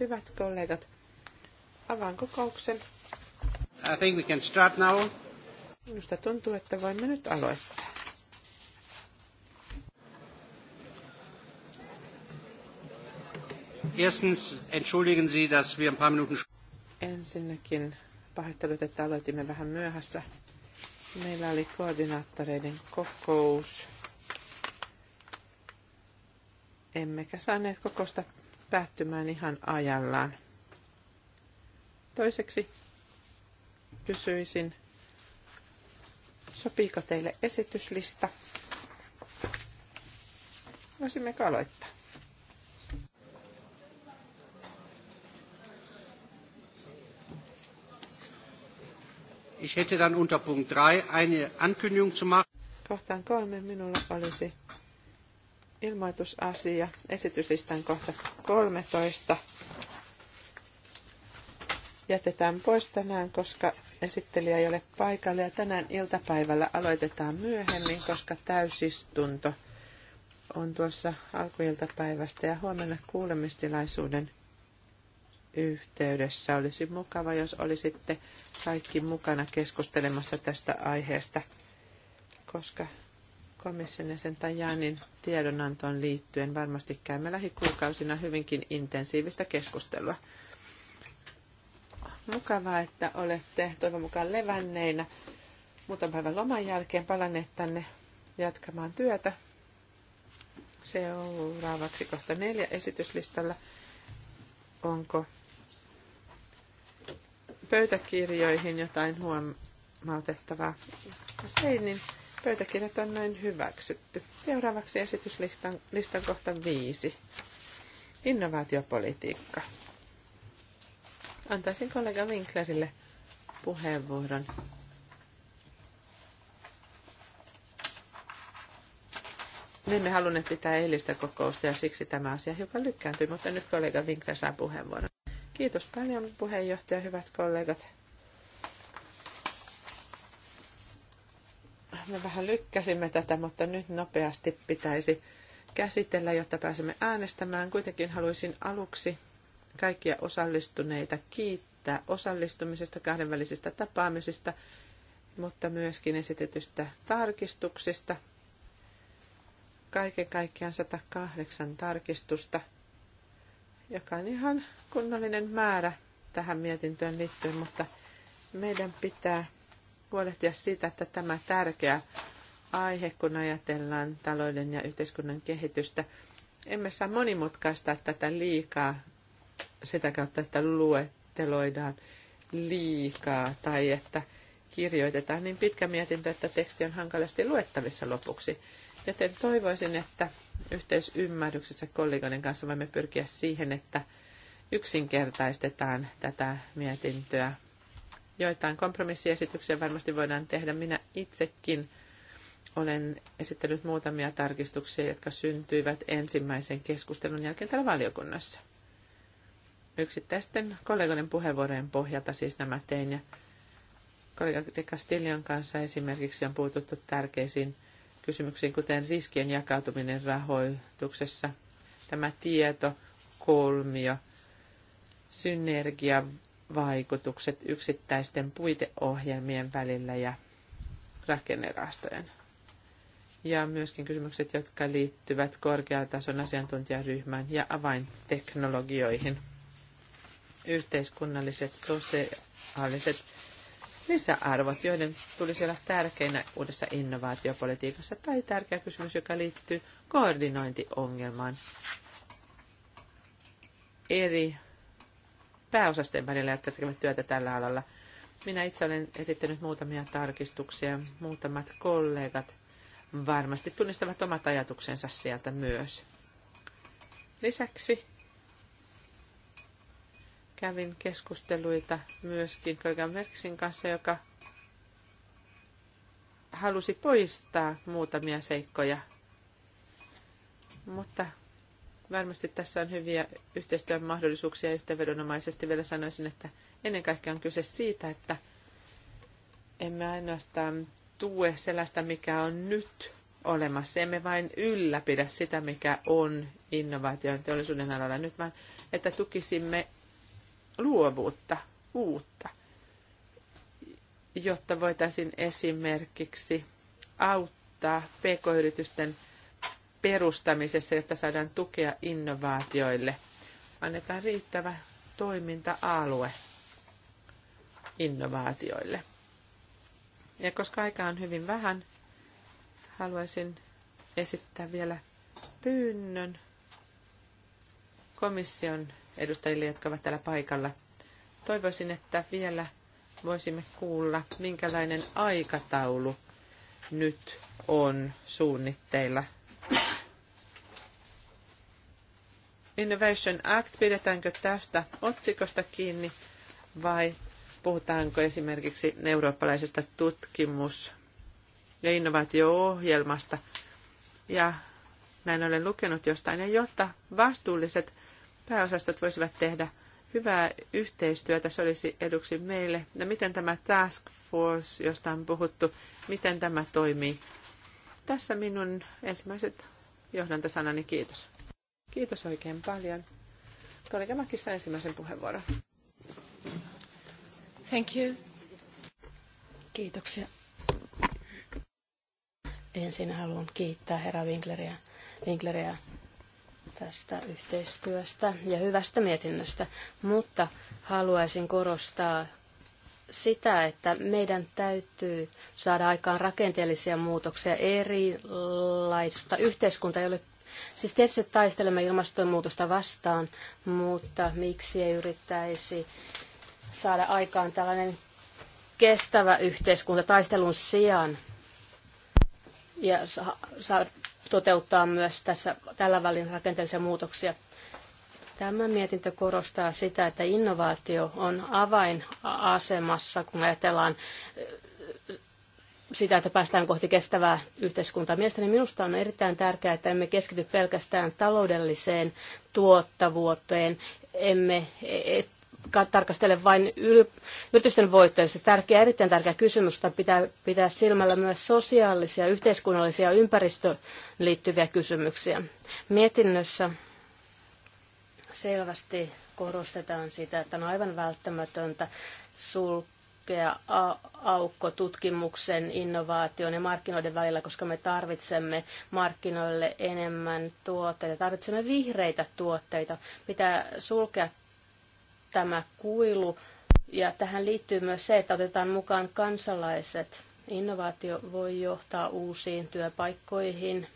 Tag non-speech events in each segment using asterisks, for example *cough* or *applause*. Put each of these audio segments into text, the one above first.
Hyvät kollegat, avaan kokouksen. I think we can start now. Minusta tuntuu, että voimme nyt aloittaa. Erstens, entschuldigen Sie, dass wir ein paar Minuten... Ensinnäkin pahoittelut, että aloitimme vähän myöhässä. Meillä oli koordinaattoreiden kokous Emmekä saaneet kokosta päättymään ihan ajallaan. Toiseksi kysyisin, sopiiko teille esityslista? Voisimmeko aloittaa? Ich hätte dann unter Punkt 3 eine Ankündigung zu machen. Kohtaan kolme minulla olisi ilmoitusasia, esityslistan kohta 13 jätetään pois tänään, koska esittelijä ei ole paikalla. Ja tänään iltapäivällä aloitetaan myöhemmin, koska täysistunto on tuossa alkuiltapäivästä. Ja huomenna kuulemistilaisuuden yhteydessä olisi mukava, jos olisitte kaikki mukana keskustelemassa tästä aiheesta, koska komission jäsen Tajanin tiedonantoon liittyen varmasti käymme lähikuukausina hyvinkin intensiivistä keskustelua. Mukavaa, että olette toivon mukaan levänneinä muutaman päivän loman jälkeen palanneet tänne jatkamaan työtä. Seuraavaksi kohta neljä esityslistalla. Onko pöytäkirjoihin jotain huomautettavaa? Jos ei, niin Pöytäkirjat on näin hyväksytty. Seuraavaksi esityslistan listan kohta 5. Innovaatiopolitiikka. Antaisin kollega Winklerille puheenvuoron. Me emme halunneet pitää eilistä kokousta ja siksi tämä asia hiukan lykkääntyi, mutta nyt kollega Winkler saa puheenvuoron. Kiitos paljon puheenjohtaja, hyvät kollegat. me vähän lykkäsimme tätä, mutta nyt nopeasti pitäisi käsitellä, jotta pääsemme äänestämään. Kuitenkin haluaisin aluksi kaikkia osallistuneita kiittää osallistumisesta, kahdenvälisistä tapaamisista, mutta myöskin esitetystä tarkistuksista. Kaiken kaikkiaan 108 tarkistusta, joka on ihan kunnollinen määrä tähän mietintöön liittyen, mutta meidän pitää huolehtia siitä, että tämä tärkeä aihe, kun ajatellaan talouden ja yhteiskunnan kehitystä, emme saa monimutkaistaa tätä liikaa sitä kautta, että luetteloidaan liikaa tai että kirjoitetaan niin pitkä mietintö, että teksti on hankalasti luettavissa lopuksi. Joten toivoisin, että yhteisymmärryksessä kollegoiden kanssa voimme pyrkiä siihen, että yksinkertaistetaan tätä mietintöä joitain kompromissiesityksiä varmasti voidaan tehdä. Minä itsekin olen esittänyt muutamia tarkistuksia, jotka syntyivät ensimmäisen keskustelun jälkeen täällä valiokunnassa. Yksittäisten kollegoiden puheenvuorojen pohjalta siis nämä tein. Ja kollega Castillion kanssa esimerkiksi on puututtu tärkeisiin kysymyksiin, kuten riskien jakautuminen rahoituksessa, tämä tieto, kolmio, synergia, vaikutukset yksittäisten puiteohjelmien välillä ja rakennerahastojen. Ja myöskin kysymykset, jotka liittyvät korkeatason asiantuntijaryhmään ja avainteknologioihin. Yhteiskunnalliset, sosiaaliset lisäarvot, joiden tulisi olla tärkeinä uudessa innovaatiopolitiikassa, tai tärkeä kysymys, joka liittyy koordinointiongelmaan eri pääosasten välillä, jotka tekevät työtä tällä alalla. Minä itse olen esittänyt muutamia tarkistuksia. Muutamat kollegat varmasti tunnistavat omat ajatuksensa sieltä myös. Lisäksi kävin keskusteluita myöskin Kolgan Merksin kanssa, joka halusi poistaa muutamia seikkoja. Mutta Varmasti tässä on hyviä yhteistyön mahdollisuuksia yhteenvedonomaisesti. Vielä sanoisin, että ennen kaikkea on kyse siitä, että emme ainoastaan tue sellaista, mikä on nyt olemassa. Emme vain ylläpidä sitä, mikä on innovaation teollisuuden alalla nyt, vaan että tukisimme luovuutta, uutta, jotta voitaisiin esimerkiksi auttaa pk-yritysten – perustamisessa, jotta saadaan tukea innovaatioille. Annetaan riittävä toiminta-alue innovaatioille. Ja koska aika on hyvin vähän, haluaisin esittää vielä pyynnön komission edustajille, jotka ovat täällä paikalla. Toivoisin, että vielä voisimme kuulla, minkälainen aikataulu nyt on suunnitteilla Innovation Act, pidetäänkö tästä otsikosta kiinni vai puhutaanko esimerkiksi eurooppalaisesta tutkimus- ja innovaatio-ohjelmasta. Ja näin olen lukenut jostain. Ja jotta vastuulliset pääosastot voisivat tehdä hyvää yhteistyötä, se olisi eduksi meille. Ja no miten tämä task force, josta on puhuttu, miten tämä toimii? Tässä minun ensimmäiset johdantosanani. Kiitos. Kiitos oikein paljon. Kollega Mäkissä ensimmäisen puheenvuoron. Thank you. Kiitoksia. Ensin haluan kiittää herra Winkleria, Winkleria tästä yhteistyöstä ja hyvästä mietinnöstä, mutta haluaisin korostaa sitä, että meidän täytyy saada aikaan rakenteellisia muutoksia. Erilaista yhteiskunta ei ole Siis tietysti taistelemme ilmastonmuutosta vastaan, mutta miksi ei yrittäisi saada aikaan tällainen kestävä yhteiskunta taistelun sijaan ja saa toteuttaa myös tässä, tällä välin rakenteellisia muutoksia. Tämä mietintö korostaa sitä, että innovaatio on avainasemassa, kun ajatellaan sitä, että päästään kohti kestävää yhteiskuntaa. Mielestäni minusta on erittäin tärkeää, että emme keskity pelkästään taloudelliseen tuottavuuteen, emme et, tarkastele vain yl, yritysten voittoja. Se tärkeä, erittäin tärkeä kysymys, että pitää pitää silmällä myös sosiaalisia, yhteiskunnallisia ja ympäristöön liittyviä kysymyksiä. Mietinnössä selvästi korostetaan sitä, että on aivan välttämätöntä sulkea sulkea aukko tutkimuksen, innovaation ja markkinoiden välillä, koska me tarvitsemme markkinoille enemmän tuotteita. Tarvitsemme vihreitä tuotteita. Pitää sulkea tämä kuilu. Ja tähän liittyy myös se, että otetaan mukaan kansalaiset. Innovaatio voi johtaa uusiin työpaikkoihin,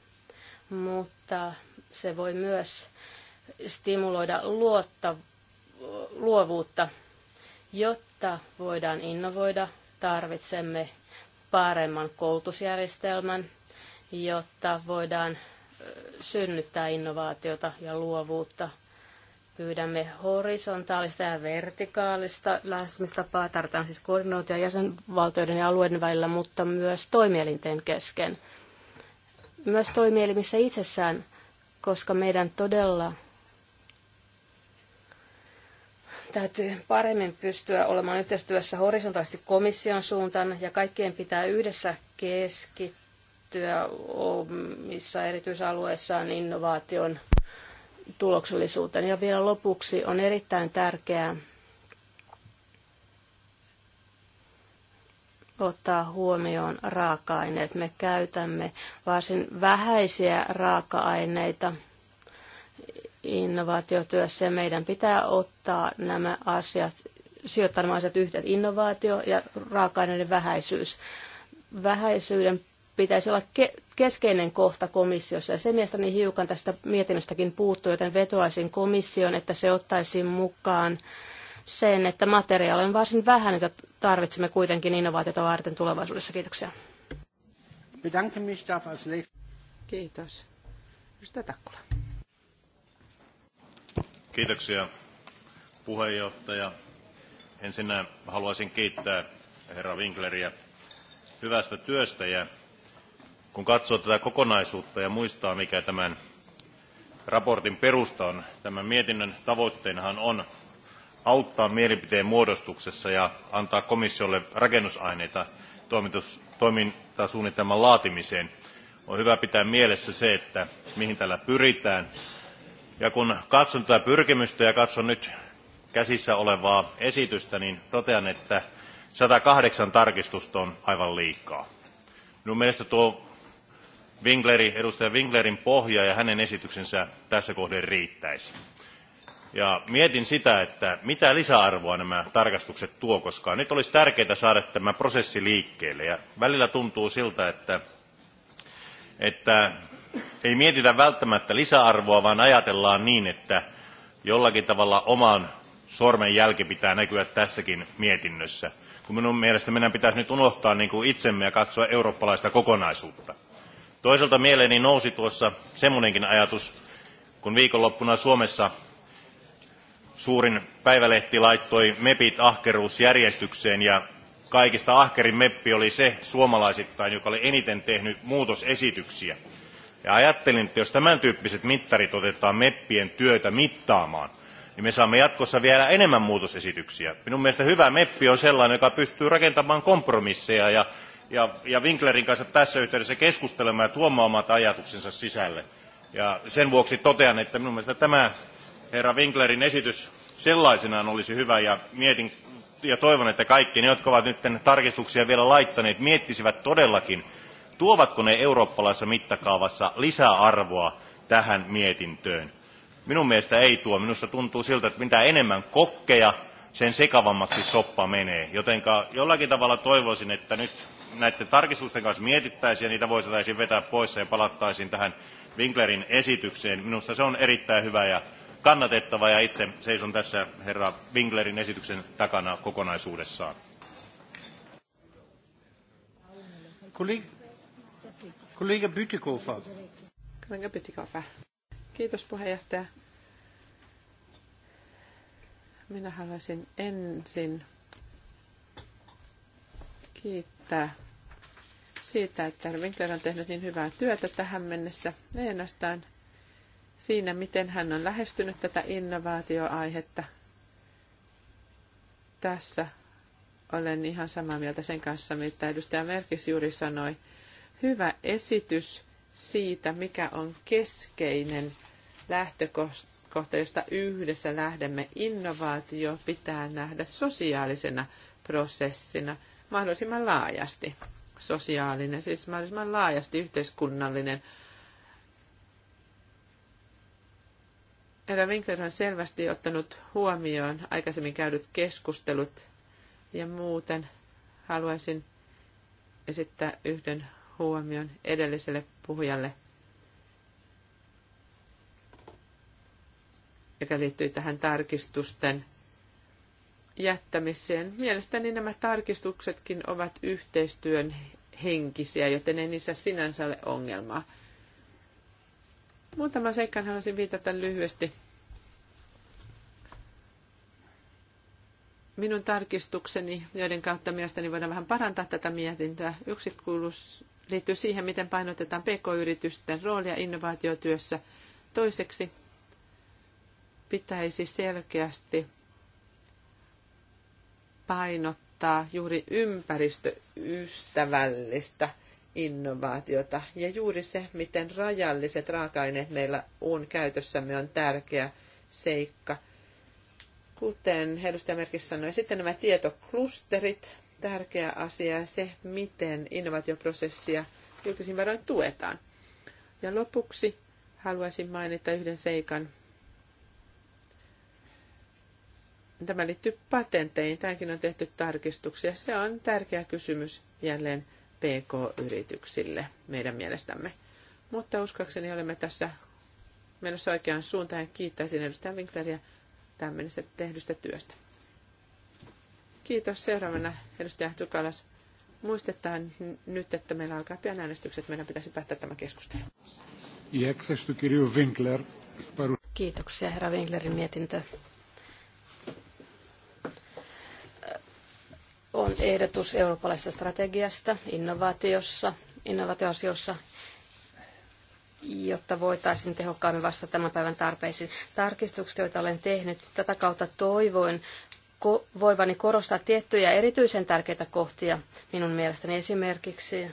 mutta se voi myös stimuloida luotta, luovuutta. Jotta jotta voidaan innovoida, tarvitsemme paremman koulutusjärjestelmän, jotta voidaan synnyttää innovaatiota ja luovuutta. Pyydämme horisontaalista ja vertikaalista lähestymistapaa. Tarvitaan siis koordinointia jäsenvaltioiden ja alueiden välillä, mutta myös toimielinten kesken. Myös toimielimissä itsessään, koska meidän todella Täytyy paremmin pystyä olemaan yhteistyössä horisontaalisesti komission suuntaan ja kaikkien pitää yhdessä keskittyä omissa erityisalueissaan innovaation tuloksellisuuteen. Ja vielä lopuksi on erittäin tärkeää ottaa huomioon raaka-aineet. Me käytämme varsin vähäisiä raaka-aineita innovaatiotyössä ja meidän pitää ottaa nämä asiat, sijoittaa nämä asiat yhteen, innovaatio ja raaka-aineiden vähäisyys. Vähäisyyden pitäisi olla ke- keskeinen kohta komissiossa ja se mielestäni hiukan tästä mietinnöstäkin puuttuu, joten vetoaisin komission, että se ottaisi mukaan sen, että materiaali on varsin vähän, jota tarvitsemme kuitenkin innovaatiota varten tulevaisuudessa. Kiitoksia. Kiitos. Edustaja Takkula. Kiitoksia puheenjohtaja. Ensinnä äh, haluaisin kiittää herra Winkleriä hyvästä työstä ja kun katsoo tätä kokonaisuutta ja muistaa mikä tämän raportin perusta on, tämän mietinnön tavoitteenahan on auttaa mielipiteen muodostuksessa ja antaa komissiolle rakennusaineita toimintasuunnitelman laatimiseen. On hyvä pitää mielessä se, että mihin tällä pyritään ja kun katson tätä pyrkimystä ja katson nyt käsissä olevaa esitystä, niin totean, että 108 tarkistusta on aivan liikaa. Minun mielestä tuo Winkleri, edustaja Winklerin pohja ja hänen esityksensä tässä kohden riittäisi. Ja mietin sitä, että mitä lisäarvoa nämä tarkastukset tuo, koska nyt olisi tärkeää saada tämä prosessi liikkeelle. Ja välillä tuntuu siltä, että, että ei mietitä välttämättä lisäarvoa, vaan ajatellaan niin, että jollakin tavalla oman sormen jälki pitää näkyä tässäkin mietinnössä. Kun minun mielestä meidän pitäisi nyt unohtaa niin kuin itsemme ja katsoa eurooppalaista kokonaisuutta. Toisaalta mieleeni nousi tuossa semmoinenkin ajatus, kun viikonloppuna Suomessa suurin päivälehti laittoi MEPit ahkeruusjärjestykseen ja kaikista ahkerin MEPpi oli se suomalaisittain, joka oli eniten tehnyt muutosesityksiä – ja ajattelin, että jos tämän tyyppiset mittarit otetaan meppien työtä mittaamaan, niin me saamme jatkossa vielä enemmän muutosesityksiä. Minun mielestä hyvä meppi on sellainen, joka pystyy rakentamaan kompromisseja ja, ja, ja Winklerin kanssa tässä yhteydessä keskustelemaan ja tuomaan omat ajatuksensa sisälle. Ja sen vuoksi totean, että minun mielestä tämä herra Winklerin esitys sellaisenaan olisi hyvä ja mietin ja toivon, että kaikki ne, jotka ovat nyt tarkistuksia vielä laittaneet, miettisivät todellakin, tuovatko ne eurooppalaisessa mittakaavassa lisäarvoa tähän mietintöön. Minun mielestä ei tuo. Minusta tuntuu siltä, että mitä enemmän kokkeja, sen sekavammaksi soppa menee. Jotenka jollakin tavalla toivoisin, että nyt näiden tarkistusten kanssa mietittäisiin ja niitä voitaisiin vetää pois ja palattaisiin tähän Winklerin esitykseen. Minusta se on erittäin hyvä ja kannatettava ja itse seison tässä herra Winklerin esityksen takana kokonaisuudessaan. Kollega Kollega Bytikofer. Kollega Bytikofer. Kiitos puheenjohtaja. Minä haluaisin ensin kiittää siitä, että Winkler on tehnyt niin hyvää työtä tähän mennessä. Ei ainoastaan siinä, miten hän on lähestynyt tätä innovaatioaihetta. Tässä olen ihan samaa mieltä sen kanssa, mitä edustaja Merkis juuri sanoi – hyvä esitys siitä, mikä on keskeinen lähtökohta, josta yhdessä lähdemme. Innovaatio pitää nähdä sosiaalisena prosessina mahdollisimman laajasti. Sosiaalinen, siis mahdollisimman laajasti yhteiskunnallinen. Herra Winkler on selvästi ottanut huomioon aikaisemmin käydyt keskustelut ja muuten haluaisin esittää yhden huomion edelliselle puhujalle, joka liittyy tähän tarkistusten jättämiseen. Mielestäni nämä tarkistuksetkin ovat yhteistyön henkisiä, joten ei niissä sinänsä ole ongelmaa. Muutama seikkaan haluaisin viitata lyhyesti. Minun tarkistukseni, joiden kautta mielestäni voidaan vähän parantaa tätä mietintöä, yksi kuuluu liittyy siihen, miten painotetaan pk-yritysten roolia innovaatiotyössä. Toiseksi pitäisi selkeästi painottaa juuri ympäristöystävällistä innovaatiota. Ja juuri se, miten rajalliset raaka-aineet meillä on käytössämme, on tärkeä seikka. Kuten edustaja Merkis sanoi, sitten nämä tietoklusterit, tärkeä asia ja se, miten innovaatioprosessia julkisin varoin tuetaan. Ja lopuksi haluaisin mainita yhden seikan. Tämä liittyy patenteihin. Tämäkin on tehty tarkistuksia. Se on tärkeä kysymys jälleen PK-yrityksille meidän mielestämme. Mutta uskakseni olemme tässä menossa oikeaan suuntaan ja kiittäisin edustaja Winkleria tämän mennessä tehdystä työstä. Kiitos. Seuraavana edustaja Tukalas. Muistetaan nyt, että meillä alkaa pian äänestykset. Meidän pitäisi päättää tämä keskustelu. Kiitoksia, herra Winklerin mietintö. On ehdotus eurooppalaisesta strategiasta innovaatiossa, innovaatioasiossa, jotta voitaisiin tehokkaammin vastata tämän päivän tarpeisiin. Tarkistukset, joita olen tehnyt, tätä kautta toivoin, ko- voivani korostaa tiettyjä erityisen tärkeitä kohtia minun mielestäni. Esimerkiksi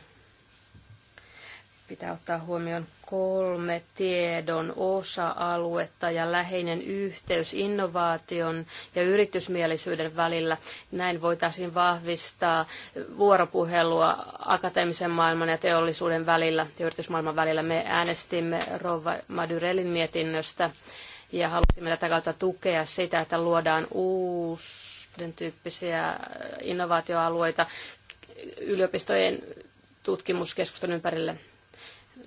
pitää ottaa huomioon kolme tiedon osa-aluetta ja läheinen yhteys innovaation ja yritysmielisyyden välillä. Näin voitaisiin vahvistaa vuoropuhelua akateemisen maailman ja teollisuuden välillä ja yritysmaailman välillä. Me äänestimme Rova Madurellin mietinnöstä ja halusimme tätä kautta tukea sitä, että luodaan uuden tyyppisiä äh, innovaatioalueita yliopistojen tutkimuskeskusten ympärille.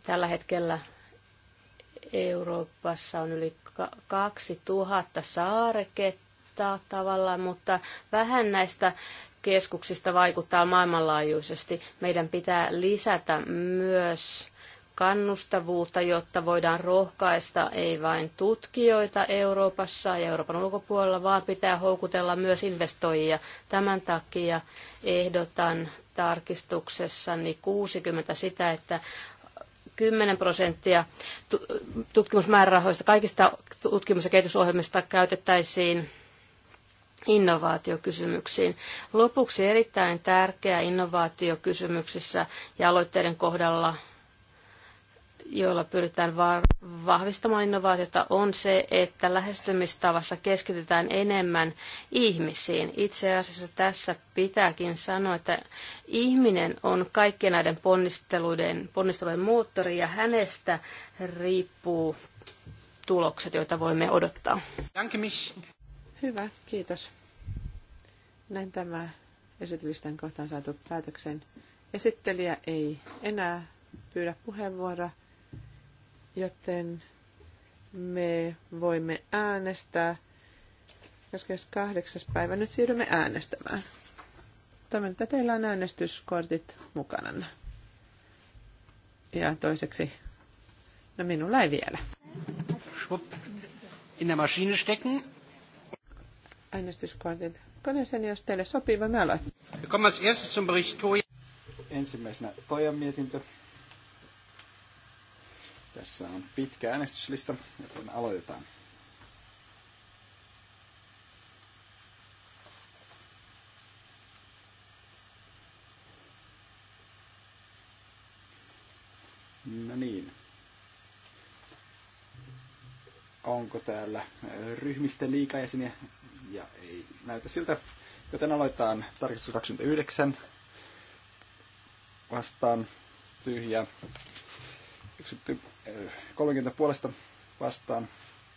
Tällä hetkellä Euroopassa on yli 2000 saareketta tavallaan, mutta vähän näistä keskuksista vaikuttaa maailmanlaajuisesti. Meidän pitää lisätä myös kannustavuutta, jotta voidaan rohkaista ei vain tutkijoita Euroopassa ja Euroopan ulkopuolella, vaan pitää houkutella myös investoijia. Tämän takia ehdotan tarkistuksessani 60 sitä, että 10 prosenttia tutkimusmäärärahoista kaikista tutkimus- ja kehitysohjelmista käytettäisiin innovaatiokysymyksiin. Lopuksi erittäin tärkeä innovaatiokysymyksissä ja aloitteiden kohdalla joilla pyritään vahvistamaan innovaatiota, on se, että lähestymistavassa keskitytään enemmän ihmisiin. Itse asiassa tässä pitääkin sanoa, että ihminen on kaikkien näiden ponnisteluiden, ponnisteluiden moottori ja hänestä riippuu tulokset, joita voimme odottaa. Hyvä, kiitos. Näin tämä esityslistan kohtaan saatu päätöksen. Esittelijä ei enää pyydä puheenvuoroa joten me voimme äänestää 28. päivä. Nyt siirrymme äänestämään. Toivon, että teillä on äänestyskortit mukana. Ja toiseksi, no minulla ei vielä. In der Maschine stecken. Äänestyskortit koneeseen, jos teille sopii, voimme aloittaa. Ensimmäisenä Toijan mietintö. Tässä on pitkä äänestyslista, joten aloitetaan. No niin. Onko täällä ryhmistä liikajäseniä? Ja ei näytä siltä. Joten aloitetaan tarkistus 29. Vastaan tyhjä Hyväksytty 30 eh, puolesta vastaan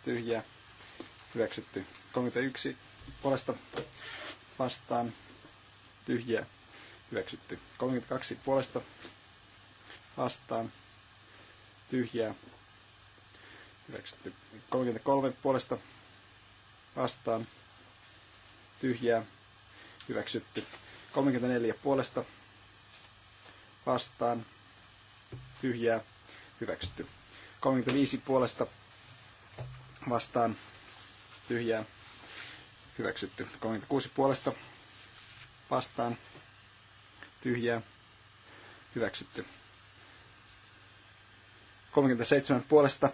tyhjää. Hyväksytty 31 puolesta vastaan tyhjää. Hyväksytty 32 puolesta vastaan tyhjää. Hyväksytty 33 puolesta vastaan tyhjää. Hyväksytty 34 puolesta vastaan tyhjää hyväksytty. 35 puolesta vastaan tyhjää hyväksytty. 36 puolesta vastaan tyhjää hyväksytty. 37 puolesta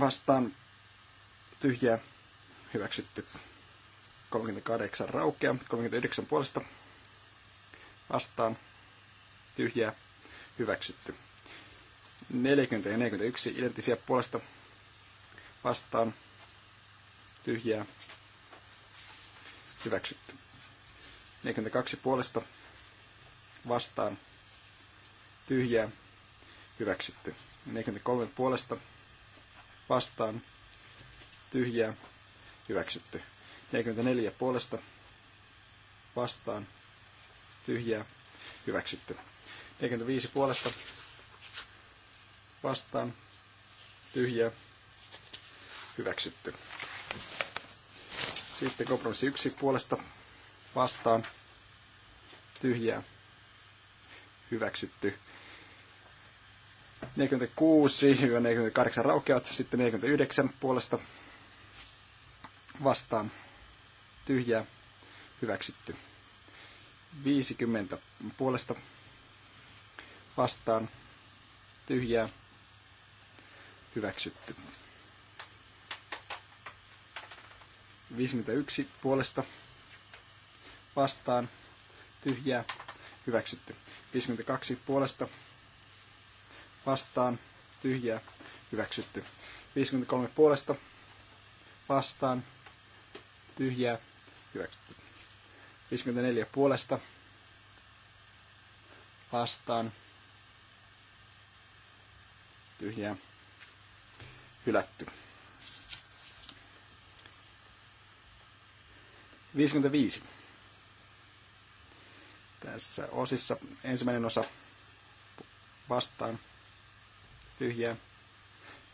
vastaan tyhjää hyväksytty. 38 raukea, 39 puolesta vastaan tyhjää hyväksytty. 40 ja 41 identtisiä puolesta vastaan tyhjää hyväksytty. 42 puolesta vastaan tyhjää hyväksytty. 43 puolesta vastaan tyhjää hyväksytty. 44 puolesta vastaan tyhjää hyväksytty. 45 puolesta vastaan tyhjä hyväksytty. Sitten kompromissi yksi puolesta vastaan tyhjää hyväksytty. 46 ja 48 raukeat, sitten 49 puolesta vastaan tyhjää hyväksytty. 50 puolesta vastaan tyhjää hyväksytty. 51 puolesta vastaan tyhjää hyväksytty. 52 puolesta vastaan tyhjää hyväksytty. 53 puolesta vastaan tyhjää hyväksytty. 54 puolesta vastaan tyhjää hylätty. 55. Tässä osissa ensimmäinen osa vastaan tyhjää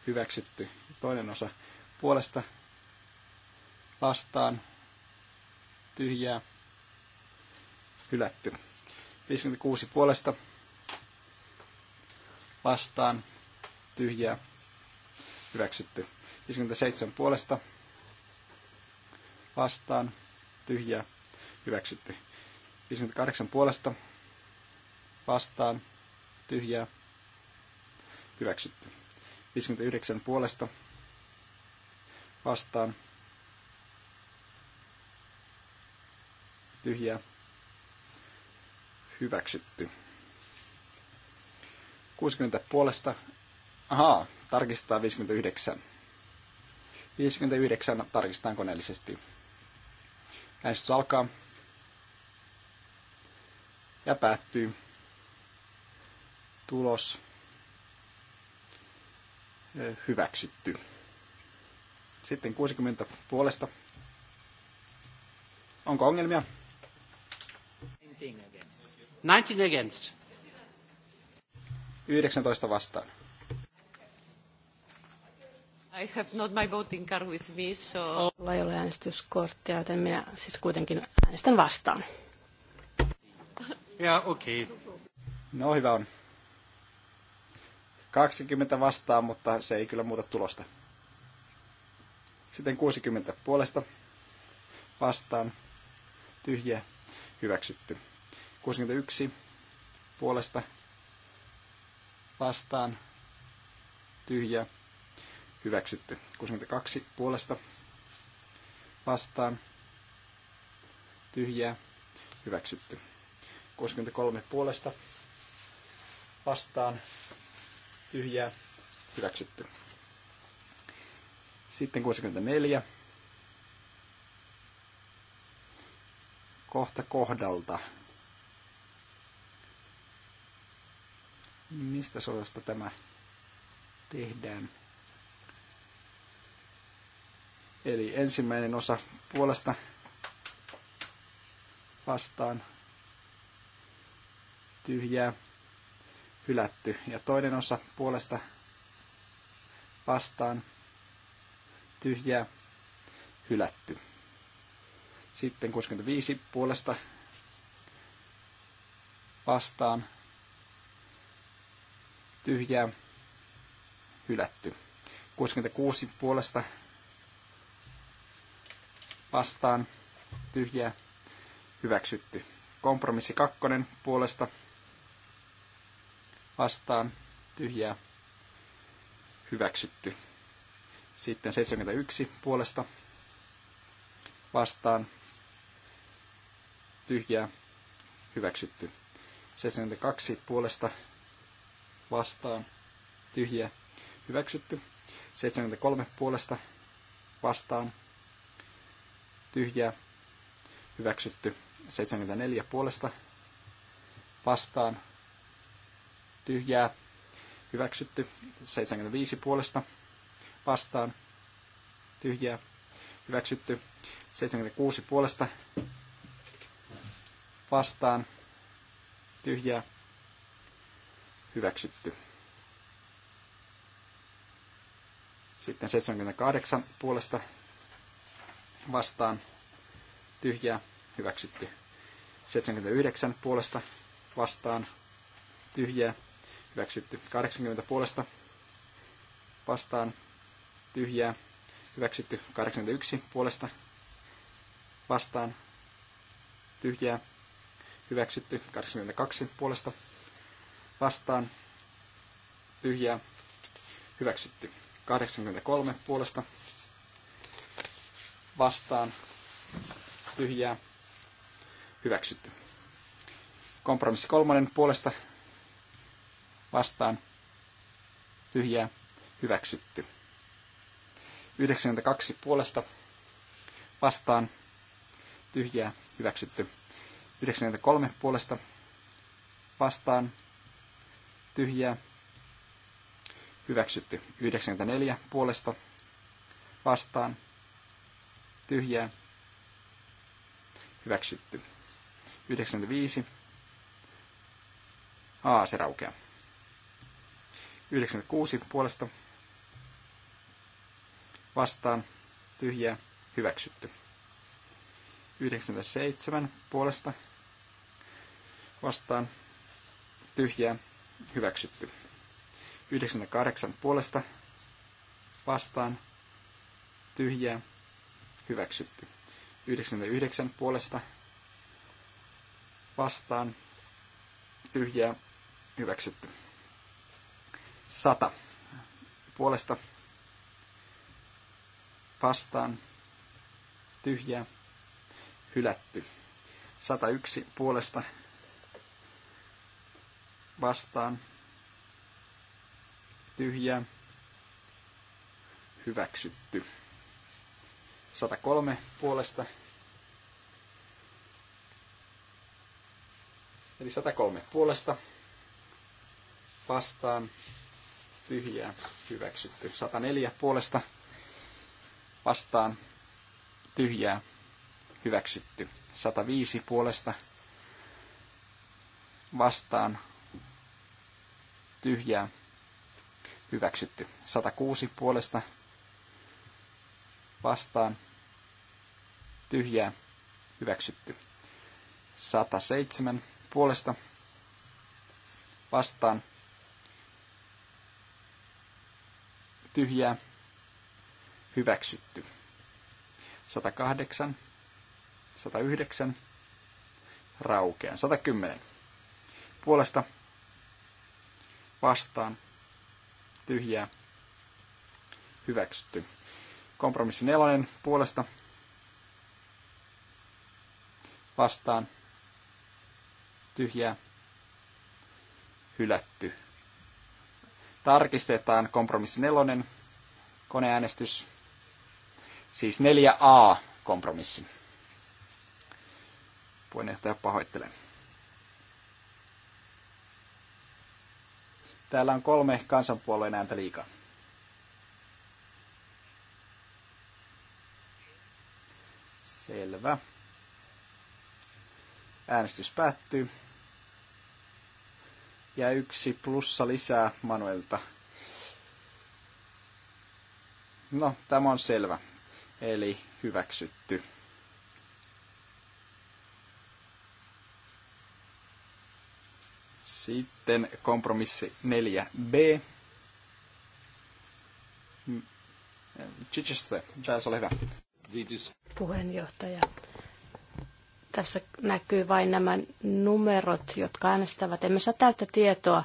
hyväksytty. Toinen osa puolesta vastaan tyhjää hylätty. 56 puolesta vastaan tyhjää hyväksytty. 57 puolesta vastaan, tyhjä, hyväksytty. 58 puolesta vastaan, tyhjä, hyväksytty. 59 puolesta vastaan, tyhjä, hyväksytty. 60 puolesta, ahaa, Tarkistetaan 59. 59 tarkistetaan koneellisesti. Äänestys alkaa. Ja päättyy. Tulos. Hyväksytty. Sitten 60 puolesta. Onko ongelmia? 19 against. 19 vastaan. I have not my voting card with me, so... ei ole äänestyskorttia, joten minä siis kuitenkin äänestän vastaan. Ja okei. Okay. No hyvä on. 20 vastaan, mutta se ei kyllä muuta tulosta. Sitten 60 puolesta vastaan. Tyhjä. Hyväksytty. 61 puolesta vastaan. Tyhjä hyväksytty. 62 puolesta vastaan tyhjää hyväksytty. 63 puolesta vastaan tyhjää hyväksytty. Sitten 64. Kohta kohdalta. Mistä sodasta tämä tehdään? Eli ensimmäinen osa puolesta vastaan tyhjää hylätty. Ja toinen osa puolesta vastaan tyhjää hylätty. Sitten 65 puolesta vastaan tyhjää hylätty. 66 puolesta vastaan vastaan tyhjää hyväksytty. Kompromissi kakkonen puolesta vastaan tyhjää hyväksytty. Sitten 71 puolesta vastaan tyhjää hyväksytty. 72 puolesta vastaan tyhjää hyväksytty. 73 puolesta vastaan tyhjää, hyväksytty 74 puolesta vastaan, tyhjää, hyväksytty 75 puolesta vastaan, tyhjää, hyväksytty 76 puolesta vastaan, tyhjää, hyväksytty. Sitten 78 puolesta vastaan tyhjää hyväksytty. 79 puolesta vastaan tyhjää hyväksytty. 80 puolesta vastaan tyhjää hyväksytty. 81 puolesta vastaan tyhjää hyväksytty. 82 puolesta vastaan tyhjää hyväksytty. 83 puolesta vastaan tyhjää hyväksytty. Kompromissi kolmonen puolesta vastaan tyhjää hyväksytty. 92 puolesta vastaan tyhjää hyväksytty. 93 puolesta vastaan tyhjää hyväksytty. 94 puolesta vastaan tyhjää, hyväksytty. 95, A, se raukeaa. 96 puolesta vastaan, tyhjää, hyväksytty. 97 puolesta vastaan, tyhjää, hyväksytty. 98 puolesta vastaan, tyhjää, hyväksytty. 99 puolesta vastaan tyhjää hyväksytty. 100 puolesta vastaan tyhjää hylätty. 101 puolesta vastaan tyhjää hyväksytty. 103 puolesta. Eli 103 puolesta vastaan tyhjää hyväksytty. 104 puolesta vastaan tyhjää hyväksytty. 105 puolesta vastaan tyhjää hyväksytty. 106 puolesta vastaan tyhjää hyväksytty. 107 puolesta vastaan tyhjää hyväksytty. 108, 109 raukean. 110 puolesta vastaan tyhjää hyväksytty. Kompromissi nelonen puolesta vastaan tyhjää hylätty. Tarkistetaan kompromissi nelonen, koneäänestys, siis 4a kompromissi. Puheenjohtaja pahoittelee. Täällä on kolme kansanpuolueen ääntä liikaa. Selvä. Äänestys päättyy. Ja yksi plussa lisää Manuelta. No, tämä on selvä. Eli hyväksytty. Sitten kompromissi 4b. Mm. Chichester, tämä ole hyvä puheenjohtaja. Tässä näkyy vain nämä numerot, jotka äänestävät. Emme saa täyttä tietoa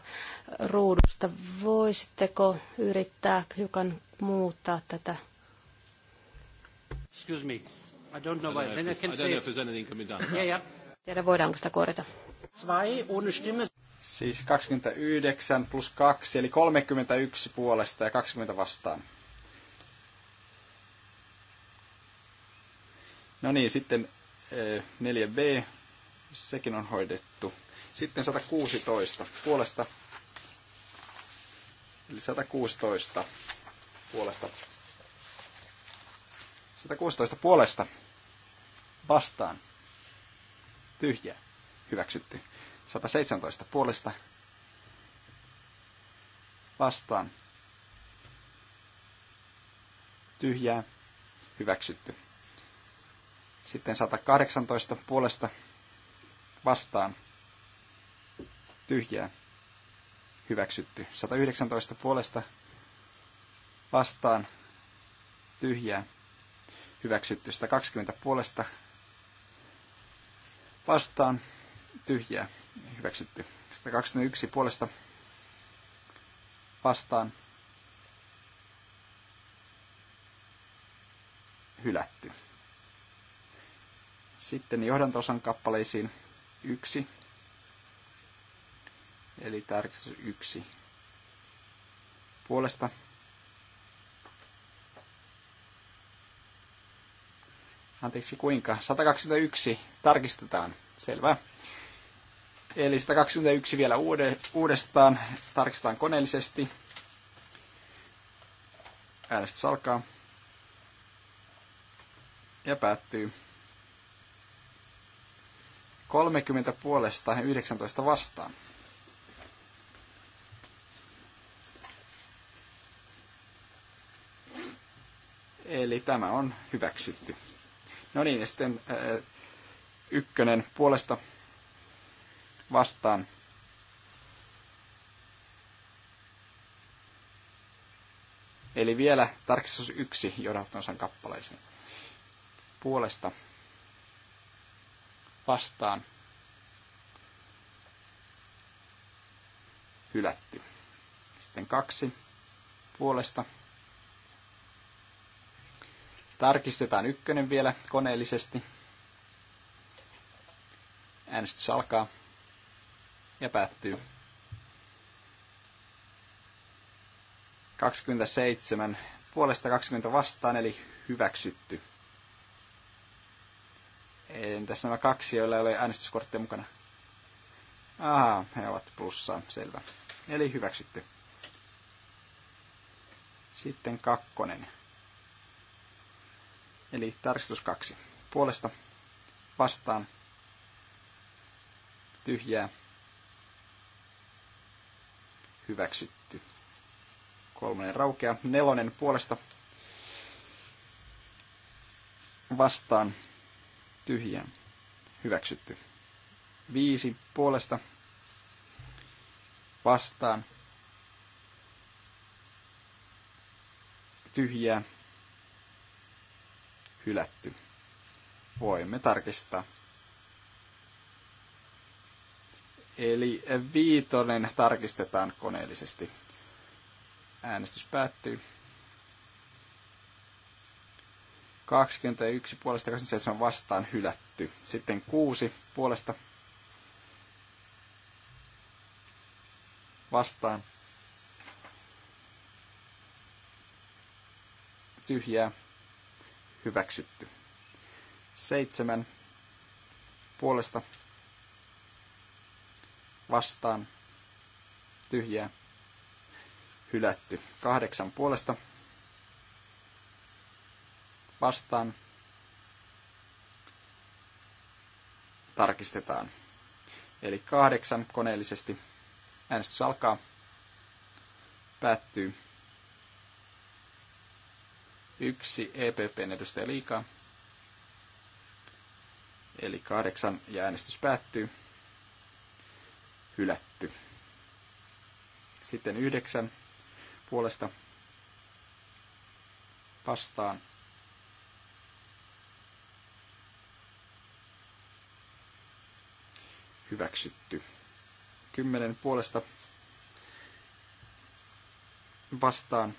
ruudusta. Voisitteko yrittää hiukan muuttaa tätä? Excuse me. I don't know why. Then I can say... I don't know if there's anything can be done. yeah, yeah. Tiedä, voidaanko sitä korjata. Zwei ohne Stimme. Siis 29 plus 2, eli 31 puolesta ja 20 vastaan. No niin, sitten 4b, eh, sekin on hoidettu. Sitten 116 puolesta. Eli 116 puolesta. 116 puolesta vastaan. Tyhjä. Hyväksytty. 117 puolesta vastaan. Tyhjää. Hyväksytty. Sitten 118 puolesta vastaan tyhjää hyväksytty. 119 puolesta vastaan tyhjää hyväksytty. 120 puolesta vastaan tyhjää hyväksytty. 121 puolesta vastaan hylätty. Sitten johdantosan kappaleisiin yksi, eli tarkistus yksi puolesta. Anteeksi, kuinka? 121 tarkistetaan. Selvä. Eli 121 vielä uudestaan. Tarkistetaan koneellisesti. Äänestys alkaa. Ja päättyy. 30 puolesta ja 19 vastaan. Eli tämä on hyväksytty. No niin, ja sitten äh, ykkönen puolesta vastaan. Eli vielä tarkistus yksi johdantonsan kappaleeseen. Puolesta vastaan hylätty. Sitten kaksi puolesta. Tarkistetaan ykkönen vielä koneellisesti. Äänestys alkaa ja päättyy. 27 puolesta 20 vastaan, eli hyväksytty. Entäs nämä kaksi, joilla ei ole äänestyskortteja mukana? Aha, he ovat plussaa, selvä. Eli hyväksytty. Sitten kakkonen. Eli tarkistus kaksi. Puolesta vastaan tyhjää hyväksytty. Kolmonen raukea. Nelonen puolesta vastaan tyhjää, hyväksytty. Viisi puolesta vastaan, tyhjää, hylätty. Voimme tarkistaa. Eli viitonen tarkistetaan koneellisesti. Äänestys päättyy. 21 puolesta 27 vastaan hylätty. Sitten 6 puolesta vastaan tyhjää hyväksytty. 7 puolesta vastaan tyhjää hylätty. 8 puolesta vastaan. Tarkistetaan. Eli kahdeksan koneellisesti. Äänestys alkaa. Päättyy. Yksi EPPn edustaja liikaa. Eli kahdeksan ja äänestys päättyy. Hylätty. Sitten yhdeksän puolesta vastaan hyväksytty. kymmenen puolesta vastaan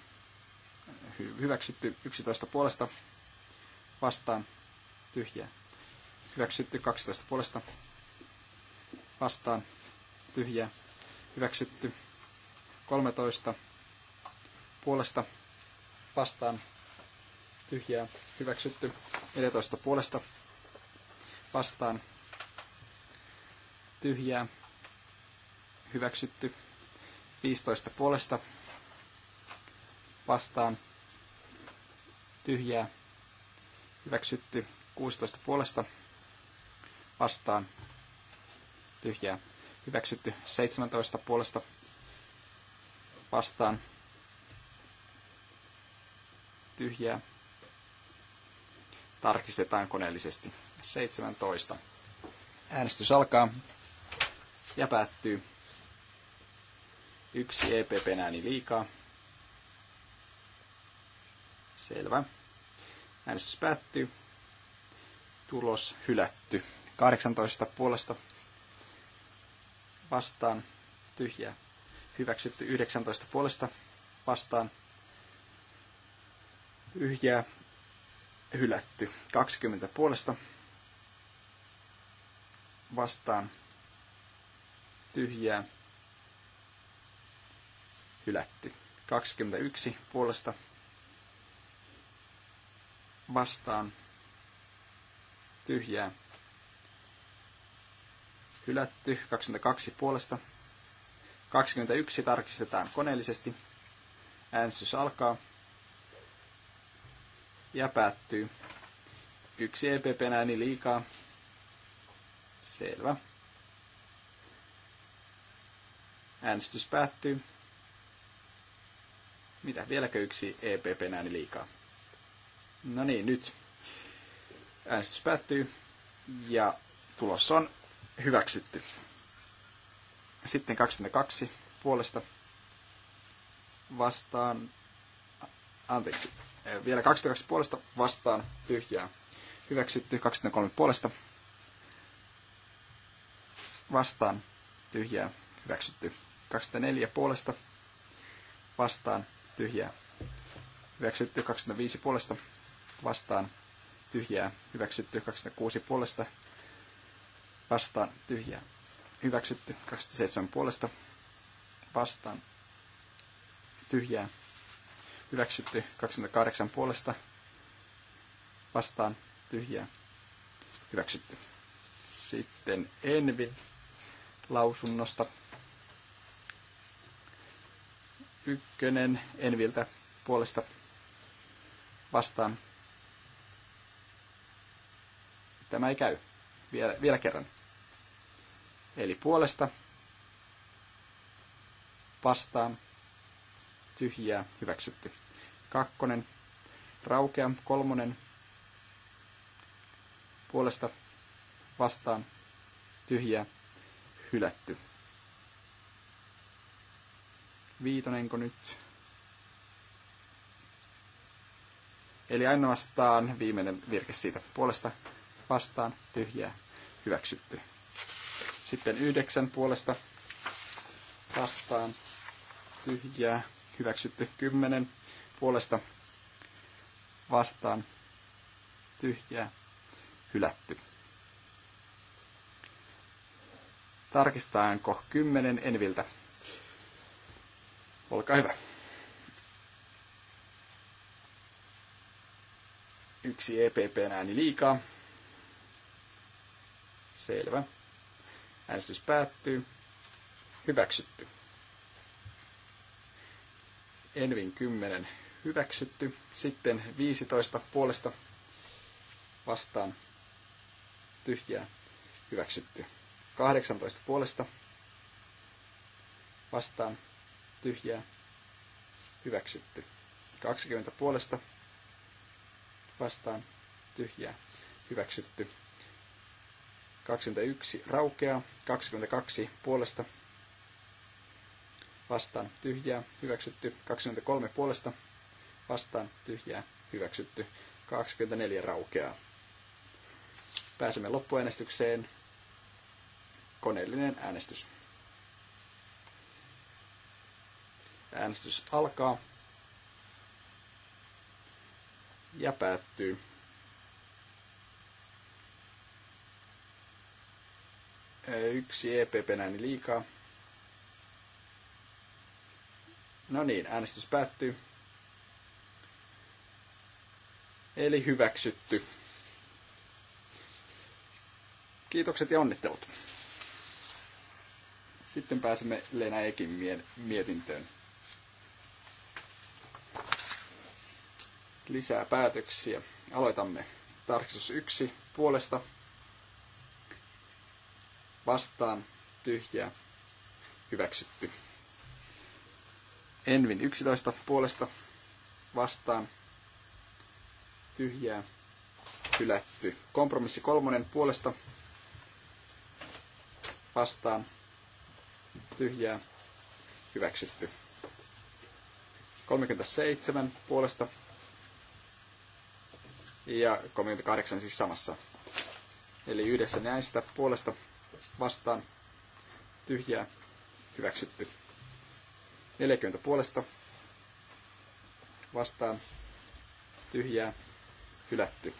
hyväksytty 11 puolesta vastaan tyhjää. Hyväksytty 12 puolesta vastaan tyhjää. Hyväksytty 13 puolesta vastaan tyhjää. Hyväksytty 14 puolesta vastaan tyhjää, hyväksytty. 15 puolesta vastaan, tyhjää, hyväksytty. 16 puolesta vastaan, tyhjää, hyväksytty. 17 puolesta vastaan, tyhjää. Tarkistetaan koneellisesti. 17. Äänestys alkaa ja päättyy. Yksi EPP ääni liikaa. Selvä. Äänestys päättyy. Tulos hylätty. 18 puolesta vastaan tyhjää. Hyväksytty 19 puolesta vastaan tyhjää. Hylätty 20 puolesta vastaan tyhjää, hylätty. 21 puolesta vastaan, tyhjää, hylätty. 22 puolesta 21 tarkistetaan koneellisesti. Äänestys alkaa ja päättyy. Yksi EPP ääni liikaa. Selvä. Äänestys päättyy. Mitä, vieläkö yksi epp ääni liikaa? No niin, nyt äänestys päättyy ja tulos on hyväksytty. Sitten 22 puolesta vastaan, anteeksi, vielä 22 puolesta vastaan tyhjää. Hyväksytty 23 puolesta vastaan tyhjää hyväksytty. 24 puolesta vastaan tyhjää hyväksytty. 25 puolesta vastaan tyhjää hyväksytty. 26 puolesta vastaan tyhjää hyväksytty. 27 puolesta vastaan tyhjää hyväksytty. 28 puolesta vastaan tyhjää hyväksytty. Sitten Envin lausunnosta ykkönen Enviltä puolesta vastaan. Tämä ei käy. Vielä, vielä kerran. Eli puolesta vastaan tyhjää hyväksytty. Kakkonen raukea. Kolmonen puolesta vastaan tyhjää hylätty viitonenko nyt? Eli ainoastaan viimeinen virke siitä puolesta vastaan tyhjää hyväksytty. Sitten yhdeksän puolesta vastaan tyhjää hyväksytty. Kymmenen puolesta vastaan tyhjää hylätty. Tarkistaanko kymmenen Enviltä Olkaa hyvä. Yksi EPP ääni liikaa. Selvä. Äänestys päättyy. Hyväksytty. Envin 10 hyväksytty. Sitten 15 puolesta vastaan tyhjää hyväksytty. 18 puolesta vastaan tyhjää, hyväksytty. 20 puolesta vastaan tyhjää, hyväksytty. 21 raukeaa, 22 puolesta vastaan tyhjää, hyväksytty. 23 puolesta vastaan tyhjää, hyväksytty. 24 raukeaa. Pääsemme loppuäänestykseen. Koneellinen äänestys. Äänestys alkaa ja päättyy. Yksi EPP-ääni liikaa. No niin, äänestys päättyy. Eli hyväksytty. Kiitokset ja onnittelut. Sitten pääsemme Lena Ekin mietintöön. lisää päätöksiä. Aloitamme. Tarkistus 1 puolesta vastaan tyhjää hyväksytty. Envin 11 puolesta vastaan tyhjää hylätty. Kompromissi kolmonen puolesta vastaan tyhjää hyväksytty. 37 puolesta ja 38 siis samassa. Eli yhdessä näistä puolesta vastaan tyhjää hyväksytty. 40 puolesta vastaan tyhjää hylätty.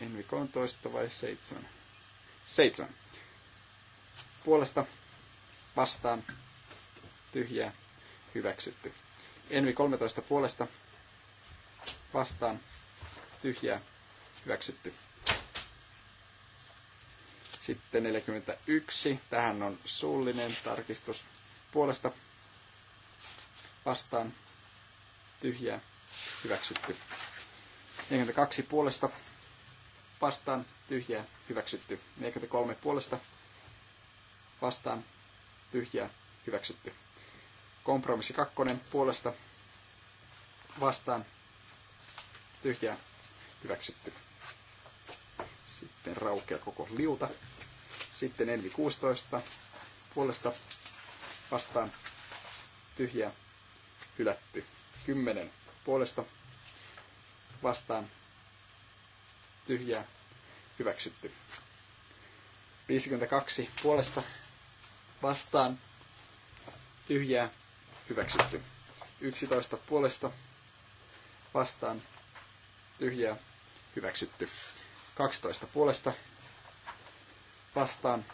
Envi 13 vai 7? 7. Puolesta vastaan tyhjää hyväksytty. Envi 13 puolesta vastaan tyhjää hyväksytty. Sitten 41. Tähän on suullinen tarkistus puolesta vastaan tyhjää hyväksytty. 42 puolesta vastaan tyhjää hyväksytty. 43 puolesta vastaan tyhjää hyväksytty. Kompromissi kakkonen puolesta vastaan tyhjää hyväksytty. Sitten raukea koko liuta. Sitten Envi 16 puolesta vastaan tyhjää hylätty. 10 puolesta vastaan tyhjää hyväksytty. 52 puolesta vastaan tyhjää hyväksytty. 11 puolesta vastaan tyhjää hyväksytty. 12 puolesta vastaan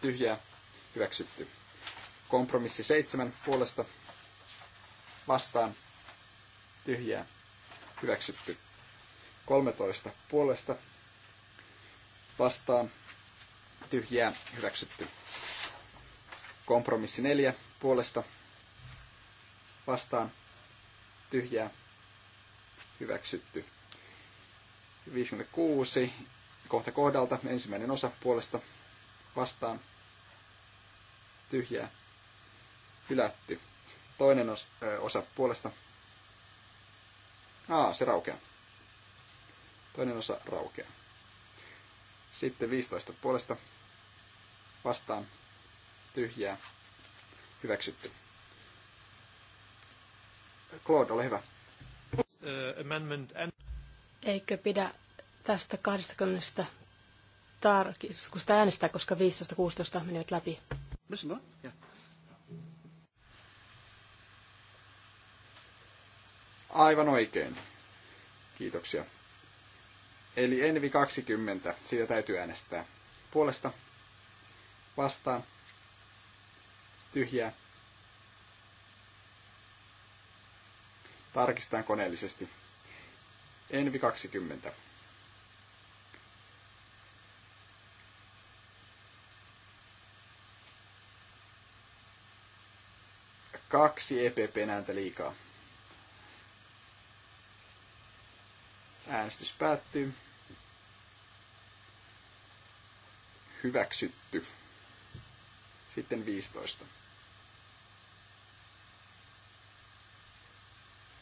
tyhjää hyväksytty. Kompromissi 7 puolesta vastaan tyhjää hyväksytty. 13 puolesta vastaan tyhjää hyväksytty. Kompromissi 4 puolesta vastaan tyhjää hyväksytty. 56 kohta kohdalta ensimmäinen osa puolesta vastaan tyhjää hylätty. Toinen os, ö, osa puolesta. Aa, se raukeaa. Toinen osa raukeaa. Sitten 15 puolesta vastaan tyhjää hyväksytty. Claude, ole hyvä. Eh, Eikö pidä tästä 20 tarkistusta äänestää, koska 15-16 menivät läpi? Aivan oikein. Kiitoksia. Eli Envi 20, siitä täytyy äänestää. Puolesta, vastaan, tyhjää, Tarkistetaan koneellisesti. Envi 20. Kaksi epp nääntä liikaa. Äänestys päättyy. Hyväksytty. Sitten 15.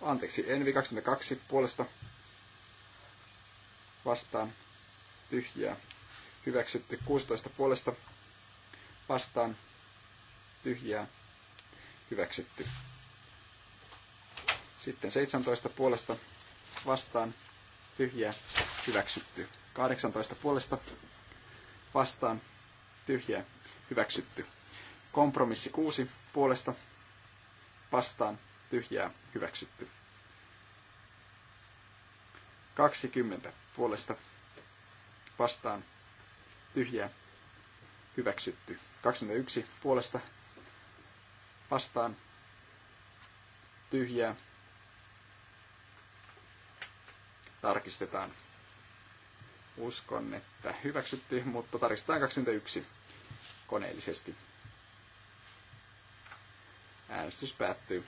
anteeksi, Envi 22 puolesta vastaan tyhjää. Hyväksytty 16 puolesta vastaan tyhjää. Hyväksytty. Sitten 17 puolesta vastaan tyhjää. Hyväksytty. 18 puolesta vastaan tyhjää. Hyväksytty. Kompromissi 6 puolesta vastaan tyhjää hyväksytty. 20 puolesta vastaan tyhjää hyväksytty. 21 puolesta vastaan tyhjää tarkistetaan. Uskon, että hyväksytty, mutta tarkistetaan 21 koneellisesti. Äänestys päättyy.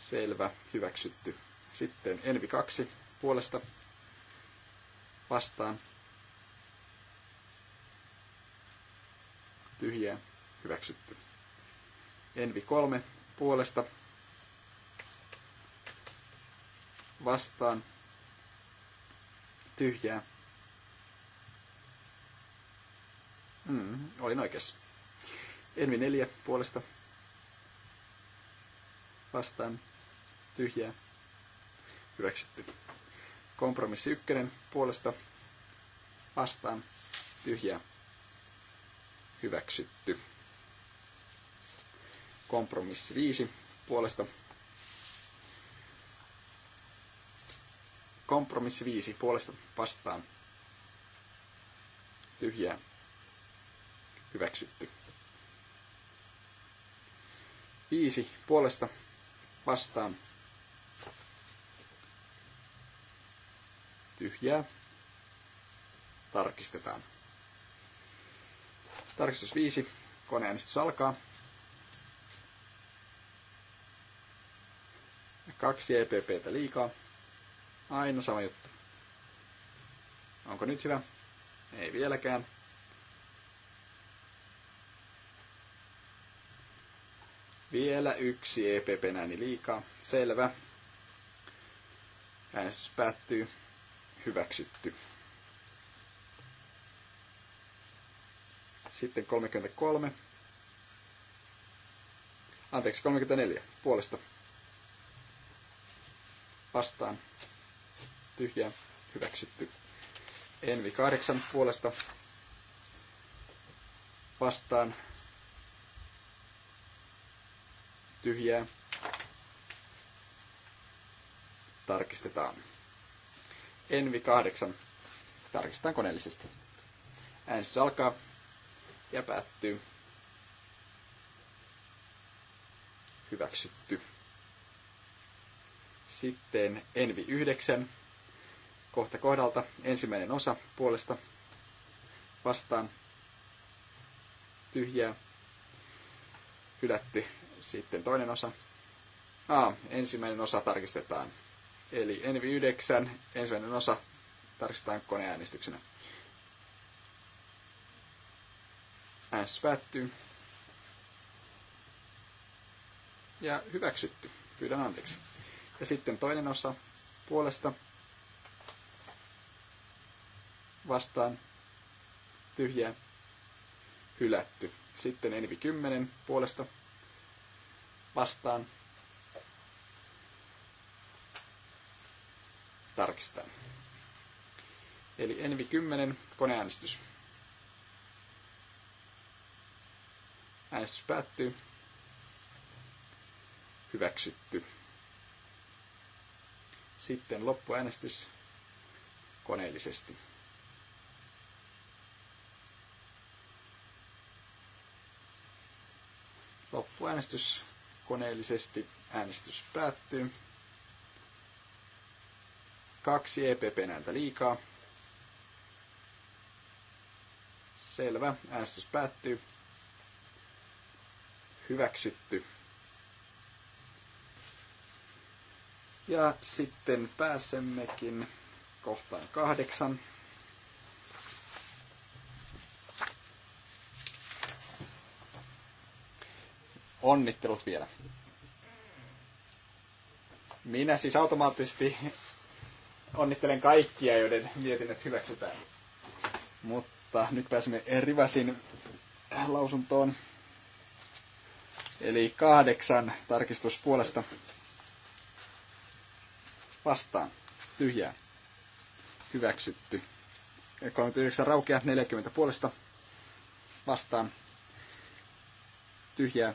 Selvä, hyväksytty. Sitten Envi 2 puolesta vastaan. Tyhjää, hyväksytty. Envi 3 puolesta vastaan. Tyhjää. Mm, olin oikeassa. Envi 4 puolesta vastaan tyhjää, hyväksytty. Kompromissi ykkönen puolesta vastaan tyhjää, hyväksytty. Kompromissi viisi puolesta kompromissi viisi puolesta vastaan tyhjää hyväksytty. Viisi puolesta vastaan tyhjää. Tarkistetaan. Tarkistus 5. Koneäänestys alkaa. Kaksi EPPtä liikaa. Aina sama juttu. Onko nyt hyvä? Ei vieläkään. Vielä yksi epp nääni liikaa. Selvä. Äänestys päättyy hyväksytty. Sitten 33. Anteeksi, 34. Puolesta. Vastaan. Tyhjää. Hyväksytty. Envi 8 puolesta. Vastaan. Tyhjää. Tarkistetaan. Envi 8. Tarkistetaan koneellisesti. Äänestys alkaa ja päättyy. Hyväksytty. Sitten Envi 9. Kohta kohdalta ensimmäinen osa puolesta vastaan tyhjää hylätty. Sitten toinen osa. Aa, ensimmäinen osa tarkistetaan Eli Envi 9, ensimmäinen osa, tarkistetaan koneäänestyksenä. Äänestys päättyy. Ja hyväksytty. Pyydän anteeksi. Ja sitten toinen osa puolesta vastaan tyhjää hylätty. Sitten Envi 10 puolesta vastaan tarkistaa. Eli Envi 10, koneäänestys. Äänestys päättyy. Hyväksytty. Sitten loppuäänestys koneellisesti. Loppuäänestys koneellisesti. Äänestys päättyy. Kaksi EPP näiltä liikaa. Selvä. Äänestys päättyy. Hyväksytty. Ja sitten pääsemmekin kohtaan kahdeksan. Onnittelut vielä. Minä siis automaattisesti onnittelen kaikkia, joiden mietinnät hyväksytään. Mutta nyt pääsemme Riväsin lausuntoon. Eli kahdeksan tarkistuspuolesta vastaan. Tyhjää. Hyväksytty. 39 raukea, 40 puolesta vastaan. Tyhjää.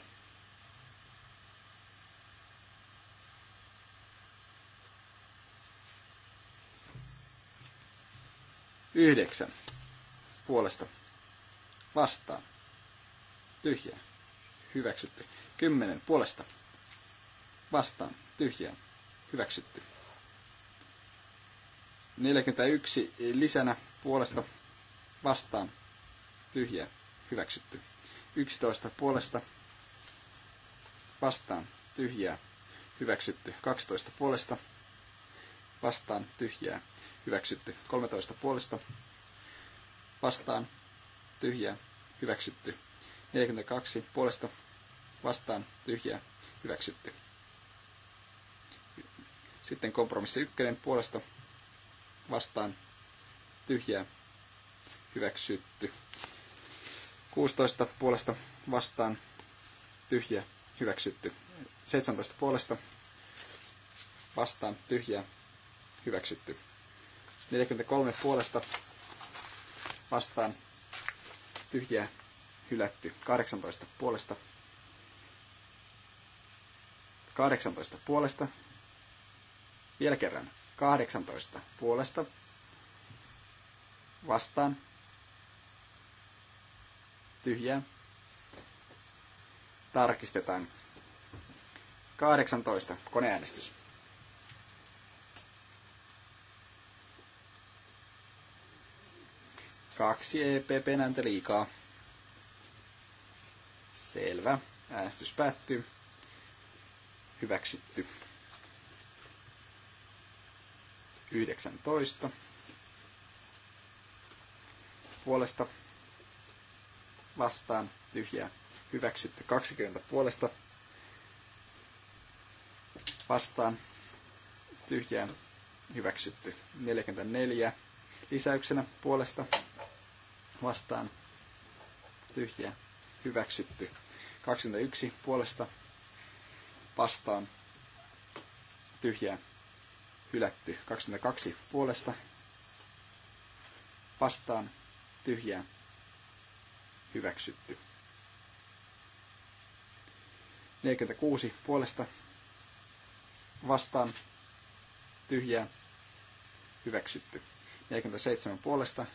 Yhdeksän. Puolesta. Vastaan. Tyhjää. Hyväksytty. Kymmenen. Puolesta. Vastaan. Tyhjää. Hyväksytty. 41 lisänä puolesta vastaan. tyhjä Hyväksytty. 11 puolesta vastaan. Tyhjää. Hyväksytty. 12 puolesta vastaan. Tyhjää hyväksytty. 13 puolesta vastaan, tyhjää, hyväksytty. 42 puolesta vastaan, tyhjää, hyväksytty. Sitten kompromissi 1 puolesta vastaan, tyhjää, hyväksytty. 16 puolesta vastaan, tyhjää, hyväksytty. 17 puolesta vastaan, tyhjää, hyväksytty. 43 puolesta vastaan tyhjää hylätty. 18 puolesta. 18 puolesta. Vielä kerran. 18 puolesta. Vastaan. Tyhjää. Tarkistetaan. 18. Koneäänestys. Kaksi EPP ääntä liikaa. Selvä. Äänestys päättyy. Hyväksytty. 19. Puolesta vastaan tyhjää. Hyväksytty 20 puolesta vastaan tyhjään hyväksytty 44 lisäyksenä puolesta vastaan tyhjä, hyväksytty. 21 puolesta vastaan tyhjää hylätty. 22 puolesta vastaan tyhjää hyväksytty. 46 puolesta vastaan tyhjää hyväksytty. 47 puolesta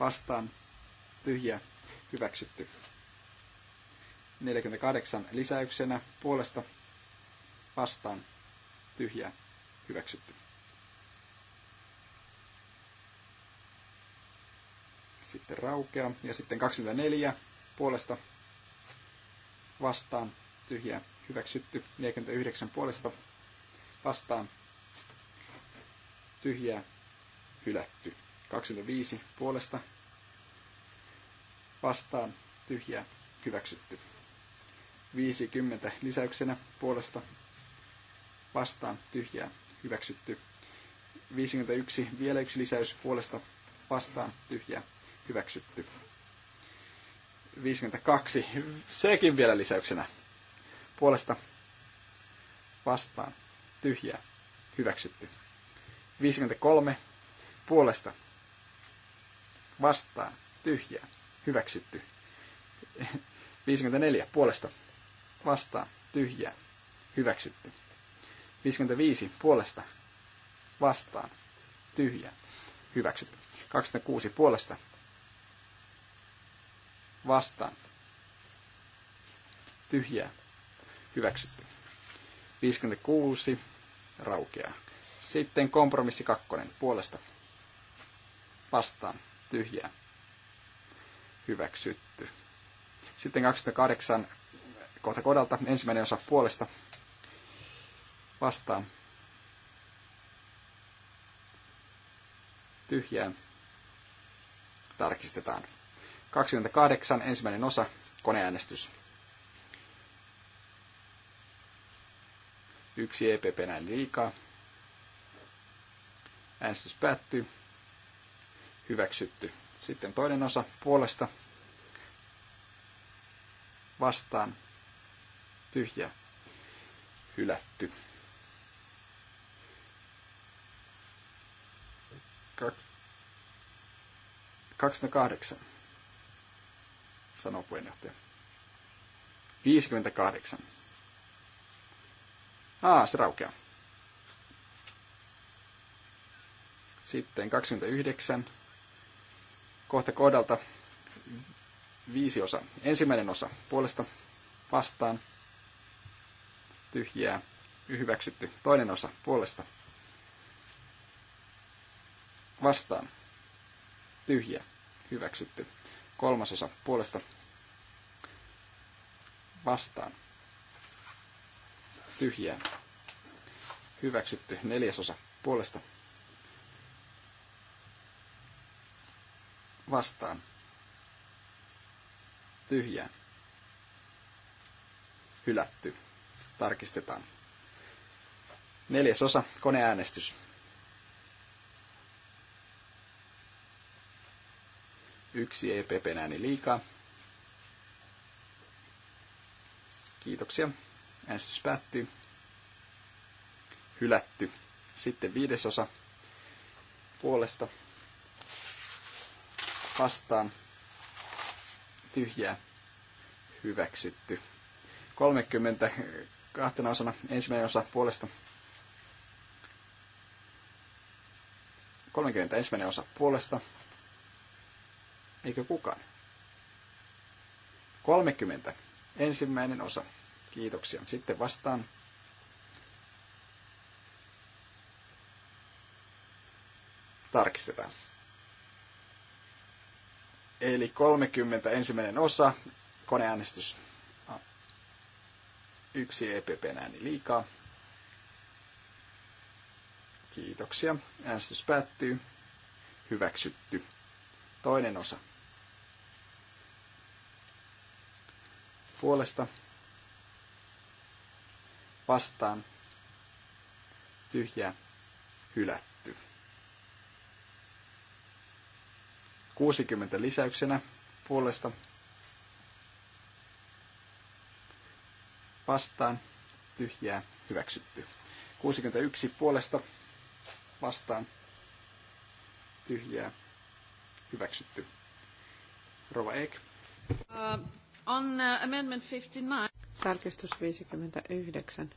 vastaan tyhjä hyväksytty. 48 lisäyksenä puolesta vastaan tyhjä hyväksytty. Sitten raukea ja sitten 24 puolesta vastaan tyhjä hyväksytty. 49 puolesta vastaan tyhjä hylätty. 25 puolesta vastaan tyhjää hyväksytty. 50 lisäyksenä puolesta vastaan tyhjää hyväksytty. 51 vielä yksi lisäys puolesta vastaan tyhjää hyväksytty. 52 sekin vielä lisäyksenä puolesta vastaan tyhjää hyväksytty. 53 puolesta vastaan, tyhjää, hyväksytty. 54 puolesta vastaan, tyhjää, hyväksytty. 55 puolesta vastaan, tyhjää, hyväksytty. 26 puolesta vastaan, tyhjää, hyväksytty. 56 raukeaa. Sitten kompromissi kakkonen puolesta vastaan, tyhjä, hyväksytty. Sitten 28 kohta kodalta ensimmäinen osa puolesta vastaan tyhjää tarkistetaan. 28 ensimmäinen osa koneäänestys. Yksi EPP näin liikaa. Äänestys päättyy hyväksytty. Sitten toinen osa puolesta vastaan tyhjä hylätty. 28, sanoo puheenjohtaja. 58. Aa, se raukeaa. Sitten 29 kohta kohdalta viisi osa. Ensimmäinen osa puolesta vastaan tyhjää hyväksytty. Toinen osa puolesta vastaan tyhjä hyväksytty. Kolmas osa puolesta vastaan tyhjää hyväksytty. Neljäs osa puolesta vastaan vastaan. tyhjä Hylätty. Tarkistetaan. Neljäs osa, koneäänestys. Yksi epp ääni liikaa. Kiitoksia. Äänestys päättyy. Hylätty. Sitten viides osa puolesta vastaan tyhjää hyväksytty. 30 kahtena osana ensimmäinen osa puolesta ensimmäinen osa puolesta. Eikö kukaan? 30. Ensimmäinen osa. Kiitoksia. Sitten vastaan. Tarkistetaan. Eli 30 ensimmäinen osa, koneäänestys. Yksi epp ääni liikaa. Kiitoksia. Äänestys päättyy. Hyväksytty. Toinen osa. Puolesta. Vastaan. Tyhjää. Hylätty. 60 lisäyksenä puolesta vastaan tyhjää hyväksytty. 61 puolesta vastaan tyhjää hyväksytty. Rova Eek. Uh, on uh, amendment 59. Tarkistus 59.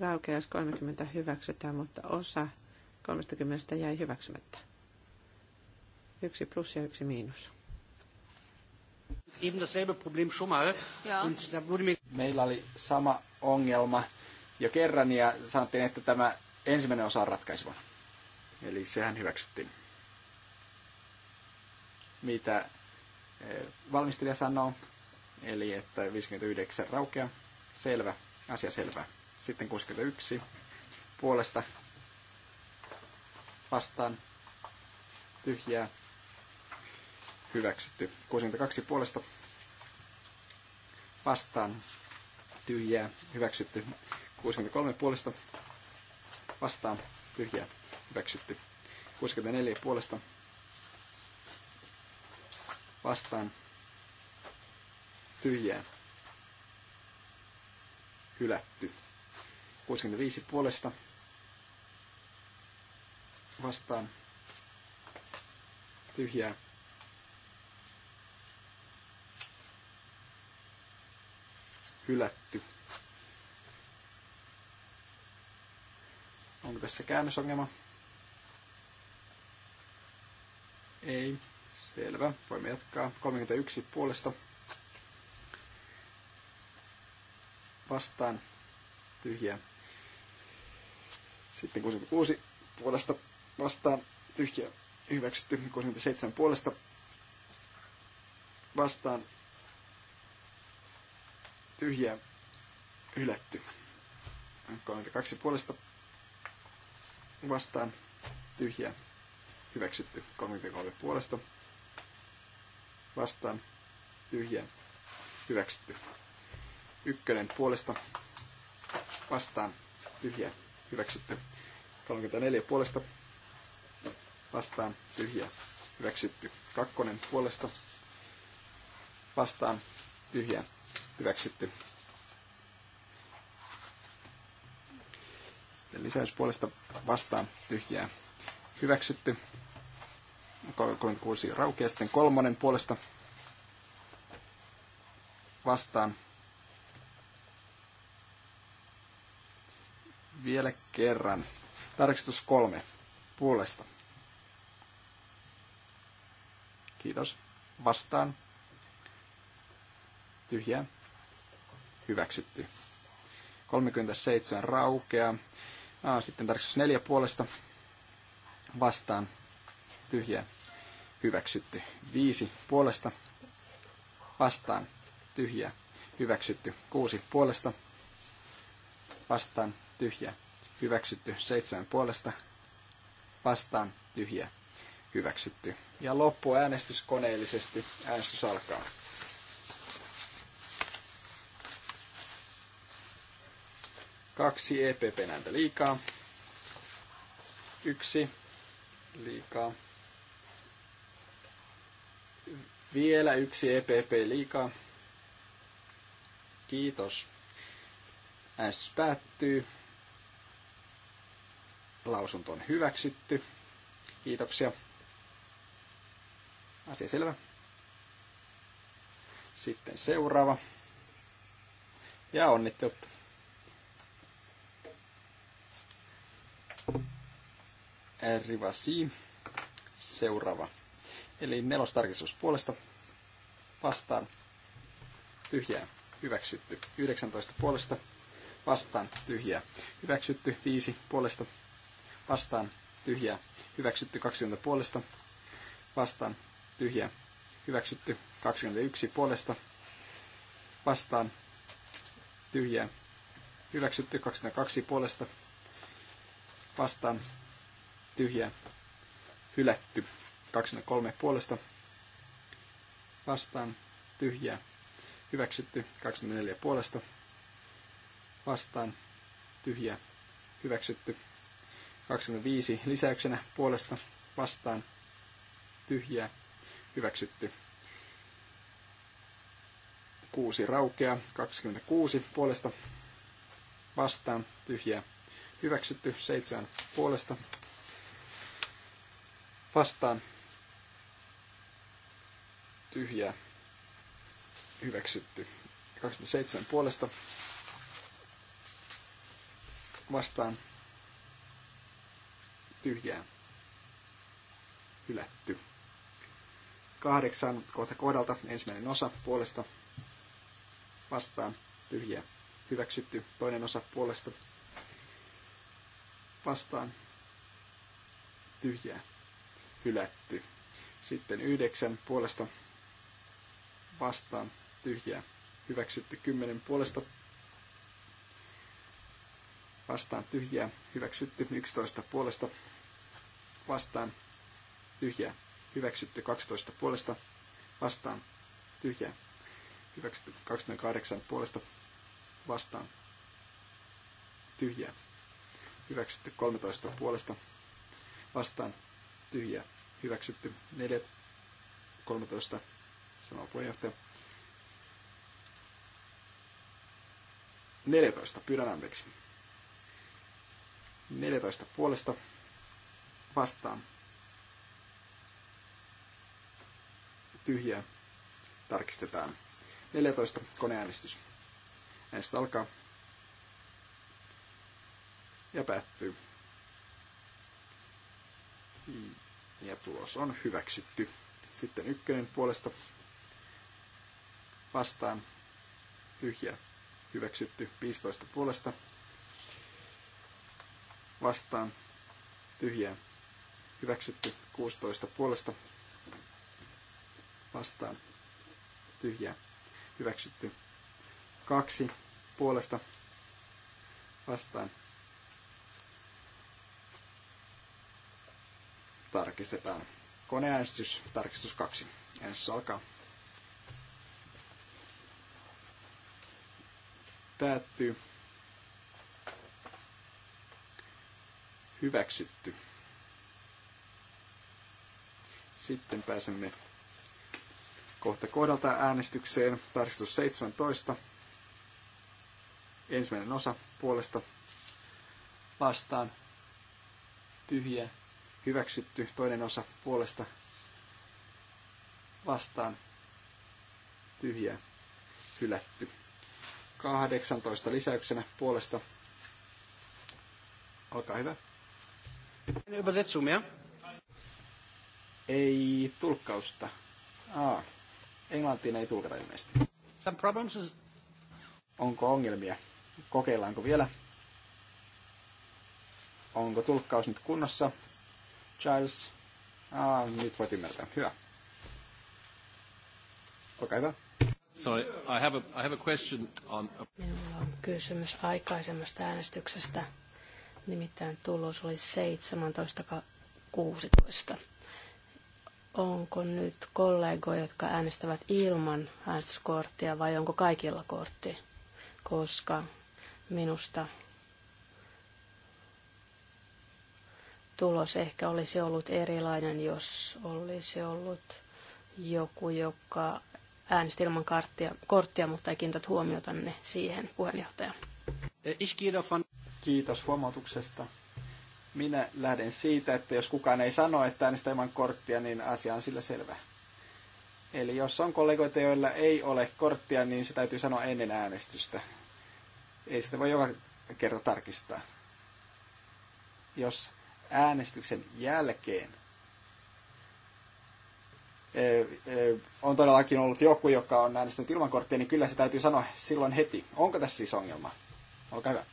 Raukeas 30 hyväksytään, mutta osa 30 jäi hyväksymättä. Yksi plus ja yksi miinus. Meillä oli sama ongelma jo kerran ja sanottiin, että tämä ensimmäinen osa on ratkaisuva. Eli sehän hyväksyttiin. Mitä eh, valmistelija sanoo, eli että 59 raukea, selvä, asia selvä. Sitten 61 puolesta vastaan tyhjää hyväksytty. 62 puolesta vastaan tyhjää hyväksytty. 63 puolesta vastaan tyhjää hyväksytty. 64 puolesta vastaan tyhjää hylätty. 65 puolesta vastaan tyhjää hylätty. Onko tässä käännösongelma? Ei. Selvä. Voimme jatkaa. 31 puolesta. Vastaan. tyhjä. Sitten 66 puolesta vastaan. tyhjä. Hyväksytty. 67 puolesta vastaan tyhjä, hylätty. 32 puolesta vastaan tyhjä, hyväksytty. 33 puolesta vastaan tyhjä, hyväksytty. Ykkönen puolesta vastaan tyhjä, hyväksytty. 34 puolesta vastaan tyhjä hyväksytty. Kakkonen puolesta vastaan tyhjä hyväksytty. Sitten lisäys puolesta vastaan tyhjää hyväksytty. 36 raukeaa sitten kolmonen puolesta vastaan. Vielä kerran. Tarkistus kolme puolesta. Kiitos. Vastaan. Tyhjää hyväksytty. 37 raukeaa. Aa, sitten tarkistus neljä puolesta vastaan tyhjä. hyväksytty. viisi puolesta vastaan tyhjä. hyväksytty. kuusi puolesta vastaan tyhjä. hyväksytty. seitsemän puolesta vastaan tyhjä. hyväksytty. Ja loppuäänestys koneellisesti. Äänestys alkaa. Kaksi EPP näitä liikaa. Yksi liikaa. Vielä yksi EPP liikaa. Kiitos. S päättyy. Lausunto on hyväksytty. Kiitoksia. Asia selvä. Sitten seuraava. Ja onnittelut. Rivasi. Seuraava. Eli nelostarkistus puolesta vastaan. Tyhjää. Hyväksytty. 19 puolesta vastaan. Tyhjää. Hyväksytty. 5 puolesta vastaan. Tyhjää. Hyväksytty. 20 puolesta vastaan. Tyhjää. Hyväksytty. 21 puolesta vastaan. Tyhjää. Hyväksytty. 22 puolesta vastaan tyhjää hylätty. 23 puolesta vastaan tyhjää hyväksytty. 24 puolesta vastaan tyhjää hyväksytty. 25 lisäyksenä puolesta vastaan tyhjää hyväksytty. 6 raukea. 26 puolesta vastaan, tyhjää hyväksytty, 7 puolesta vastaan tyhjää hyväksytty. 27 puolesta vastaan tyhjää hylätty. Kahdeksan kohta kohdalta ensimmäinen osa puolesta vastaan tyhjää hyväksytty. Toinen osa puolesta vastaan tyhjää hylätty. Sitten yhdeksän puolesta vastaan tyhjää hyväksytty. Kymmenen puolesta vastaan tyhjää hyväksytty. Yksitoista puolesta vastaan tyhjää hyväksytty. Kaksitoista puolesta vastaan tyhjää hyväksytty. kahdeksan puolesta vastaan tyhjää hyväksytty kolmetoista puolesta vastaan tyhjä hyväksytty. 4, 13, sanoo puheenjohtaja. 14, pyydän anteeksi. 14 puolesta vastaan. Tyhjää. Tarkistetaan. 14 koneäänestys. Äänestys alkaa. Ja päättyy. Ja tulos on hyväksytty. Sitten ykkönen puolesta vastaan tyhjä hyväksytty 15 puolesta vastaan tyhjää hyväksytty 16 puolesta vastaan tyhjää hyväksytty 2 puolesta vastaan tarkistetaan. Koneäänestys, tarkistus 2. Äänestys alkaa. Päättyy. Hyväksytty. Sitten pääsemme kohta kohdalta äänestykseen. Tarkistus 17. Ensimmäinen osa puolesta vastaan. Tyhjä hyväksytty toinen osa puolesta vastaan tyhjää hylätty. 18 lisäyksenä puolesta. Olkaa hyvä. Übersetzumia. Ei tulkkausta. Aa, englantiin ei tulkata ilmeisesti. Some problems is... Onko ongelmia? Kokeillaanko vielä? Onko tulkkaus nyt kunnossa? Charles. Ah, nyt voit ymmärtää. Hyvä. Olkaa hyvä. Sorry, I have a, I have a question on... Minulla on kysymys aikaisemmasta äänestyksestä. Nimittäin tulos oli 17.16. Onko nyt kollegoja, jotka äänestävät ilman äänestyskorttia vai onko kaikilla kortti? Koska minusta tulos ehkä olisi ollut erilainen, jos olisi ollut joku, joka äänesti ilman karttia, korttia, mutta ei kiinnitä ne siihen, puheenjohtaja. Kiitos huomautuksesta. Minä lähden siitä, että jos kukaan ei sano, että äänestä ilman korttia, niin asia on sillä selvä. Eli jos on kollegoita, joilla ei ole korttia, niin se täytyy sanoa ennen äänestystä. Ei sitä voi joka kerta tarkistaa. Jos äänestyksen jälkeen on todellakin ollut joku, joka on äänestänyt ilman korttia, niin kyllä se täytyy sanoa silloin heti. Onko tässä siis ongelma? Olkaa hyvä.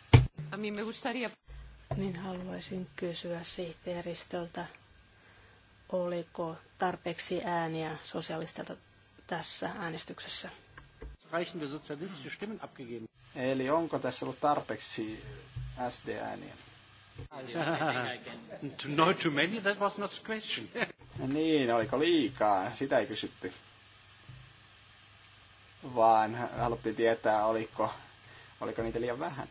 Niin haluaisin kysyä sihteeristöltä, oliko tarpeeksi ääniä sosialistilta tässä äänestyksessä? Eli onko tässä ollut tarpeeksi SD-ääniä? *laughs* No too many, that was not the question. No niin, oliko liikaa? Sitä ei kysytty. Vaan haluttiin tietää, oliko, oliko niitä liian vähän.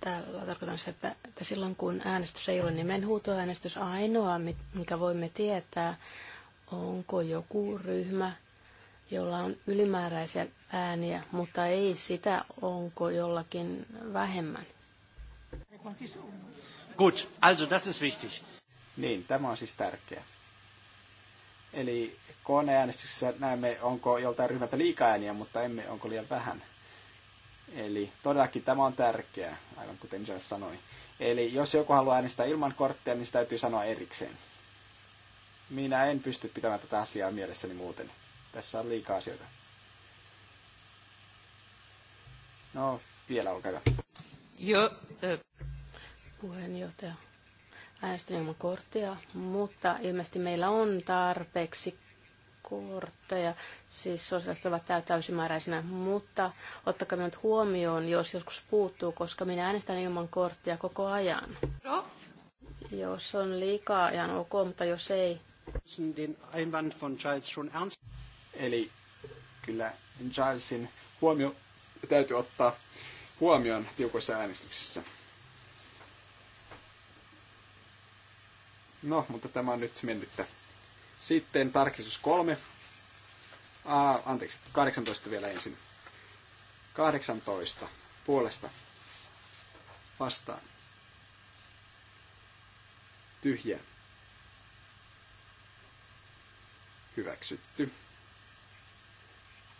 Tällä tarkoitan sitä, että, että silloin kun äänestys ei ole äänestys ainoa, mikä voimme tietää, onko joku ryhmä, jolla on ylimääräisiä ääniä, mutta ei sitä, onko jollakin vähemmän. Gut, also das ist wichtig. Niin, tämä on siis tärkeä. Eli koneäänestyksessä näemme, onko joltain ryhmältä liikaa ääniä, mutta emme, onko liian vähän. Eli todellakin tämä on tärkeää, aivan kuten Joel sanoi. Eli jos joku haluaa äänestää ilman korttia, niin se täytyy sanoa erikseen. Minä en pysty pitämään tätä asiaa mielessäni muuten. Tässä on liikaa asioita. No, vielä olkaa Joo. Äh puheenjohtaja. Äänestin ilman korttia, mutta ilmeisesti meillä on tarpeeksi kortteja, siis sosiaaliset ovat täällä täysimääräisenä, mutta ottakaa nyt huomioon, jos joskus puuttuu, koska minä äänestän ilman korttia koko ajan. No. Jos on liikaa, ihan ok, mutta jos ei. Eli kyllä Gilesin huomio täytyy ottaa huomioon tiukoissa äänestyksissä. No, mutta tämä on nyt mennyttä. Sitten tarkistus kolme. Ah, anteeksi, 18 vielä ensin. 18 puolesta vastaan. Tyhjä. Hyväksytty.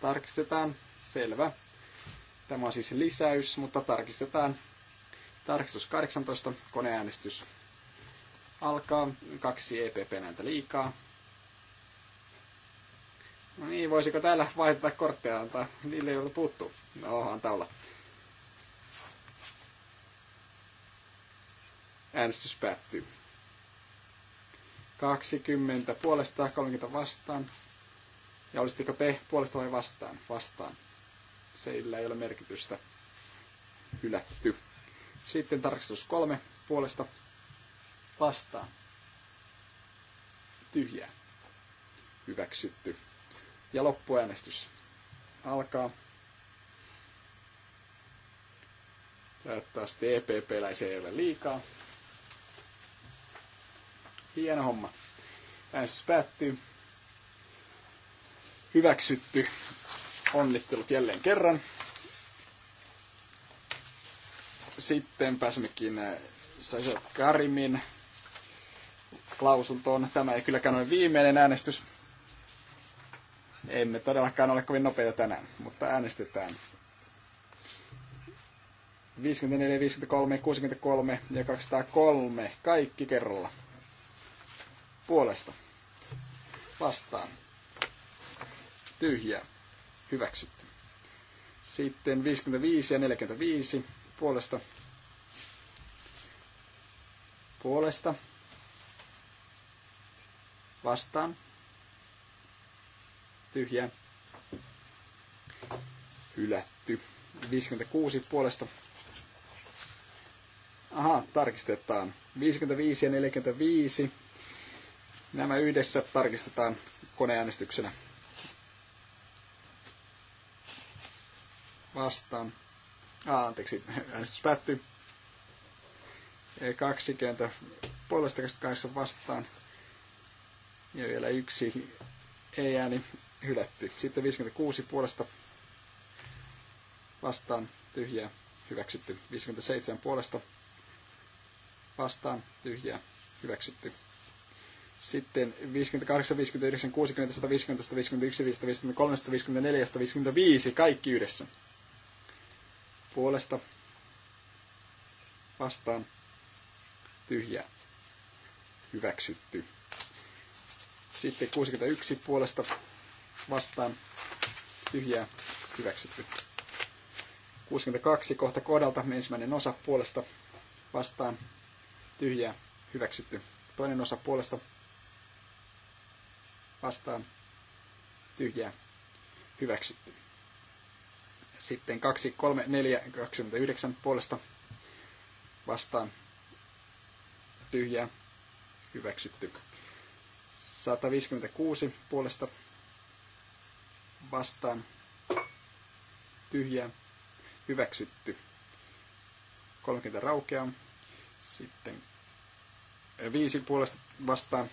Tarkistetaan. Selvä. Tämä on siis lisäys, mutta tarkistetaan. Tarkistus 18, koneäänestys alkaa. Kaksi EPP näitä liikaa. No niin, voisiko täällä vaihtaa kortteja antaa niille, joilla puuttuu? No, antaa olla. Äänestys päättyy. 20 puolesta, 30 vastaan. Ja olisitteko te puolesta vai vastaan? Vastaan. Seillä ei ole merkitystä. Hylätty. Sitten tarkastus kolme puolesta vastaan. tyhjä Hyväksytty. Ja loppuäänestys alkaa. Toivottavasti EPP-läisiä ei ole liikaa. Hieno homma. Äänestys päättyy. Hyväksytty. Onnittelut jälleen kerran. Sitten pääsemmekin äh, Sajot Karimin lausuntoon. Tämä ei kylläkään ole viimeinen äänestys. Emme todellakaan ole kovin nopeita tänään, mutta äänestetään. 54, 53, 63 ja 203. Kaikki kerralla. Puolesta. Vastaan. Tyhjää. Hyväksytty. Sitten 55 ja 45. Puolesta. Puolesta vastaan. Tyhjä. Hylätty. 56 puolesta. Aha, tarkistetaan. 55 ja 45. Nämä yhdessä tarkistetaan koneäänestyksenä. Vastaan. Ah, anteeksi, *laughs* äänestys päättyy. 20 e, puolesta 28 vastaan. Ja vielä yksi ei ääni hylätty. Sitten 56 puolesta vastaan tyhjää hyväksytty. 57 puolesta vastaan tyhjää hyväksytty. Sitten 58, 59, 60, 150, 151, 153, 154, 155, kaikki yhdessä. Puolesta vastaan tyhjää hyväksytty. Sitten 61 puolesta vastaan tyhjää hyväksytty. 62 kohta kohdalta ensimmäinen osa puolesta vastaan tyhjää hyväksytty. Toinen osa puolesta vastaan tyhjää hyväksytty. Sitten 2, 3, 4, 29 puolesta vastaan tyhjää hyväksytty. 156 puolesta vastaan tyhjää hyväksytty. 30 raukeaa. Sitten 5 puolesta vastaan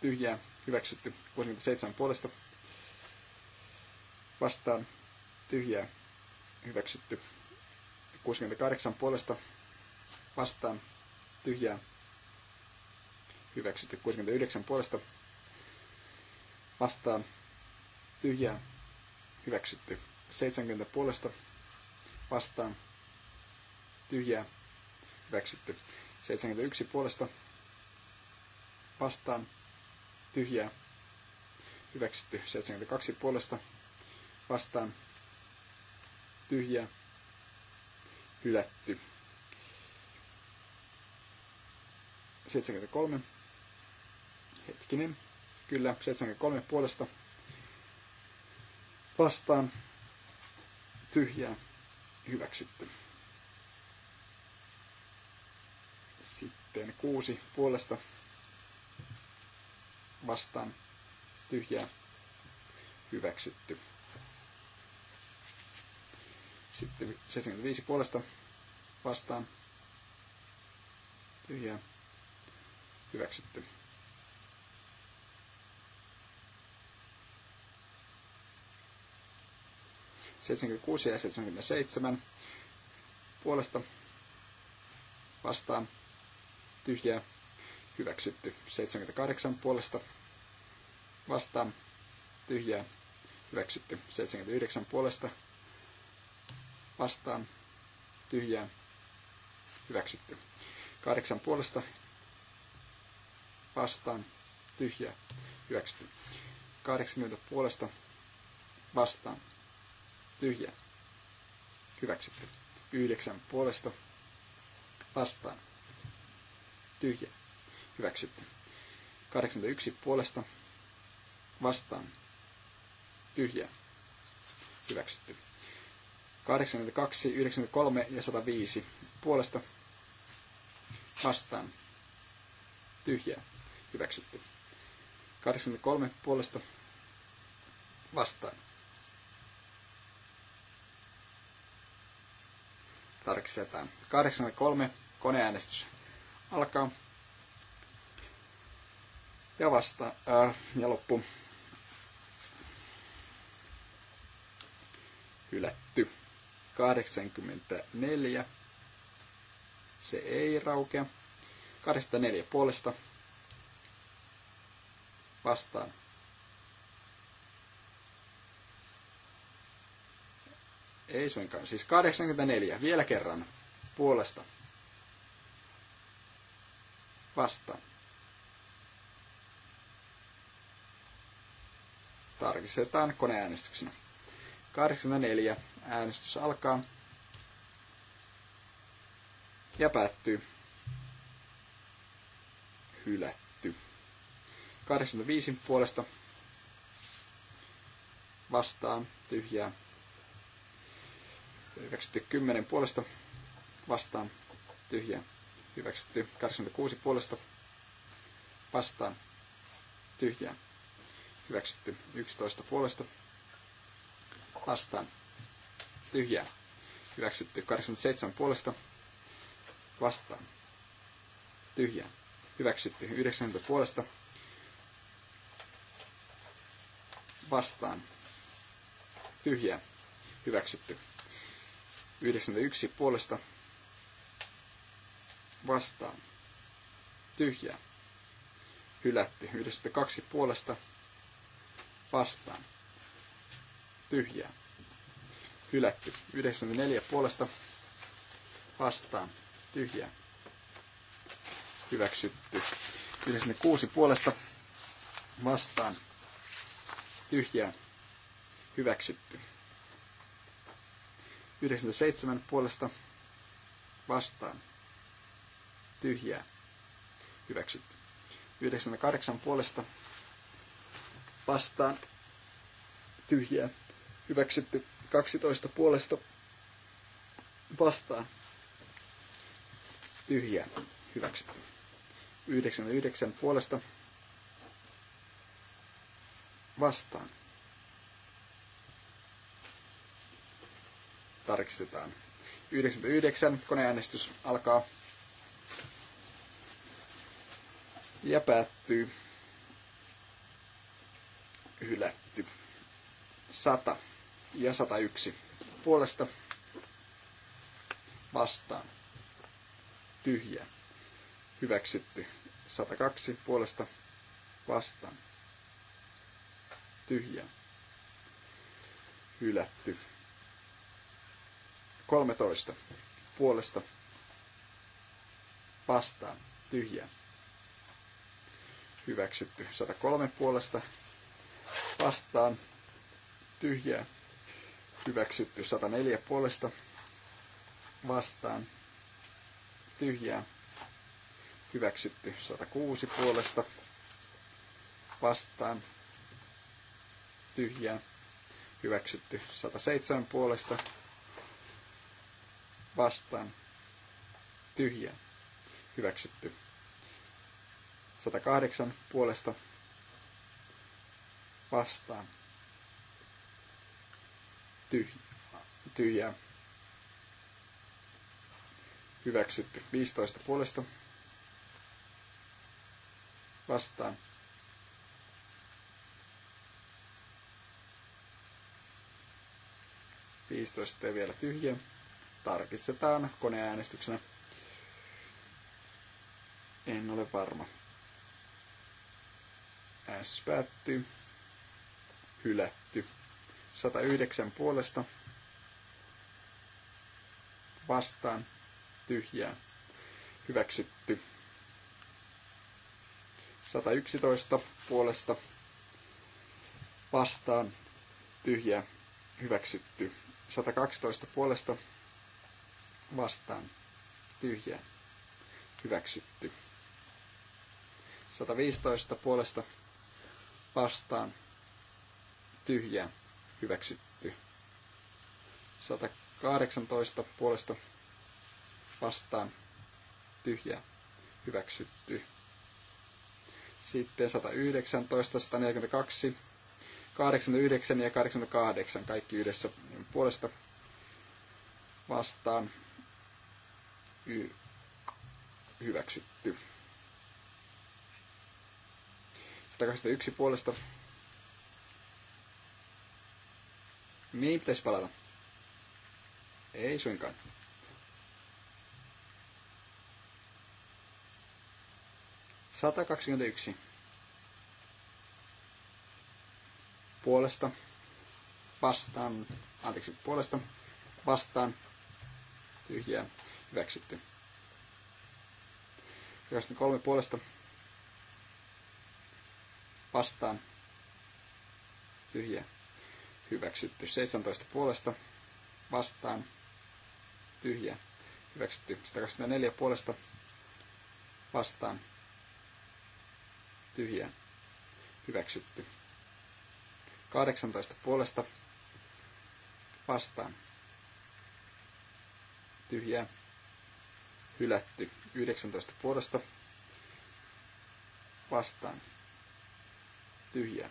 tyhjää hyväksytty. 67 puolesta vastaan tyhjää hyväksytty. 68 puolesta vastaan tyhjää hyväksytty 69 puolesta vastaan tyhjää hyväksytty 70 puolesta vastaan tyhjää hyväksytty 71 puolesta vastaan tyhjää hyväksytty 72 puolesta vastaan tyhjää hylätty 73 hetkinen, kyllä 73 puolesta vastaan tyhjää hyväksytty. Sitten kuusi puolesta vastaan tyhjää hyväksytty. Sitten 75 puolesta vastaan tyhjää hyväksytty. 76 ja 77 puolesta vastaan tyhjää hyväksytty. 78 puolesta vastaan tyhjää hyväksytty. 79 puolesta vastaan tyhjää hyväksytty. 8 puolesta vastaan tyhjää hyväksytty. 80 puolesta vastaan tyhjä. Hyväksytty. Yhdeksän puolesta vastaan. Tyhjä. Hyväksytty. 81 puolesta vastaan. Tyhjä. Hyväksytty. 82, 93 ja 105 puolesta vastaan. Tyhjä. Hyväksytty. 83 puolesta vastaan tarkistetaan. 83 koneäänestys alkaa. Ja vasta, äh, ja loppu. Hylätty. 84. Se ei raukea. 84 puolesta. Vastaan Ei suinkaan. Siis 84. Vielä kerran. Puolesta. Vasta. Tarkistetaan koneäänestyksenä. 84. Äänestys alkaa. Ja päättyy. Hylätty. 85 puolesta vastaan tyhjää 90 puolesta vastaan Tyhjä. Hyväksytty 86 puolesta vastaan Tyhjä. Hyväksytty 11 puolesta vastaan Tyhjä. Hyväksytty 87 puolesta vastaan tyhjä Hyväksytty 90 puolesta vastaan tyhjä Hyväksytty 91 puolesta vastaan. Tyhjää. Hylätty. 92 puolesta vastaan. Tyhjää. Hylätty. 94 puolesta vastaan. Tyhjää. Hyväksytty. 96 puolesta vastaan. Tyhjää. Hyväksytty. 97 puolesta vastaan. Tyhjää. Hyväksytty. 98 puolesta vastaan. Tyhjää. Hyväksytty. 12 puolesta vastaan. Tyhjää. Hyväksytty. 99 puolesta vastaan. tarkistetaan. 99 koneäänestys alkaa ja päättyy. Hylätty. 100 ja 101 puolesta vastaan. Tyhjä. Hyväksytty. 102 puolesta vastaan. Tyhjä. Hylätty. 13 puolesta vastaan Tyhjä. Hyväksytty 103 puolesta vastaan Tyhjä. Hyväksytty 104 puolesta vastaan Tyhjä. Hyväksytty 106 puolesta vastaan Tyhjä. Hyväksytty 107 puolesta vastaan Tyhjä. hyväksytty. 108 puolesta vastaan tyhjä tyhjä hyväksytty. 15 puolesta vastaan Viisitoista vielä tyhjä tarkistetaan koneäänestyksenä. En ole varma. S päättyy. Hylätty. 109 puolesta. Vastaan. Tyhjää. Hyväksytty. 111 puolesta. Vastaan. Tyhjää. Hyväksytty. 112 puolesta vastaan tyhjä hyväksytty. 115 puolesta vastaan tyhjä hyväksytty. 118 puolesta vastaan tyhjä hyväksytty. Sitten 119, 142, 89 ja 88 kaikki yhdessä puolesta vastaan hyväksytty. 181 puolesta. Mihin pitäisi palata? Ei suinkaan. Sata kaksikymmentäyksi. Puolesta. Vastaan. Anteeksi, puolesta. Vastaan. Tyhjää. Hyväksytty. kolme puolesta vastaan. Tyhjä. Hyväksytty. 17 puolesta vastaan. Tyhjä. Hyväksytty. 124 puolesta vastaan. Tyhjä. Hyväksytty. 18 puolesta vastaan. tyhjä hylätty 19 puolesta vastaan Tyhjä.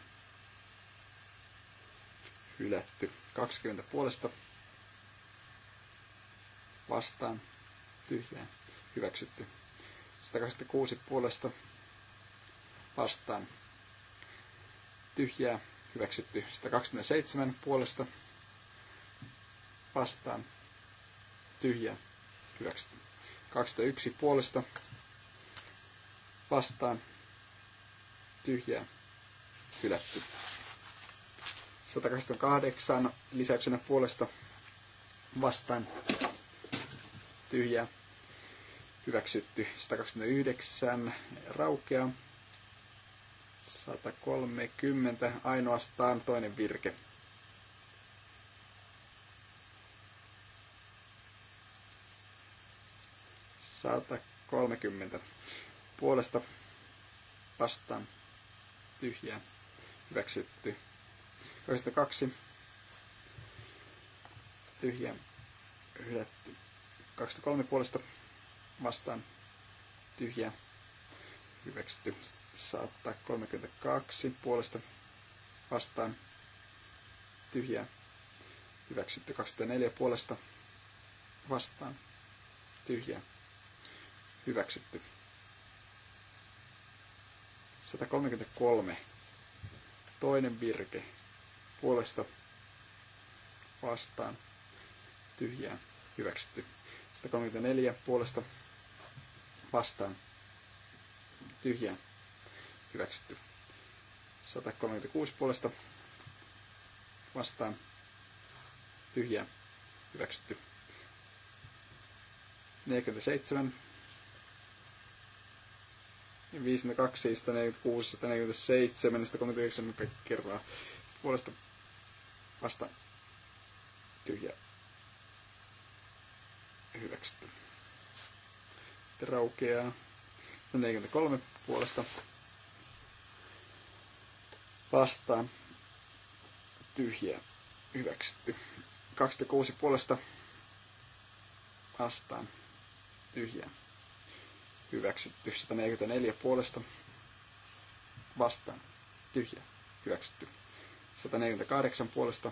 hylätty 20 puolesta vastaan tyhjä hyväksytty 126 puolesta vastaan tyhjää hyväksytty 127 puolesta vastaan tyhjää hyväksytty 201 puolesta vastaan tyhjää hylätty. 128 lisäyksenä puolesta vastaan tyhjää hyväksytty. 129 raukea 130 ainoastaan toinen virke 130 puolesta vastaan tyhjää hyväksytty. 22 tyhjää hylätty. 23 puolesta vastaan tyhjää hyväksytty. 132 puolesta vastaan tyhjää hyväksytty. 24 puolesta vastaan tyhjää Hyväksytty. 133. Toinen virke. Puolesta vastaan. Tyhjää. Hyväksytty. 134. Puolesta vastaan. Tyhjää. Hyväksytty. 136 puolesta vastaan. Tyhjää. Hyväksytty. 47 52, 146, 147, 139 kaikki Puolesta vasta tyhjä hyväksytty. Sitten raukeaa 43 puolesta vastaan tyhjä hyväksytty. 26 puolesta vastaan tyhjä hyväksytty. 144 puolesta vastaan, tyhjä, hyväksytty. 148 puolesta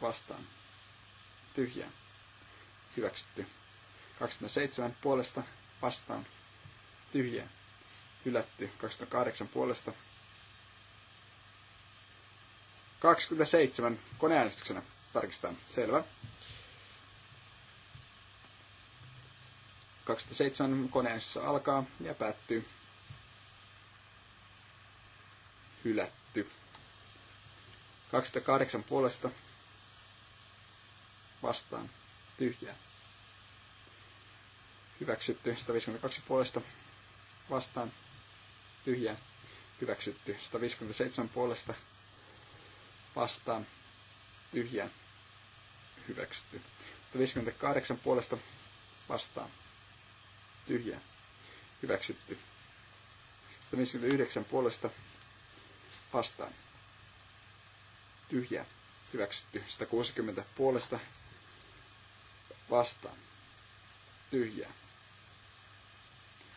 vastaan, tyhjä, hyväksytty. 27 puolesta vastaan, tyhjä, hylätty. 28 puolesta 27 koneäänestyksenä tarkistetaan. Selvä. 207 koneessa alkaa ja päättyy. Hylätty. 208 puolesta vastaan tyhjää. Hyväksytty 152 puolesta vastaan tyhjää. Hyväksytty 157 puolesta vastaan tyhjää. Hyväksytty 158 puolesta vastaan tyhjä. hyväksytty. 159 puolesta vastaan Tyhjä. hyväksytty. 160 puolesta vastaan Tyhjä.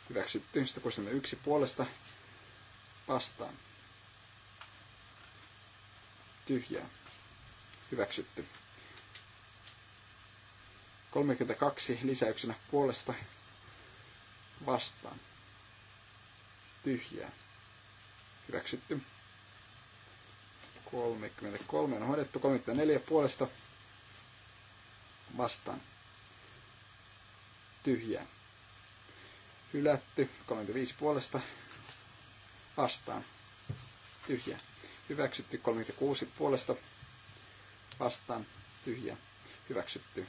hyväksytty. 161 puolesta vastaan tyhjä, hyväksytty. 32 lisäyksenä puolesta vastaan. Tyhjää. Hyväksytty. 33 on hoidettu. 34 puolesta vastaan. Tyhjää. Hylätty. 35 puolesta vastaan. Tyhjää. Hyväksytty. 36 puolesta vastaan. Tyhjää. Hyväksytty.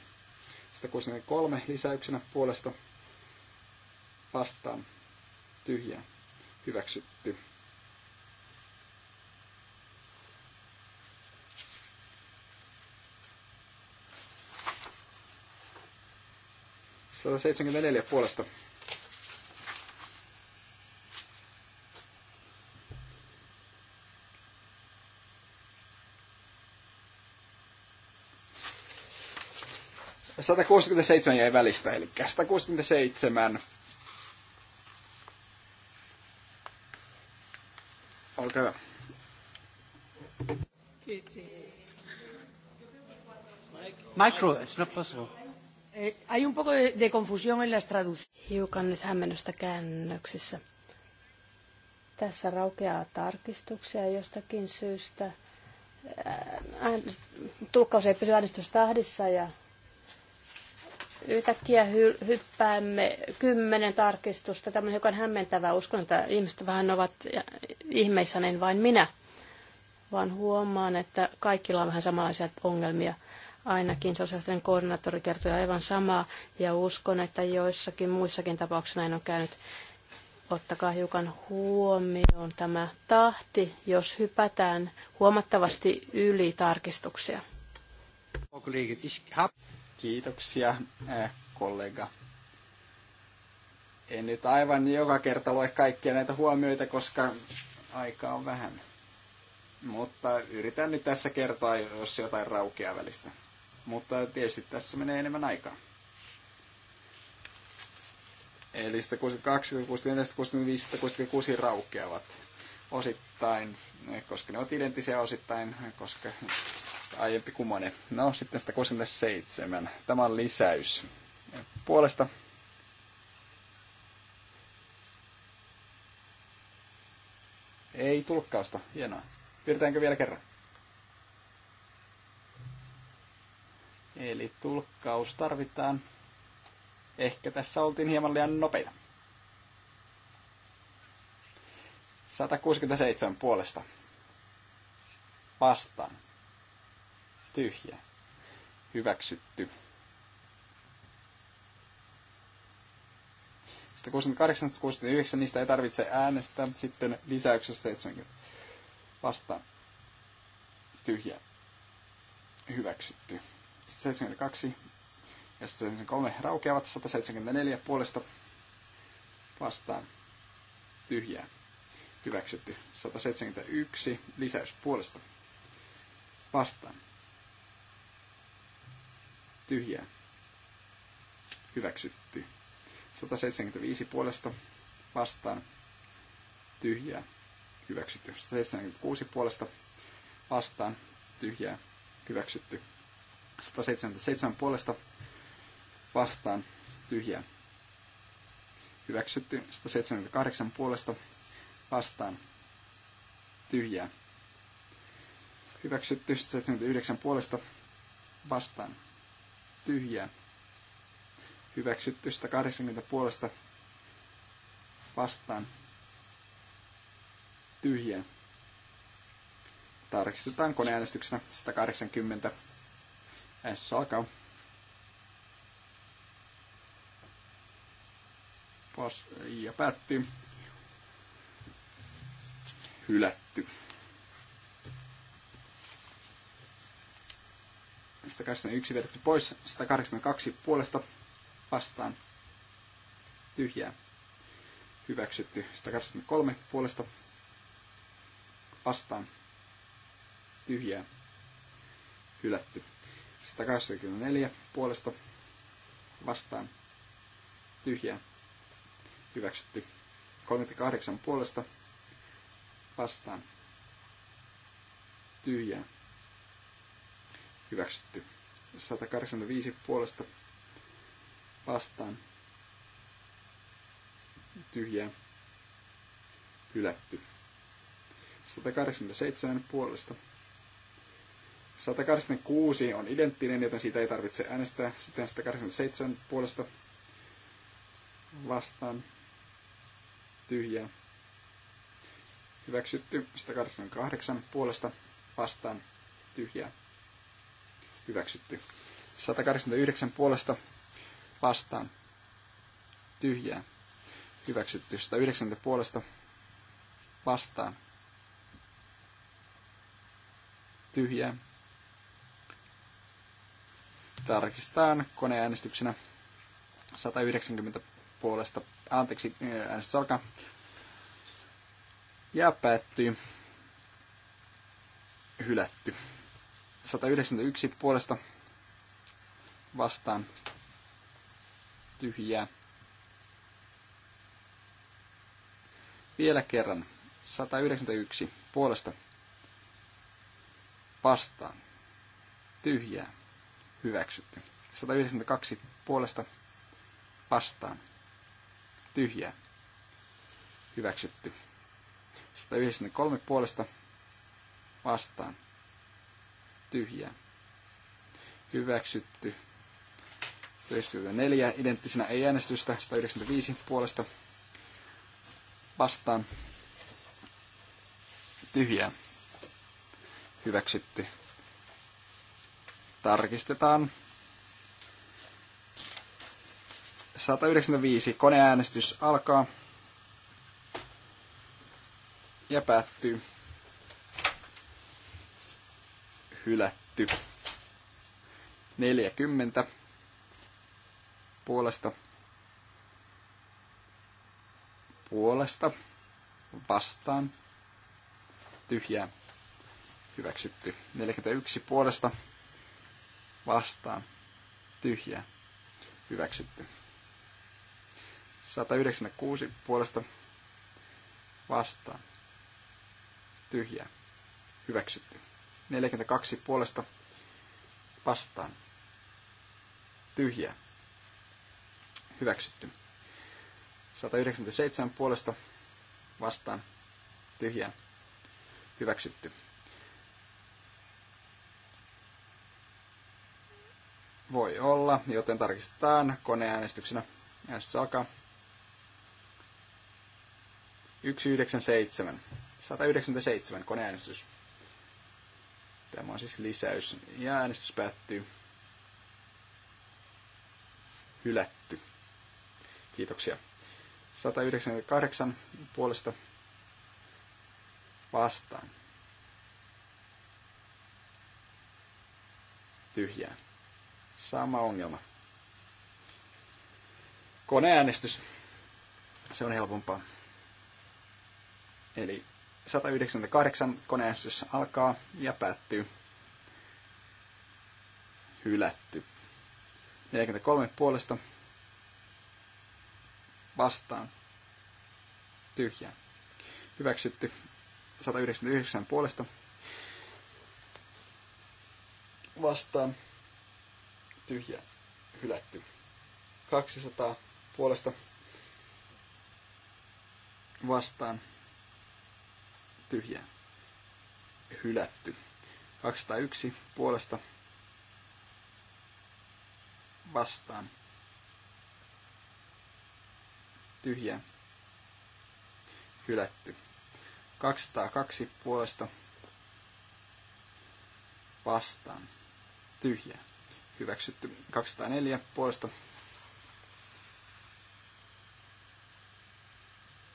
163 lisäyksenä puolesta vastaan tyhjä hyväksytty. Sata seitsemänkymmentäneljä puolesta seitsemän jäi välistä, eli seitsemän. olkaa Micro, it's not possible. Eh, hay un poco de confusión en las traducciones. Hiukan nyt hämmennystä käännöksissä. Tässä raukeaa tarkistuksia jostakin syystä. Tulkkaus ei pysy äänestystahdissa ja yhtäkkiä hy- hyppäämme kymmenen tarkistusta, tämmöinen hiukan hämmentävää. Uskon, että ihmiset vähän ovat ihmeissä, niin vain minä, vaan huomaan, että kaikilla on vähän samanlaisia ongelmia. Ainakin sosiaalisten koordinaattori kertoi aivan samaa, ja uskon, että joissakin muissakin tapauksissa näin on käynyt. Ottakaa hiukan huomioon tämä tahti, jos hypätään huomattavasti yli tarkistuksia. Kiitoksia, eh, kollega. En nyt aivan joka kerta lue kaikkia näitä huomioita, koska aika on vähän. Mutta yritän nyt tässä kertoa, jos jotain raukeaa välistä. Mutta tietysti tässä menee enemmän aikaa. Eli 162, 164, 165, 166 raukeavat osittain, koska ne ovat identtisiä osittain, koska aiempi kumone. No sitten 67. Tämä on lisäys. Puolesta Ei tulkkausta. Hienoa. Yritetäänkö vielä kerran? Eli tulkkaus tarvitaan. Ehkä tässä oltiin hieman liian nopeita. 167 puolesta. Vastaan tyhjä, hyväksytty. 68-69 niistä ei tarvitse äänestää, sitten lisäyksessä 70 vastaan, tyhjä, hyväksytty. Sitten 72 ja sitten 73 raukeavat, 174 puolesta vastaan, tyhjää, hyväksytty. 171 lisäys puolesta vastaan, tyhjää. Hyväksytty. 175 puolesta vastaan tyhjää. Hyväksytty. 176 puolesta vastaan tyhjää. Hyväksytty. 177 puolesta vastaan tyhjää. Hyväksytty. 178 puolesta vastaan tyhjää. Hyväksytty 179 puolesta vastaan tyhjää. Hyväksytty 180 puolesta vastaan tyhjää. Tarkistetaan koneäänestyksenä 180. Äänestys alkaa. Pos- ja päättyy. Hylätty. 181 vedetty pois, 182 puolesta vastaan tyhjää. Hyväksytty 183 puolesta vastaan tyhjää. Hylätty 184 puolesta vastaan tyhjää. Hyväksytty 38 puolesta vastaan tyhjää hyväksytty. 185 puolesta vastaan tyhjää hylätty. 187 puolesta 186 on identtinen, joten siitä ei tarvitse äänestää. Sitten 187 puolesta vastaan tyhjää. Hyväksytty 188 puolesta vastaan tyhjää hyväksytty. 189 puolesta vastaan tyhjää hyväksytty. 190 puolesta vastaan tyhjää. Tarkistetaan koneäänestyksenä 190 puolesta. Anteeksi, äänestys alkaa. Ja päättyy. Hylätty. 191 puolesta vastaan tyhjää. Vielä kerran. 191 puolesta vastaan tyhjää. Hyväksytty. 192 puolesta vastaan tyhjää. Hyväksytty. 193 puolesta vastaan tyhjä. Hyväksytty. 194 identtisenä ei äänestystä, 195 puolesta vastaan tyhjää. Hyväksytty. Tarkistetaan. 195 koneäänestys alkaa ja päättyy. hylätty. 40 puolesta puolesta vastaan tyhjää hyväksytty. 41 puolesta vastaan tyhjää hyväksytty. 196 puolesta vastaan tyhjää hyväksytty. 42 puolesta vastaan. tyhjä Hyväksytty. 197 puolesta vastaan. tyhjä Hyväksytty. Voi olla, joten tarkistetaan koneäänestyksenä. Äänestys alkaa. 197. 197 koneäänestys. Tämä on siis lisäys. Ja äänestys päättyy. Hylätty. Kiitoksia. 198 puolesta vastaan. Tyhjää. Sama ongelma. Koneäänestys. Se on helpompaa. Eli 198 koneäänestys alkaa ja päättyy. Hylätty. 43 puolesta vastaan. tyhjä. Hyväksytty. 199 puolesta vastaan. Tyhjä. Hylätty. 200 puolesta vastaan tyhjää, hylätty. 201 puolesta vastaan, Tyhjä. hylätty. 202 puolesta vastaan, Tyhjä. hyväksytty. 204 puolesta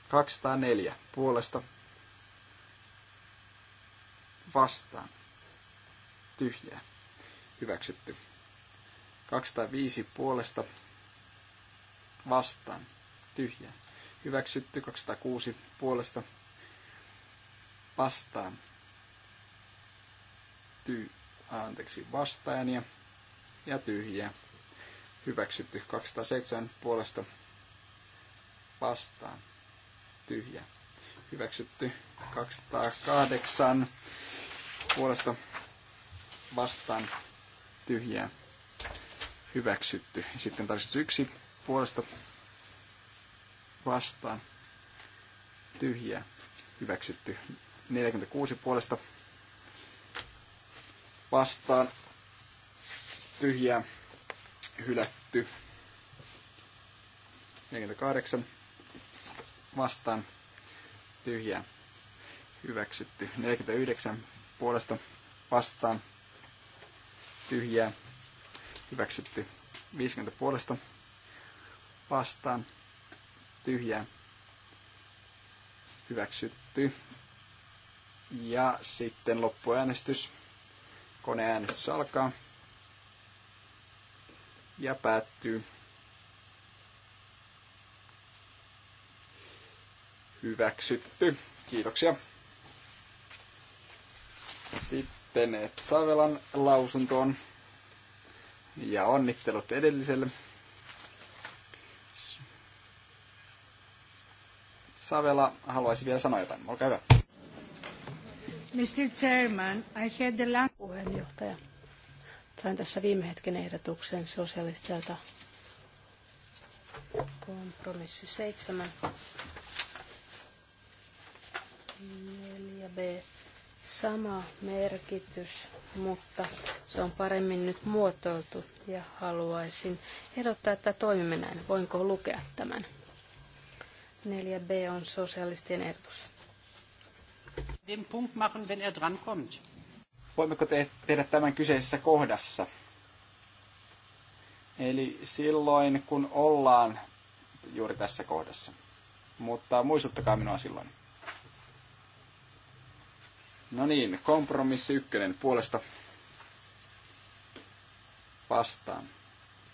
204 puolesta vastaan. Tyhjää. Hyväksytty. 205 puolesta vastaan. Tyhjää. Hyväksytty. 206 puolesta vastaan. Ty, äh, anteeksi, ja, ja tyhjää. Hyväksytty. 207 puolesta vastaan. Tyhjä. Hyväksytty 208 puolesta vastaan tyhjää hyväksytty. Sitten tarkistus yksi puolesta vastaan tyhjää hyväksytty. 46 puolesta vastaan tyhjää hylätty. 48 vastaan tyhjää hyväksytty. 49 puolesta vastaan tyhjää hyväksytty 50 puolesta vastaan tyhjää hyväksytty. Ja sitten loppuäänestys. Koneäänestys alkaa ja päättyy. Hyväksytty. Kiitoksia. Sitten Savelan lausuntoon ja onnittelut edelliselle. Savela haluaisi vielä sanoa jotain. Olkaa hyvä. Mr. Chairman, I had the last... Puheenjohtaja. Tain tässä viime hetken ehdotuksen sosialistilta kompromissi 7. 4b sama merkitys, mutta se on paremmin nyt muotoiltu ja haluaisin ehdottaa, että toimimme näin. Voinko lukea tämän? 4b on sosialistien ehdotus. Den Punkt machen, wenn er dran kommt. Voimmeko te- tehdä tämän kyseisessä kohdassa? Eli silloin, kun ollaan juuri tässä kohdassa. Mutta muistuttakaa minua silloin. No niin, kompromissi ykkönen puolesta vastaan.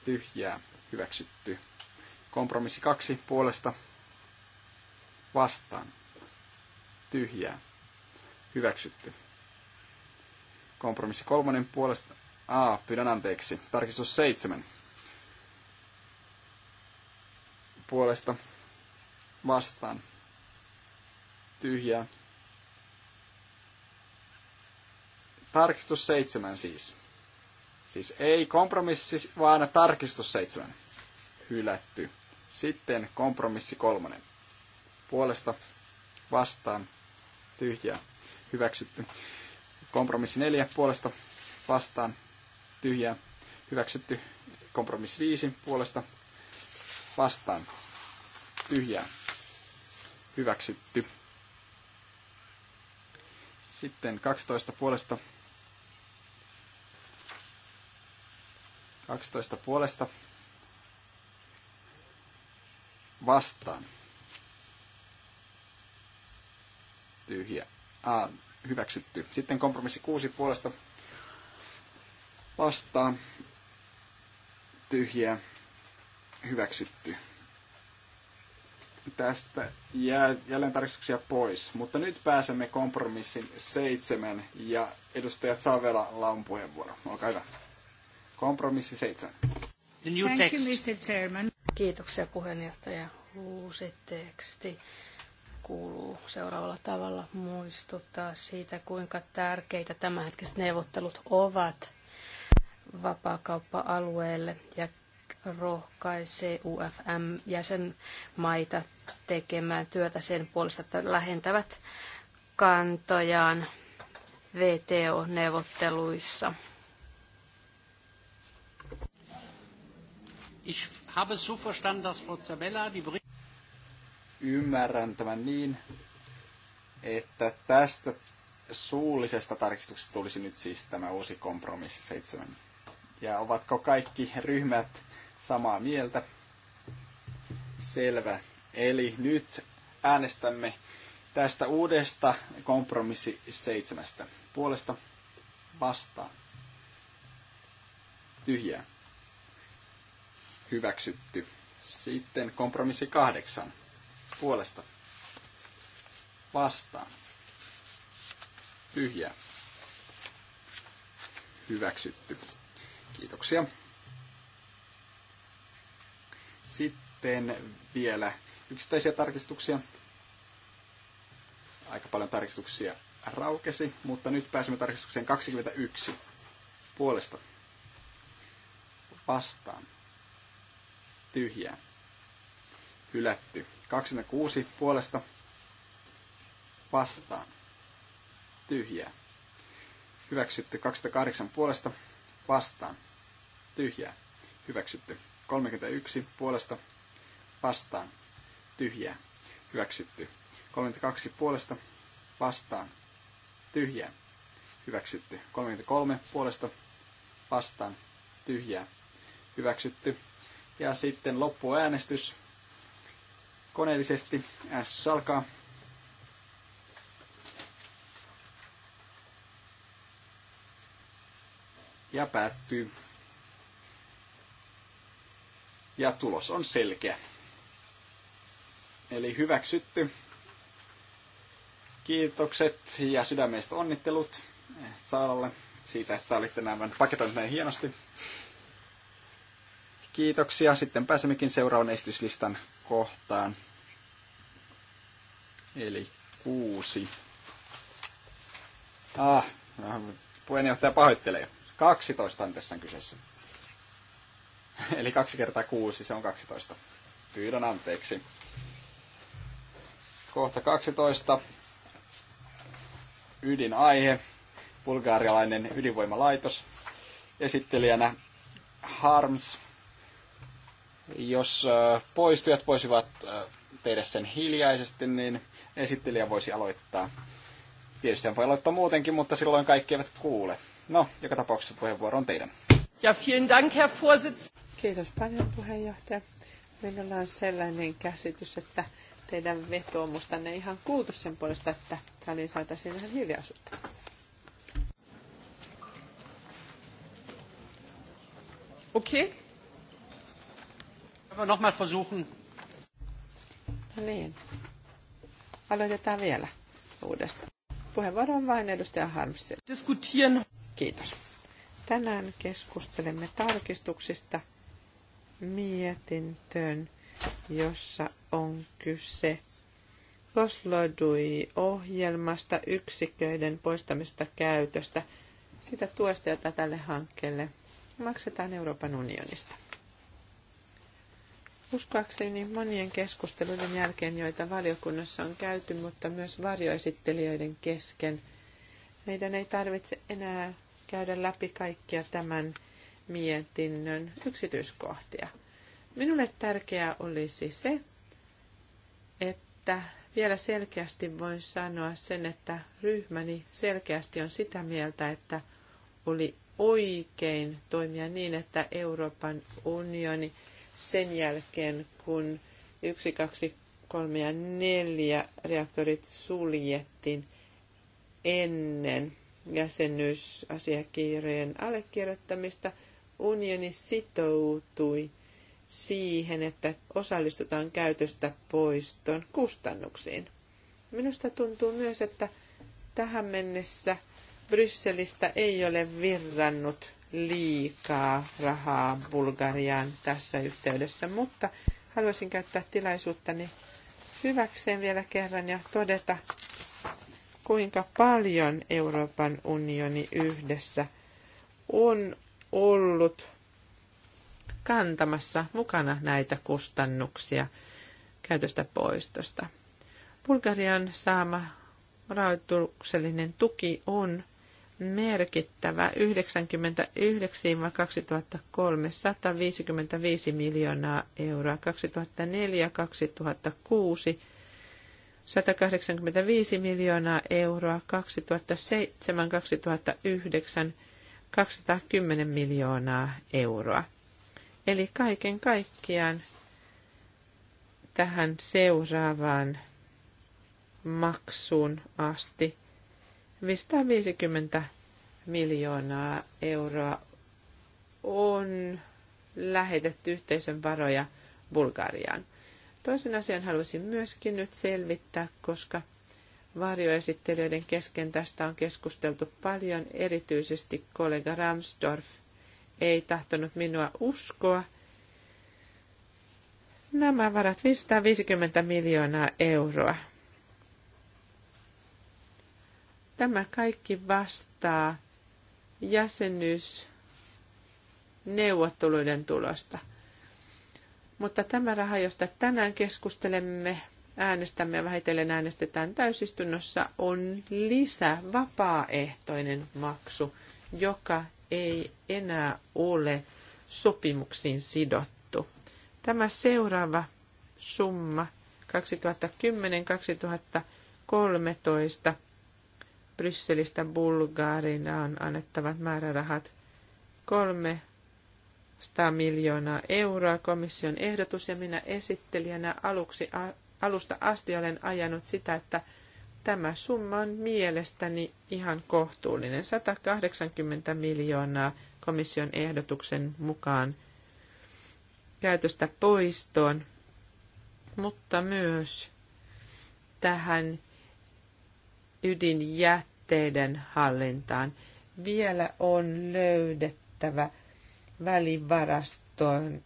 Tyhjää, hyväksytty. Kompromissi kaksi puolesta vastaan. Tyhjää, hyväksytty. Kompromissi kolmonen puolesta. A, pyydän anteeksi. Tarkistus seitsemän. Puolesta vastaan. Tyhjää, Tarkistus seitsemän siis. Siis ei kompromissi, vaan tarkistus seitsemän. Hylätty. Sitten kompromissi kolmonen. Puolesta vastaan tyhjää. Hyväksytty. Kompromissi neljä puolesta vastaan tyhjää. Hyväksytty. Kompromissi viisi puolesta vastaan tyhjää. Hyväksytty. Sitten 12 puolesta 12 puolesta vastaan. Tyhjä. Ah, hyväksytty. Sitten kompromissi 6 puolesta vastaan. Tyhjä. Hyväksytty. Tästä jää jälleen tarkistuksia pois, mutta nyt pääsemme kompromissin seitsemän ja edustajat Savela Laun puheenvuoro. Olkaa hyvä. Kompromissi 7. The Thank You, Mr. Chairman. Kiitoksia puheenjohtaja. Uusi teksti kuuluu seuraavalla tavalla muistuttaa siitä, kuinka tärkeitä tämänhetkiset neuvottelut ovat vapaakauppa-alueelle ja rohkaisee UFM-jäsenmaita tekemään työtä sen puolesta, että lähentävät kantojaan VTO-neuvotteluissa. Ich habe es so verstanden, dass Frau Zabella die Bericht... Ymmärrän tämän niin, että tästä suullisesta tarkistuksesta tulisi nyt siis tämä uusi kompromissi seitsemän. Ja ovatko kaikki ryhmät samaa mieltä? Selvä. Eli nyt äänestämme tästä uudesta kompromissi seitsemästä. Puolesta vastaan. Tyhjää hyväksytty. Sitten kompromissi kahdeksan puolesta vastaan. Tyhjä. Hyväksytty. Kiitoksia. Sitten vielä yksittäisiä tarkistuksia. Aika paljon tarkistuksia raukesi, mutta nyt pääsemme tarkistukseen 21 puolesta vastaan tyhjää. Hylätty. 26 puolesta vastaan. Tyhjää. Hyväksytty 208 puolesta vastaan. Tyhjää. Hyväksytty 31 puolesta vastaan. Tyhjää. Hyväksytty 32 puolesta vastaan. Tyhjää. Hyväksytty 33 puolesta vastaan. Tyhjää. Hyväksytty ja sitten loppuäänestys koneellisesti. Äänestys alkaa. Ja päättyy. Ja tulos on selkeä. Eli hyväksytty. Kiitokset ja sydämestä onnittelut Saaralle siitä, että olitte nämä paketoineet näin hienosti. Kiitoksia. Sitten pääsemmekin seuraavan esityslistan kohtaan. Eli kuusi. Ah, puheenjohtaja pahoittelee. 12 on tässä kyseessä. Eli kaksi kertaa kuusi, se on 12. Pyydän anteeksi. Kohta 12. Ydinaihe. Bulgaarialainen ydinvoimalaitos. Esittelijänä Harms jos poistujat voisivat tehdä sen hiljaisesti, niin esittelijä voisi aloittaa. Tietysti hän voi aloittaa muutenkin, mutta silloin kaikki eivät kuule. No, joka tapauksessa puheenvuoro on teidän. Ja vielen dank, Herr Vorsitz. Kiitos paljon, puheenjohtaja. Minulla on sellainen käsitys, että teidän vetoomustanne ihan kuultu sen puolesta, että saliin saataisiin vähän hiljaisuutta. Okei. Okay nochmal versuchen. No niin. Aloitetaan vielä uudestaan. Puheenvuoro on vain edustaja Harmsi. Diskutieren. Kiitos. Tänään keskustelemme tarkistuksista mietintöön, jossa on kyse Koslodui-ohjelmasta, yksiköiden poistamista käytöstä, sitä tuesta, jota tälle hankkeelle maksetaan Euroopan unionista. Uskoakseni monien keskusteluiden jälkeen, joita valiokunnassa on käyty, mutta myös varjoesittelijöiden kesken, meidän ei tarvitse enää käydä läpi kaikkia tämän mietinnön yksityiskohtia. Minulle tärkeää olisi se, että vielä selkeästi voin sanoa sen, että ryhmäni selkeästi on sitä mieltä, että oli oikein toimia niin, että Euroopan unioni – sen jälkeen, kun 1, 2, 3 ja 4 reaktorit suljettiin ennen jäsenyysasiakirjojen allekirjoittamista, unioni sitoutui siihen, että osallistutaan käytöstä poiston kustannuksiin. Minusta tuntuu myös, että tähän mennessä Brysselistä ei ole virrannut liikaa rahaa Bulgariaan tässä yhteydessä, mutta haluaisin käyttää tilaisuuttani hyväkseen vielä kerran ja todeta, kuinka paljon Euroopan unioni yhdessä on ollut kantamassa mukana näitä kustannuksia käytöstä poistosta. Bulgarian saama rahoituksellinen tuki on merkittävä 99 1999-2003 155 miljoonaa euroa, 2004-2006 185 miljoonaa euroa, 2007-2009 210 miljoonaa euroa. Eli kaiken kaikkiaan tähän seuraavaan maksuun asti – 550 miljoonaa euroa on lähetetty yhteisön varoja Bulgariaan. Toisen asian haluaisin myöskin nyt selvittää, koska varjoesittelijöiden kesken tästä on keskusteltu paljon, erityisesti kollega Ramsdorf ei tahtonut minua uskoa. Nämä varat 550 miljoonaa euroa Tämä kaikki vastaa jäsenyys neuvotteluiden tulosta. Mutta tämä raha, josta tänään keskustelemme, äänestämme ja vähitellen äänestetään täysistunnossa, on lisä vapaaehtoinen maksu, joka ei enää ole sopimuksiin sidottu. Tämä seuraava summa 2010-2013 Brysselistä Bulgaariaan annettavat määrärahat 300 miljoonaa euroa komission ehdotus ja minä esittelijänä aluksi, alusta asti olen ajanut sitä, että tämä summa on mielestäni ihan kohtuullinen. 180 miljoonaa komission ehdotuksen mukaan käytöstä poistoon, mutta myös tähän ydinjätteiden hallintaan. Vielä on löydettävä välivarastoon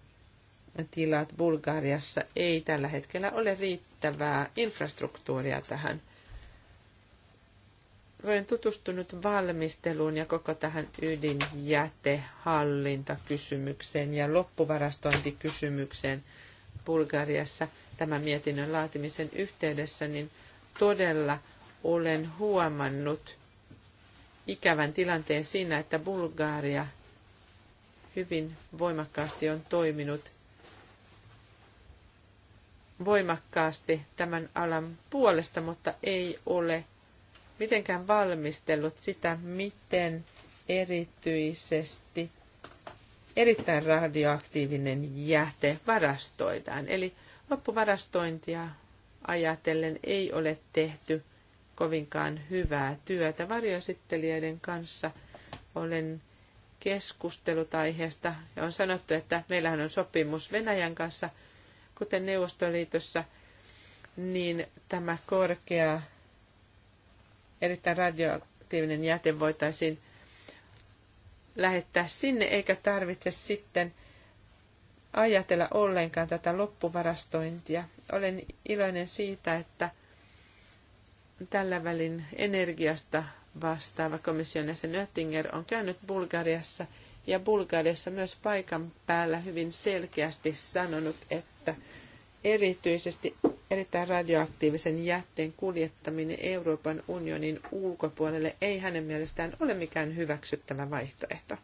tilat Bulgariassa ei tällä hetkellä ole riittävää infrastruktuuria tähän. Olen tutustunut valmisteluun ja koko tähän ydinjätehallintakysymykseen ja loppuvarastointikysymykseen Bulgariassa tämän mietinnön laatimisen yhteydessä, niin todella olen huomannut ikävän tilanteen siinä, että Bulgaria hyvin voimakkaasti on toiminut voimakkaasti tämän alan puolesta, mutta ei ole mitenkään valmistellut sitä, miten erityisesti erittäin radioaktiivinen jäte varastoidaan. Eli loppuvarastointia ajatellen ei ole tehty kovinkaan hyvää työtä varjoesittelijöiden kanssa. Olen keskustellut aiheesta ja on sanottu, että meillähän on sopimus Venäjän kanssa, kuten Neuvostoliitossa, niin tämä korkea, erittäin radioaktiivinen jäte voitaisiin lähettää sinne, eikä tarvitse sitten ajatella ollenkaan tätä loppuvarastointia. Olen iloinen siitä, että tällä välin energiasta vastaava komission jäsen Oettinger on käynyt Bulgariassa ja Bulgariassa myös paikan päällä hyvin selkeästi sanonut, että erityisesti erittäin radioaktiivisen jätteen kuljettaminen Euroopan unionin ulkopuolelle ei hänen mielestään ole mikään hyväksyttävä vaihtoehto.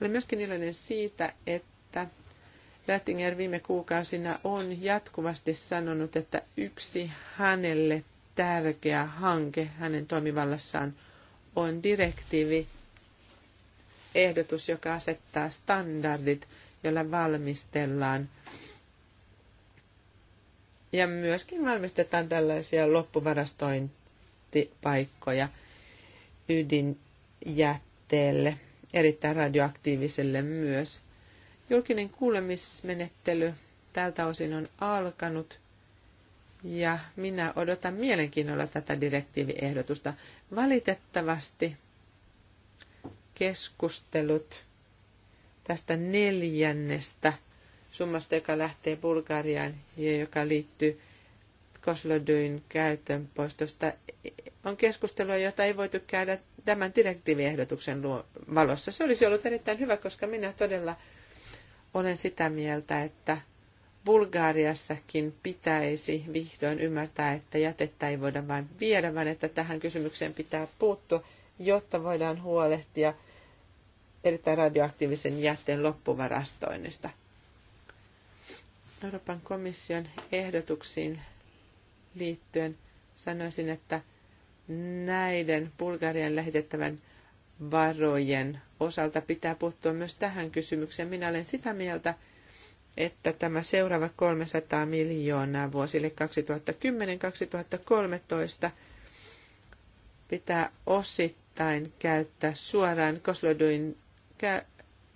Olen myöskin iloinen siitä, että Lättinger viime kuukausina on jatkuvasti sanonut, että yksi hänelle tärkeä hanke hänen toimivallassaan on direktiivi, ehdotus, joka asettaa standardit, joilla valmistellaan ja myöskin valmistetaan tällaisia loppuvarastointipaikkoja ydinjätteelle, erittäin radioaktiiviselle myös. Julkinen kuulemismenettely tältä osin on alkanut. Ja minä odotan mielenkiinnolla tätä direktiiviehdotusta. Valitettavasti keskustelut tästä neljännestä summasta, joka lähtee Bulgariaan ja joka liittyy Koslodyn käytön poistosta, on keskustelua, jota ei voitu käydä tämän direktiiviehdotuksen valossa. Se olisi ollut erittäin hyvä, koska minä todella olen sitä mieltä, että Bulgariassakin pitäisi vihdoin ymmärtää, että jätettä ei voida vain viedä, vaan että tähän kysymykseen pitää puuttua, jotta voidaan huolehtia erittäin radioaktiivisen jätteen loppuvarastoinnista. Euroopan komission ehdotuksiin liittyen sanoisin, että näiden Bulgarian lähetettävän varojen osalta pitää puuttua myös tähän kysymykseen. Minä olen sitä mieltä, että tämä seuraava 300 miljoonaa vuosille 2010-2013 pitää osittain käyttää suoraan Kosloduin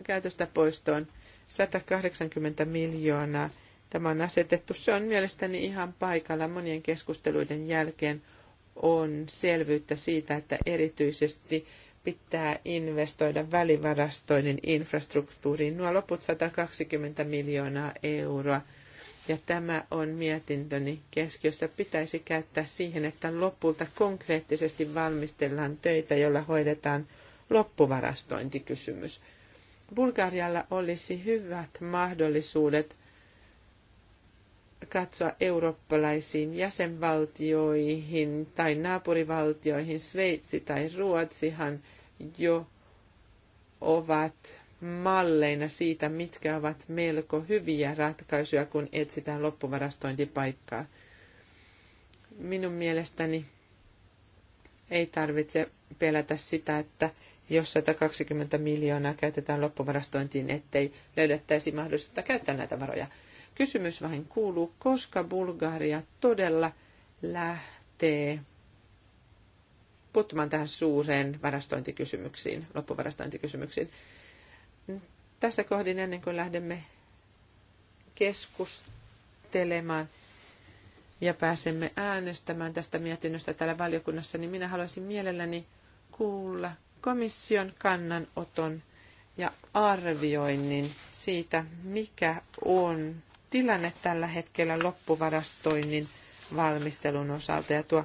käytöstä poistoon 180 miljoonaa. Tämä on asetettu. Se on mielestäni ihan paikalla. Monien keskusteluiden jälkeen on selvyyttä siitä, että erityisesti pitää investoida välivarastoinnin infrastruktuuriin nuo loput 120 miljoonaa euroa. Ja tämä on mietintöni keskiössä. Pitäisi käyttää siihen, että lopulta konkreettisesti valmistellaan töitä, joilla hoidetaan loppuvarastointikysymys. Bulgarialla olisi hyvät mahdollisuudet katsoa eurooppalaisiin jäsenvaltioihin tai naapurivaltioihin, Sveitsi tai Ruotsihan – jo ovat malleina siitä, mitkä ovat melko hyviä ratkaisuja, kun etsitään loppuvarastointipaikkaa. Minun mielestäni ei tarvitse pelätä sitä, että jos 120 miljoonaa käytetään loppuvarastointiin, ettei löydettäisi mahdollisuutta käyttää näitä varoja. Kysymys vain kuuluu, koska Bulgaria todella lähtee puuttumaan tähän suureen varastointikysymyksiin, loppuvarastointikysymyksiin. Tässä kohdin ennen kuin lähdemme keskustelemaan ja pääsemme äänestämään tästä mietinnöstä täällä valiokunnassa, niin minä haluaisin mielelläni kuulla komission kannanoton ja arvioinnin siitä, mikä on tilanne tällä hetkellä loppuvarastoinnin valmistelun osalta. Ja tuo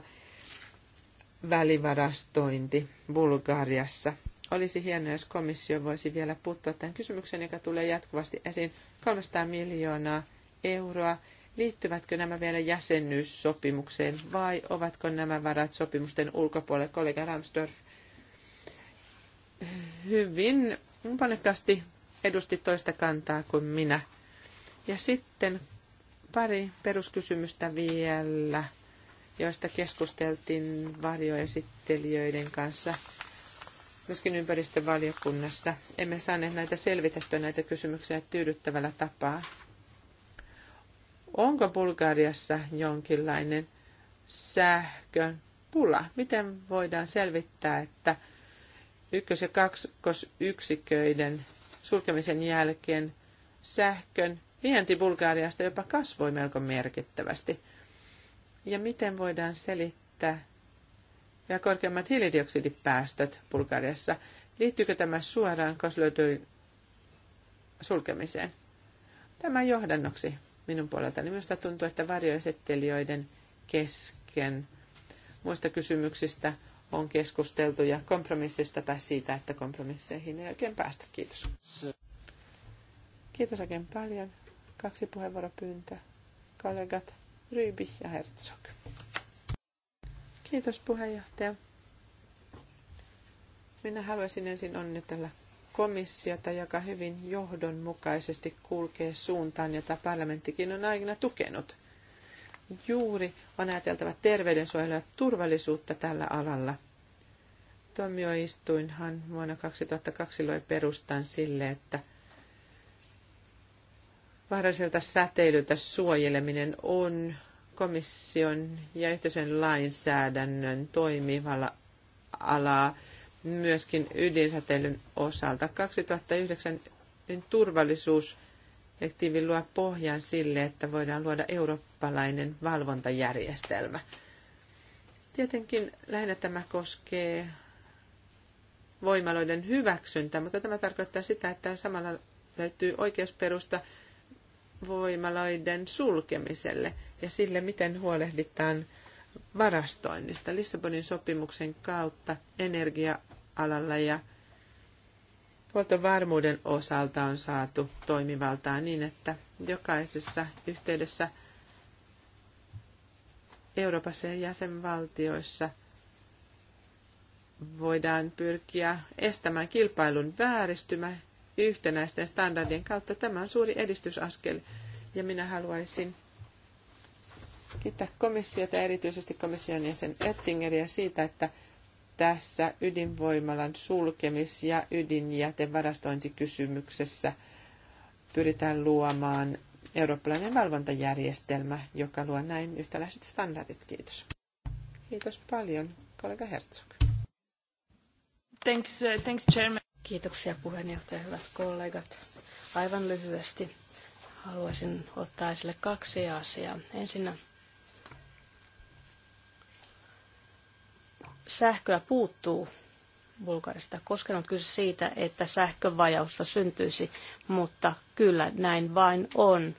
välivarastointi Bulgariassa. Olisi hienoa, jos komissio voisi vielä puuttua tämän kysymykseen, joka tulee jatkuvasti esiin. 300 miljoonaa euroa. Liittyvätkö nämä vielä jäsennyyssopimukseen vai ovatko nämä varat sopimusten ulkopuolelle? Kollega Ramsdorff, hyvin panekkaasti edusti toista kantaa kuin minä. Ja sitten pari peruskysymystä vielä joista keskusteltiin varjoesittelijöiden kanssa myöskin ympäristövaliokunnassa. Emme saaneet näitä selvitettyä näitä kysymyksiä tyydyttävällä tapaa. Onko Bulgariassa jonkinlainen sähkön pula? Miten voidaan selvittää, että ykkös- ja kakkosyksiköiden sulkemisen jälkeen sähkön vienti Bulgariasta jopa kasvoi melko merkittävästi – ja miten voidaan selittää ja korkeammat hiilidioksidipäästöt Bulgariassa? Liittyykö tämä suoraan koslöydyn sulkemiseen? Tämä johdannoksi minun puoleltani. Minusta tuntuu, että varjoesittelijöiden kesken muista kysymyksistä on keskusteltu ja kompromissista tai siitä, että kompromisseihin ei oikein päästä. Kiitos. Kiitos oikein paljon. Kaksi puheenvuoropyyntöä. Kollegat. Ryby ja Herzog. Kiitos puheenjohtaja. Minä haluaisin ensin onnitella komissiota, joka hyvin johdonmukaisesti kulkee suuntaan, jota parlamenttikin on aina tukenut. Juuri on ajateltava terveydensuojelua ja turvallisuutta tällä alalla. Tuomioistuinhan vuonna 2002 loi perustan sille, että – vaaralliselta säteilyltä suojeleminen on komission ja yhteisön lainsäädännön toimivalla alaa myöskin ydinsäteilyn osalta. 2009 niin turvallisuusdirektiivi luo pohjan sille, että voidaan luoda eurooppalainen valvontajärjestelmä. Tietenkin lähinnä tämä koskee voimaloiden hyväksyntää, mutta tämä tarkoittaa sitä, että samalla löytyy oikeusperusta voimaloiden sulkemiselle ja sille, miten huolehditaan varastoinnista Lissabonin sopimuksen kautta energia-alalla ja huoltovarmuuden osalta on saatu toimivaltaa niin, että jokaisessa yhteydessä Euroopassa ja jäsenvaltioissa voidaan pyrkiä estämään kilpailun vääristymä yhtenäisten standardien kautta. Tämä on suuri edistysaskel ja minä haluaisin kiittää komissiota, erityisesti komission jäsen Oettingeriä siitä, että tässä ydinvoimalan sulkemis- ja ydinjätevarastointikysymyksessä pyritään luomaan eurooppalainen valvontajärjestelmä, joka luo näin yhtäläiset standardit. Kiitos. Kiitos paljon, kollega Herzog. Thanks, uh, thanks chairman. Kiitoksia puheenjohtaja, hyvät kollegat. Aivan lyhyesti haluaisin ottaa esille kaksi asiaa. Ensinnä sähköä puuttuu Bulgarista, koska on kyse siitä, että sähkövajausta syntyisi, mutta kyllä näin vain on.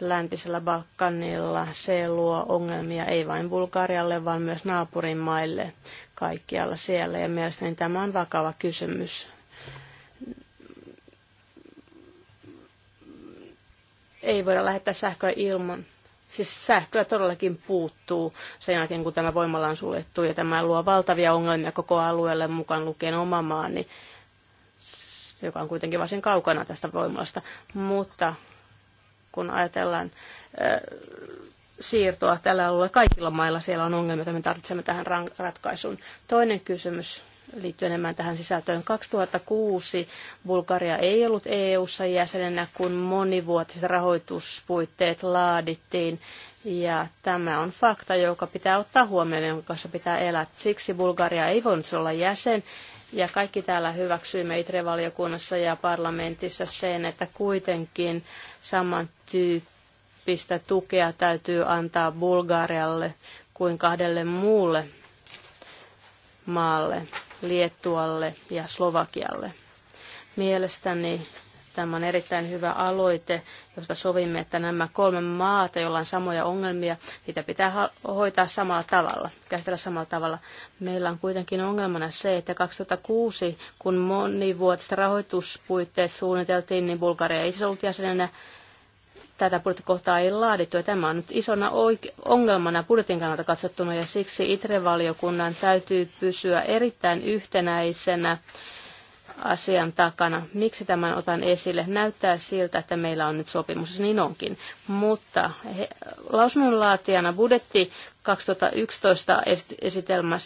Läntisellä Balkanilla se luo ongelmia ei vain Bulgarialle, vaan myös naapurimaille kaikkialla siellä. Ja mielestäni tämä on vakava kysymys ei voida lähettää sähköä ilman. Siis sähköä todellakin puuttuu sen jälkeen, kun tämä voimala on suljettu ja tämä luo valtavia ongelmia koko alueelle mukaan lukien oma maani, joka on kuitenkin varsin kaukana tästä voimalasta. Mutta kun ajatellaan äh, siirtoa tällä alueella, kaikilla mailla siellä on ongelmia, joita me tarvitsemme tähän ratkaisuun. Toinen kysymys liittyy enemmän tähän sisältöön. 2006 Bulgaria ei ollut EU-ssa jäsenenä, kun monivuotiset rahoituspuitteet laadittiin. Ja tämä on fakta, joka pitää ottaa huomioon, jonka kanssa pitää elää. Siksi Bulgaria ei voinut olla jäsen. Ja kaikki täällä hyväksyimme ITRE-valiokunnassa ja parlamentissa sen, että kuitenkin samantyyppistä tukea täytyy antaa Bulgarialle kuin kahdelle muulle maalle, Liettualle ja Slovakialle. Mielestäni tämä on erittäin hyvä aloite, josta sovimme, että nämä kolme maata, joilla on samoja ongelmia, niitä pitää hoitaa samalla tavalla, käsitellä samalla tavalla. Meillä on kuitenkin ongelmana se, että 2006, kun monivuotiset rahoituspuitteet suunniteltiin, niin Bulgaria ei siis ollut jäsenenä tätä budjettikohtaa ei laadittu. Ja tämä on nyt isona ongelmana budjetin kannalta katsottuna ja siksi ITRE-valiokunnan täytyy pysyä erittäin yhtenäisenä asian takana. Miksi tämän otan esille? Näyttää siltä, että meillä on nyt sopimus, niin onkin. Mutta he, lausunnonlaatijana budjetti 2011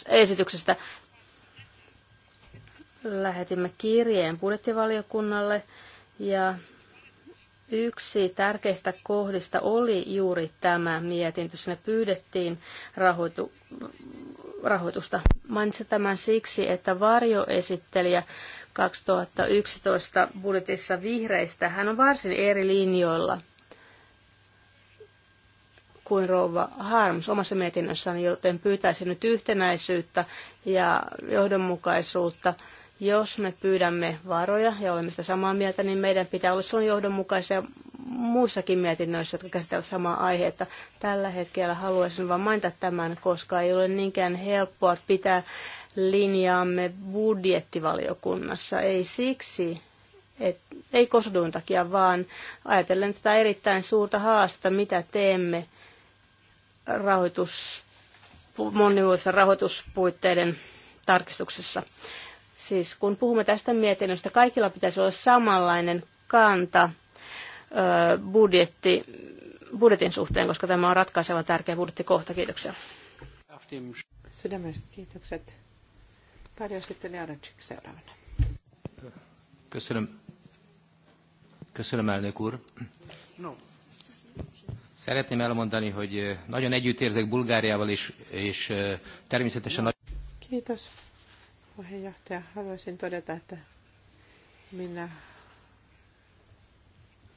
esityksestä lähetimme kirjeen budjettivaliokunnalle ja Yksi tärkeistä kohdista oli juuri tämä mietintö. Sinne pyydettiin rahoitu, rahoitusta. Mainitsin tämän siksi, että varjoesittelijä 2011 budjetissa vihreistä, hän on varsin eri linjoilla kuin rouva Harms omassa mietinnössään, joten pyytäisin nyt yhtenäisyyttä ja johdonmukaisuutta jos me pyydämme varoja ja olemme sitä samaa mieltä, niin meidän pitää olla sun johdonmukaisia muissakin mietinnöissä, jotka käsittelevät samaa aihetta. Tällä hetkellä haluaisin vain mainita tämän, koska ei ole niinkään helppoa pitää linjaamme budjettivaliokunnassa. Ei siksi, et, ei kosduun takia, vaan ajatellen tätä erittäin suurta haasta, mitä teemme rahoitus, monivuotisen rahoituspuitteiden tarkistuksessa. Siis kun puhumme tästä mietinnöstä, kaikilla pitäisi olla samanlainen kanta budjetti, budjetin suhteen, koska tämä on ratkaiseva tärkeä budjettikohta. Kiitoksia. Sydämestä kiitokset. Paljon sitten Jaracik seuraavana. Köszönöm. Köszönöm, elnök úr. No. Szeretném elmondani, hogy nagyon együttérzek Bulgáriával, és, és természetesen... Kiitos puheenjohtaja. Haluaisin todeta, että minä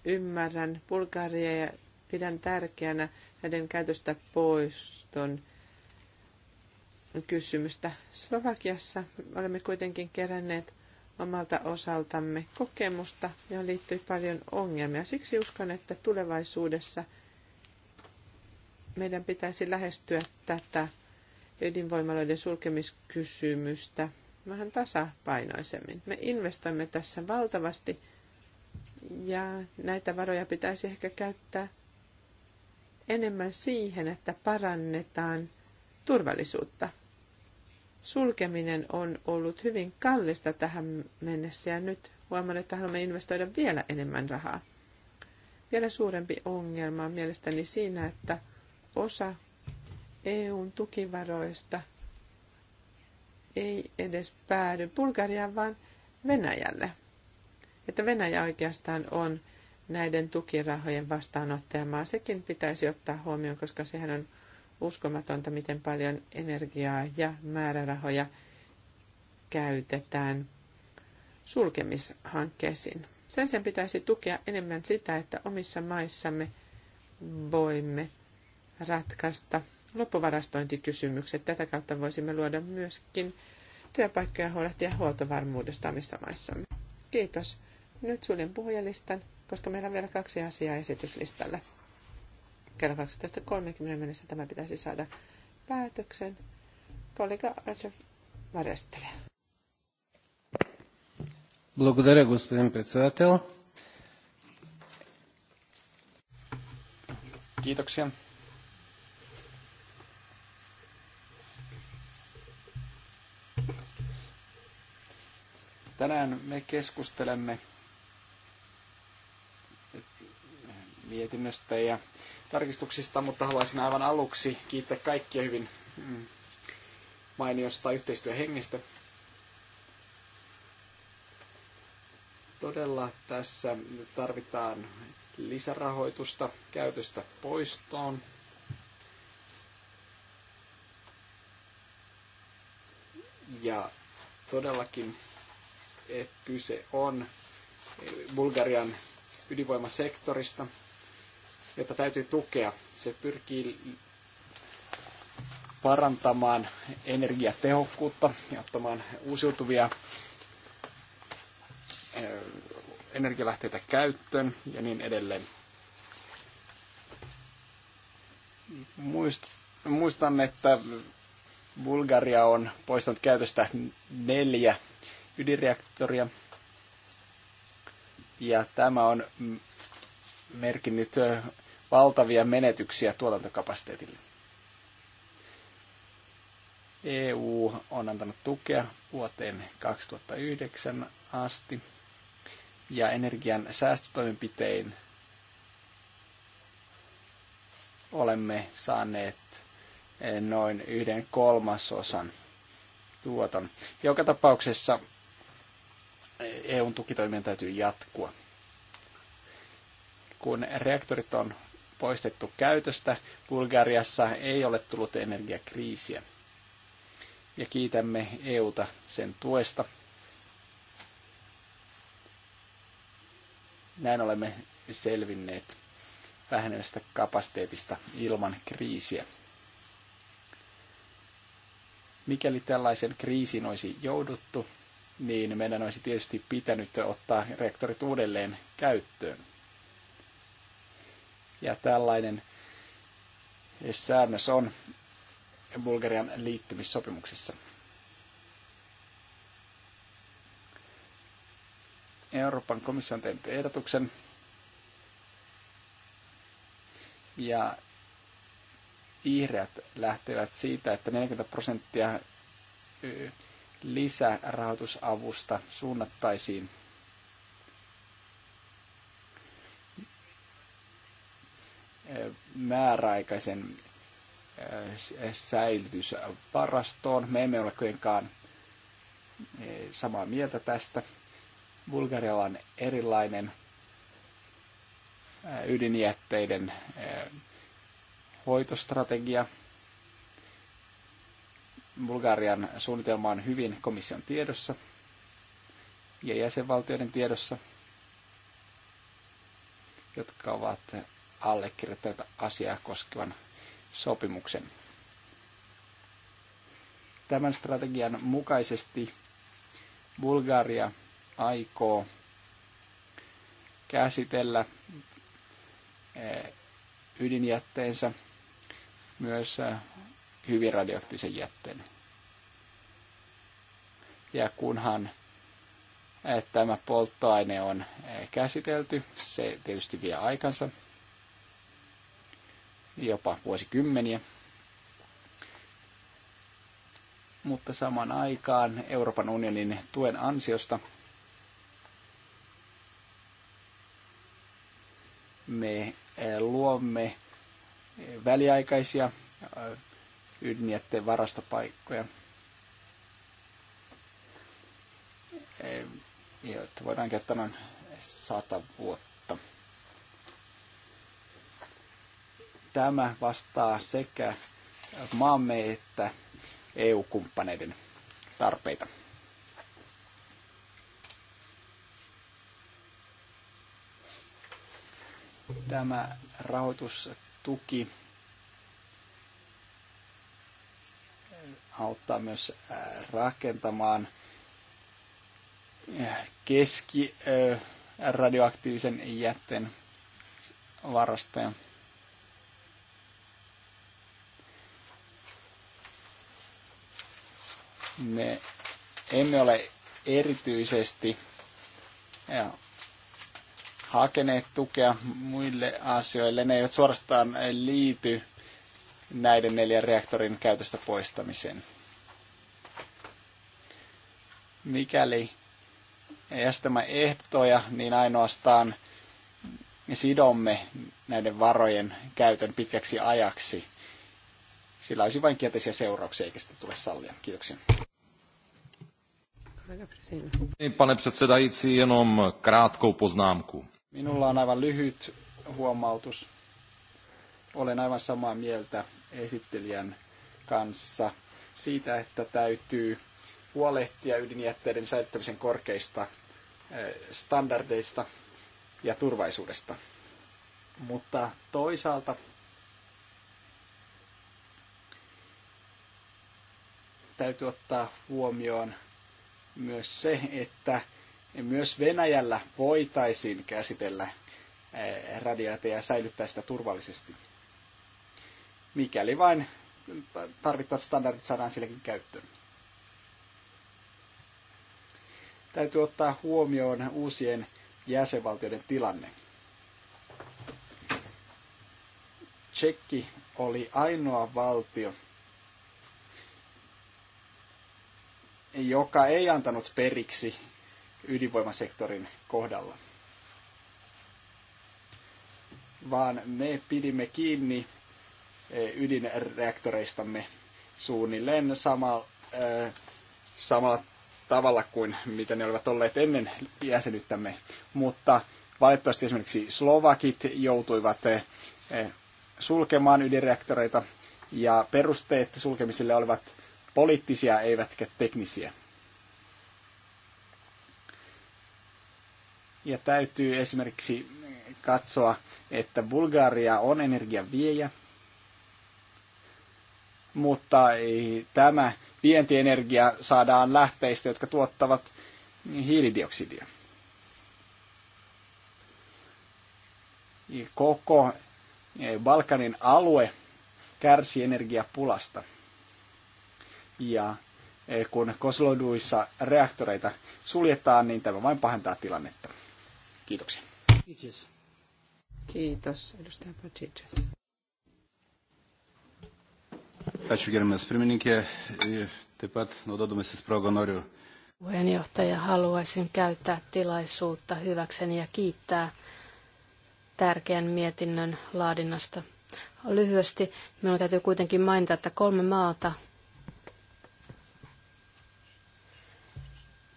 ymmärrän Bulgaria ja pidän tärkeänä näiden käytöstä poiston kysymystä. Slovakiassa olemme kuitenkin keränneet omalta osaltamme kokemusta, johon liittyy paljon ongelmia. Siksi uskon, että tulevaisuudessa meidän pitäisi lähestyä tätä ydinvoimaloiden sulkemiskysymystä vähän tasapainoisemmin. Me investoimme tässä valtavasti ja näitä varoja pitäisi ehkä käyttää enemmän siihen, että parannetaan turvallisuutta. Sulkeminen on ollut hyvin kallista tähän mennessä ja nyt huomaan, että haluamme investoida vielä enemmän rahaa. Vielä suurempi ongelma on mielestäni siinä, että osa EUn tukivaroista – ei edes päädy Bulgariaan, vaan Venäjälle. Että Venäjä oikeastaan on näiden tukirahojen vastaanottajamaa. Sekin pitäisi ottaa huomioon, koska sehän on uskomatonta, miten paljon energiaa ja määrärahoja käytetään sulkemishankkeisiin. Sen sen pitäisi tukea enemmän sitä, että omissa maissamme voimme ratkaista loppuvarastointikysymykset. Tätä kautta voisimme luoda myöskin työpaikkoja huolehtia huoltovarmuudesta omissa maissamme. Kiitos. Nyt suljen puhujalistan, koska meillä on vielä kaksi asiaa esityslistalle. Kello 12.30 mennessä tämä pitäisi saada päätöksen. Kollega Roger Varestele. Благодаря, господин председател. Kiitoksia, Tänään me keskustelemme mietinnöstä ja tarkistuksista, mutta haluaisin aivan aluksi kiittää kaikkia hyvin mm, mainiosta yhteistyöhengestä. Todella tässä tarvitaan lisärahoitusta käytöstä poistoon. Ja todellakin että kyse on Bulgarian ydinvoimasektorista, jota täytyy tukea. Se pyrkii parantamaan energiatehokkuutta ja ottamaan uusiutuvia energialähteitä käyttöön ja niin edelleen. Muistan, että Bulgaria on poistanut käytöstä neljä ydinreaktoria. Ja tämä on merkinnyt valtavia menetyksiä tuotantokapasiteetille. EU on antanut tukea vuoteen 2009 asti ja energian säästötoimenpitein olemme saaneet eh, noin yhden kolmasosan tuoton. Joka tapauksessa EUn tukitoimien täytyy jatkua. Kun reaktorit on poistettu käytöstä, Bulgariassa ei ole tullut energiakriisiä. Ja kiitämme EUta sen tuesta. Näin olemme selvinneet vähenevästä kapasiteetista ilman kriisiä. Mikäli tällaisen kriisin olisi jouduttu, niin meidän olisi tietysti pitänyt ottaa reaktorit uudelleen käyttöön. Ja tällainen säännös on Bulgarian liittymissopimuksessa. Euroopan komissio on tehnyt ehdotuksen. Ja vihreät lähtevät siitä, että 40 prosenttia lisärahoitusavusta suunnattaisiin määräaikaisen äh, säilytysvarastoon. Me emme ole kuitenkaan äh, samaa mieltä tästä. Bulgarialla on erilainen äh, ydinjätteiden hoitostrategia Bulgarian suunnitelma on hyvin komission tiedossa ja jäsenvaltioiden tiedossa, jotka ovat allekirjoittaneet asiaa koskevan sopimuksen. Tämän strategian mukaisesti Bulgaria aikoo käsitellä eh, ydinjätteensä myös eh, hyvin radioaktiivisen jätteen. Ja kunhan eh, tämä polttoaine on eh, käsitelty, se tietysti vie aikansa, jopa vuosikymmeniä. Mutta saman aikaan Euroopan unionin tuen ansiosta me eh, luomme väliaikaisia ydinjätteen varastopaikkoja, että voidaan käyttää noin sata vuotta. Tämä vastaa sekä maamme että EU-kumppaneiden tarpeita. Tämä rahoitustuki auttaa myös äh, rakentamaan äh, keski äh, radioaktiivisen jätteen varastoja. Me emme ole erityisesti ja, hakeneet tukea muille asioille. Ne eivät suorastaan liity näiden neljän reaktorin käytöstä poistamisen. Mikäli ei estämä ehtoja, niin ainoastaan sidomme näiden varojen käytön pitkäksi ajaksi. Sillä olisi vain kielteisiä seurauksia, eikä sitä tule sallia. Kiitoksia. Pane předsedající, jenom krátkou poznámku. Minulla on aivan lyhyt huomautus. Olen aivan samaa mieltä esittelijän kanssa siitä, että täytyy huolehtia ydinjätteiden säilyttämisen korkeista eh, standardeista ja turvaisuudesta. Mutta toisaalta täytyy ottaa huomioon myös se, että myös Venäjällä voitaisiin käsitellä eh, radiaateja ja säilyttää sitä turvallisesti mikäli vain tarvittavat standardit saadaan silläkin käyttöön. Täytyy ottaa huomioon uusien jäsenvaltioiden tilanne. Tsekki oli ainoa valtio, joka ei antanut periksi ydinvoimasektorin kohdalla, vaan me pidimme kiinni Eh, ydinreaktoreistamme suunnilleen sama, eh, samalla tavalla kuin mitä ne olivat olleet ennen jäsenyttämme. Mutta valitettavasti esimerkiksi Slovakit joutuivat eh, sulkemaan ydinreaktoreita ja perusteet sulkemiselle olivat poliittisia eivätkä teknisiä. Ja täytyy esimerkiksi katsoa, että Bulgaria on energian viejä mutta ei tämä vientienergia saadaan lähteistä, jotka tuottavat hiilidioksidia. Koko Balkanin alue kärsi energiapulasta. Ja eh, kun kosloduissa reaktoreita suljetaan, niin tämä vain pahentaa tilannetta. Kiitoksia. Kiitos. Kiitos, edustaja Pachiches. Ačiū gerbiamas pirmininkė. E, taip pat naudodamasis noriu. Puheenjohtaja, haluaisin käyttää tilaisuutta hyväkseni ja kiittää tärkeän mietinnön laadinnasta. Lyhyesti minun täytyy kuitenkin mainita, että kolme maata,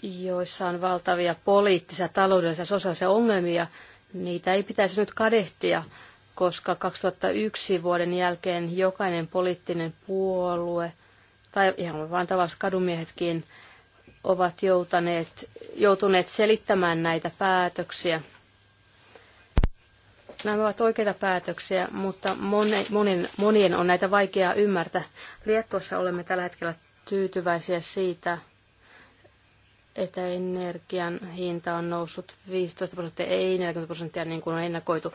joissa on valtavia poliittisia, taloudellisia ja sosiaalisia ongelmia, niitä ei pitäisi nyt kadehtia koska 2001 vuoden jälkeen jokainen poliittinen puolue tai ihan vain tavalliset kadumiehetkin ovat joutaneet, joutuneet selittämään näitä päätöksiä. Nämä ovat oikeita päätöksiä, mutta moni, monin, monien on näitä vaikeaa ymmärtää. Liettuossa olemme tällä hetkellä tyytyväisiä siitä, että energian hinta on noussut 15 prosenttia, ei 40 prosenttia niin kuin on ennakoitu.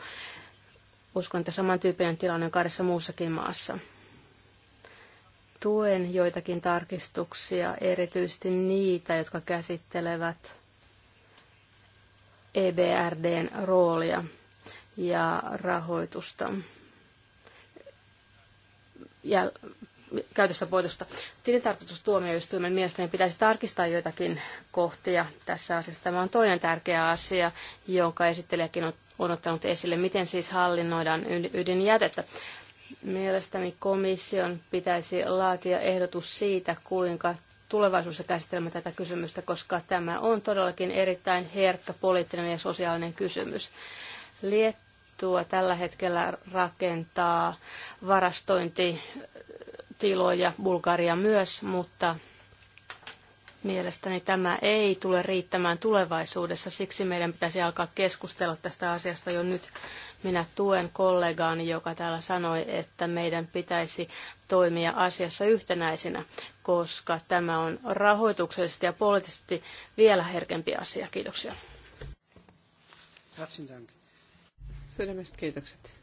Uskon, että samantyyppinen tilanne on kahdessa muussakin maassa. Tuen joitakin tarkistuksia, erityisesti niitä, jotka käsittelevät EBRDn roolia ja rahoitusta ja käytöstä voitosta. Tilintarkastustuomioistuimen mielestäni pitäisi tarkistaa joitakin kohtia tässä asiassa. Tämä on toinen tärkeä asia, jonka esittelijäkin on on ottanut esille, miten siis hallinnoidaan ydinjätettä. Mielestäni komission pitäisi laatia ehdotus siitä, kuinka tulevaisuudessa käsittelemme tätä kysymystä, koska tämä on todellakin erittäin herkkä poliittinen ja sosiaalinen kysymys. Liettua tällä hetkellä rakentaa varastointitiloja, Bulgaria myös, mutta Mielestäni tämä ei tule riittämään tulevaisuudessa, siksi meidän pitäisi alkaa keskustella tästä asiasta jo nyt. Minä tuen kollegaani, joka täällä sanoi, että meidän pitäisi toimia asiassa yhtenäisinä, koska tämä on rahoituksellisesti ja poliittisesti vielä herkempi asia. Kiitoksia. Sydämestä kiitokset.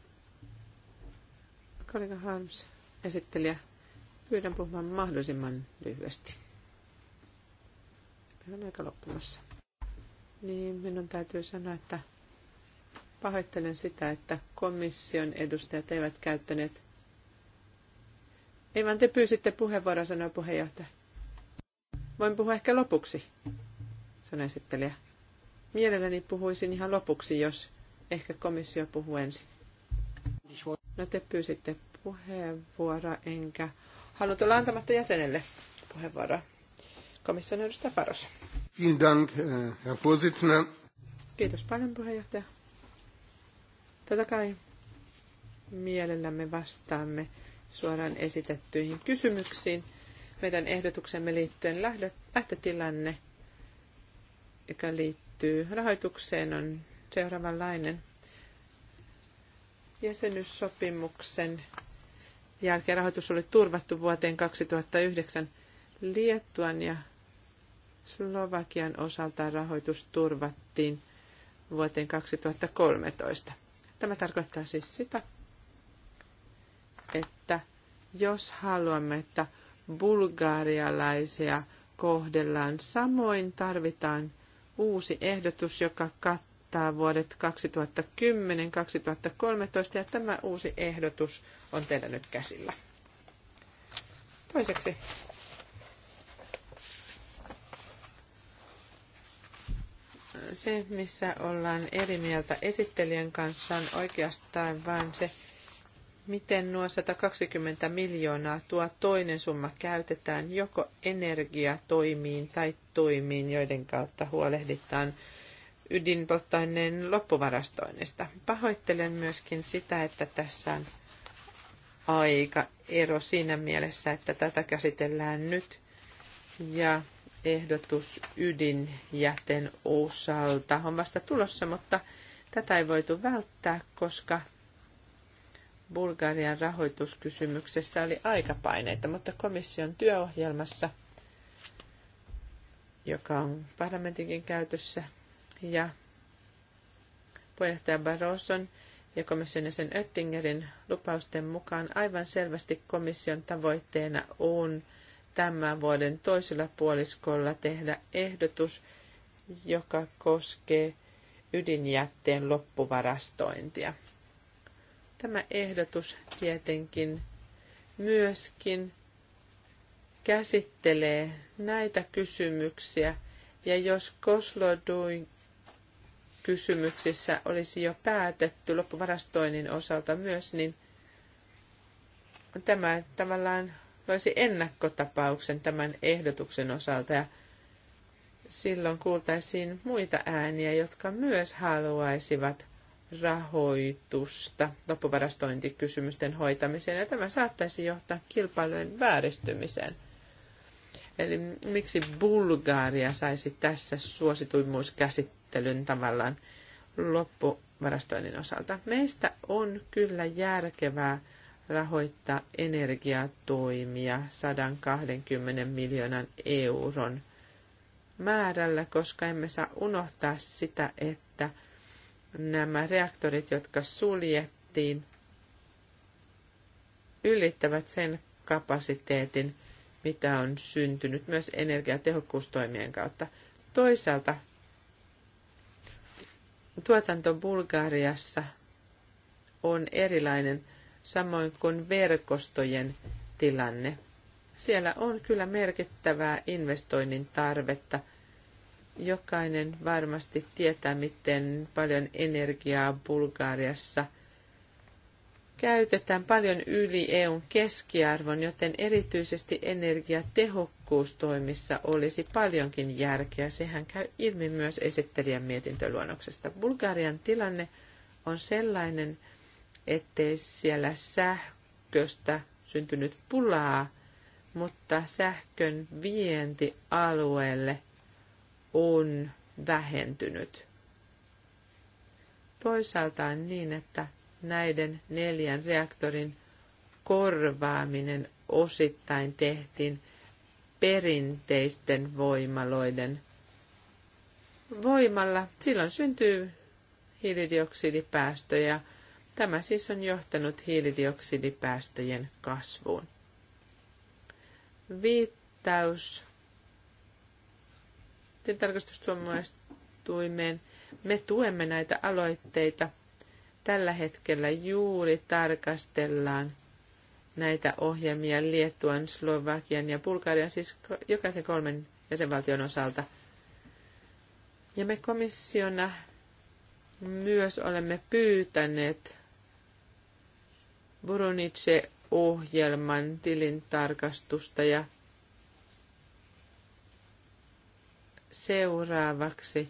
Kollega Harms, esittelijä, pyydän puhumaan mahdollisimman lyhyesti. Se on aika loppumassa. Niin, minun täytyy sanoa, että pahoittelen sitä, että komission edustajat eivät käyttäneet. Ei vaan te pyysitte puheenvuoroa, sanoi puheenjohtaja. Voin puhua ehkä lopuksi, sanoi esittelijä. Mielelläni puhuisin ihan lopuksi, jos ehkä komissio puhuu ensin. No te pyysitte puheenvuoroa, enkä halunnut olla antamatta jäsenelle puheenvuoroa. Komission edustaja Vielen Dank, äh, Herr Vorsitzender. Kiitos paljon, puheenjohtaja. Tätä kai mielellämme vastaamme suoraan esitettyihin kysymyksiin. Meidän ehdotuksemme liittyen lähtötilanne, joka liittyy rahoitukseen, on seuraavanlainen. Jäsenyyssopimuksen jälkeen rahoitus oli turvattu vuoteen 2009 Liettuan ja Slovakian osalta rahoitus turvattiin vuoteen 2013. Tämä tarkoittaa siis sitä, että jos haluamme, että bulgarialaisia kohdellaan samoin, tarvitaan uusi ehdotus, joka kattaa vuodet 2010-2013, ja tämä uusi ehdotus on teillä nyt käsillä. Toiseksi se, missä ollaan eri mieltä esittelijän kanssa, on oikeastaan vain se, miten nuo 120 miljoonaa tuo toinen summa käytetään joko energiatoimiin tai toimiin, joiden kautta huolehditaan ydinpolttoaineen loppuvarastoinnista. Pahoittelen myöskin sitä, että tässä on aika ero siinä mielessä, että tätä käsitellään nyt ja ehdotus ydinjäten osalta on vasta tulossa, mutta tätä ei voitu välttää, koska Bulgarian rahoituskysymyksessä oli aikapaineita, mutta komission työohjelmassa, joka on parlamentinkin käytössä, ja puheenjohtaja Barroson ja komission jäsen Oettingerin lupausten mukaan aivan selvästi komission tavoitteena on – tämän vuoden toisella puoliskolla tehdä ehdotus, joka koskee ydinjätteen loppuvarastointia. Tämä ehdotus tietenkin myöskin käsittelee näitä kysymyksiä, ja jos Kosloduin kysymyksissä olisi jo päätetty loppuvarastoinnin osalta myös, niin tämä tavallaan loisi ennakkotapauksen tämän ehdotuksen osalta ja silloin kuultaisiin muita ääniä, jotka myös haluaisivat rahoitusta loppuvarastointikysymysten hoitamiseen ja tämä saattaisi johtaa kilpailujen vääristymiseen. Eli miksi Bulgaria saisi tässä suosituimmuuskäsittelyn tavallaan loppuvarastoinnin osalta? Meistä on kyllä järkevää rahoittaa energiatoimia 120 miljoonan euron määrällä, koska emme saa unohtaa sitä, että nämä reaktorit, jotka suljettiin, ylittävät sen kapasiteetin, mitä on syntynyt myös energiatehokkuustoimien kautta. Toisaalta tuotanto Bulgariassa on erilainen – samoin kuin verkostojen tilanne. Siellä on kyllä merkittävää investoinnin tarvetta. Jokainen varmasti tietää, miten paljon energiaa Bulgariassa käytetään paljon yli EUn keskiarvon, joten erityisesti energiatehokkuustoimissa olisi paljonkin järkeä. Sehän käy ilmi myös esittelijän mietintöluonnoksesta. Bulgarian tilanne on sellainen, ettei siellä sähköstä syntynyt pulaa, mutta sähkön vienti alueelle on vähentynyt. Toisaalta on niin, että näiden neljän reaktorin korvaaminen osittain tehtiin perinteisten voimaloiden voimalla. Silloin syntyy hiilidioksidipäästöjä Tämä siis on johtanut hiilidioksidipäästöjen kasvuun. Viittaus tarkastustuomioistuimeen. Me tuemme näitä aloitteita. Tällä hetkellä juuri tarkastellaan näitä ohjelmia Liettuan, Slovakian ja Bulgarian, siis jokaisen kolmen jäsenvaltion osalta. Ja me komissiona myös olemme pyytäneet Voronice-ohjelman tilintarkastusta ja seuraavaksi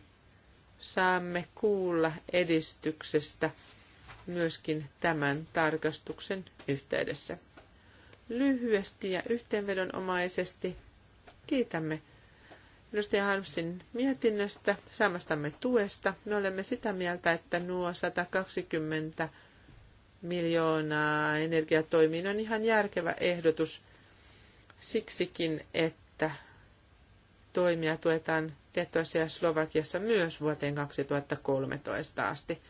saamme kuulla edistyksestä myöskin tämän tarkastuksen yhteydessä. Lyhyesti ja yhteenvedonomaisesti kiitämme edustaja Harmsin mietinnöstä, saamastamme tuesta. Me olemme sitä mieltä, että nuo 120 miljoonaa energiatoimiin on ihan järkevä ehdotus siksikin, että toimia tuetaan Letossa ja Slovakiassa myös vuoteen 2013 asti.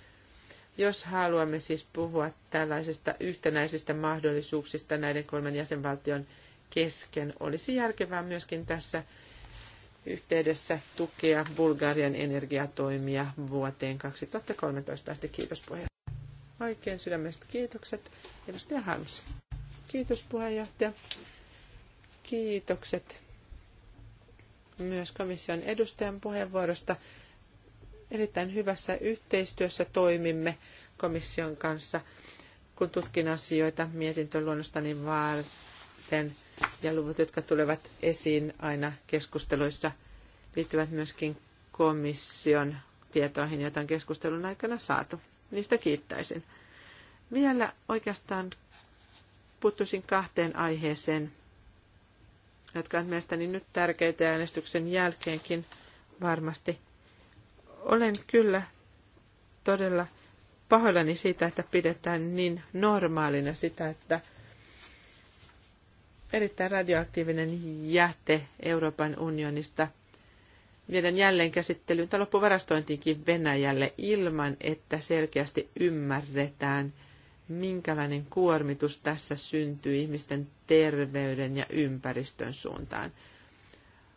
Jos haluamme siis puhua tällaisista yhtenäisistä mahdollisuuksista näiden kolmen jäsenvaltion kesken, olisi järkevää myöskin tässä yhteydessä tukea Bulgarian energiatoimia vuoteen 2013 asti. Kiitos puheenjohtaja. Oikein sydämestä kiitokset. Edustaja Hans. Kiitos puheenjohtaja. Kiitokset myös komission edustajan puheenvuorosta. Erittäin hyvässä yhteistyössä toimimme komission kanssa, kun tutkin asioita mietintöluonnostani niin varten. Ja luvut, jotka tulevat esiin aina keskusteluissa, liittyvät myöskin komission tietoihin, joita on keskustelun aikana saatu. Niistä kiittäisin. Vielä oikeastaan puuttuisin kahteen aiheeseen, jotka ovat mielestäni nyt tärkeitä äänestyksen jälkeenkin varmasti. Olen kyllä todella pahoillani siitä, että pidetään niin normaalina sitä, että erittäin radioaktiivinen jäte Euroopan unionista – viedään jälleen käsittelyyn tai loppuvarastointiinkin Venäjälle ilman, että selkeästi ymmärretään, minkälainen kuormitus tässä syntyy ihmisten terveyden ja ympäristön suuntaan.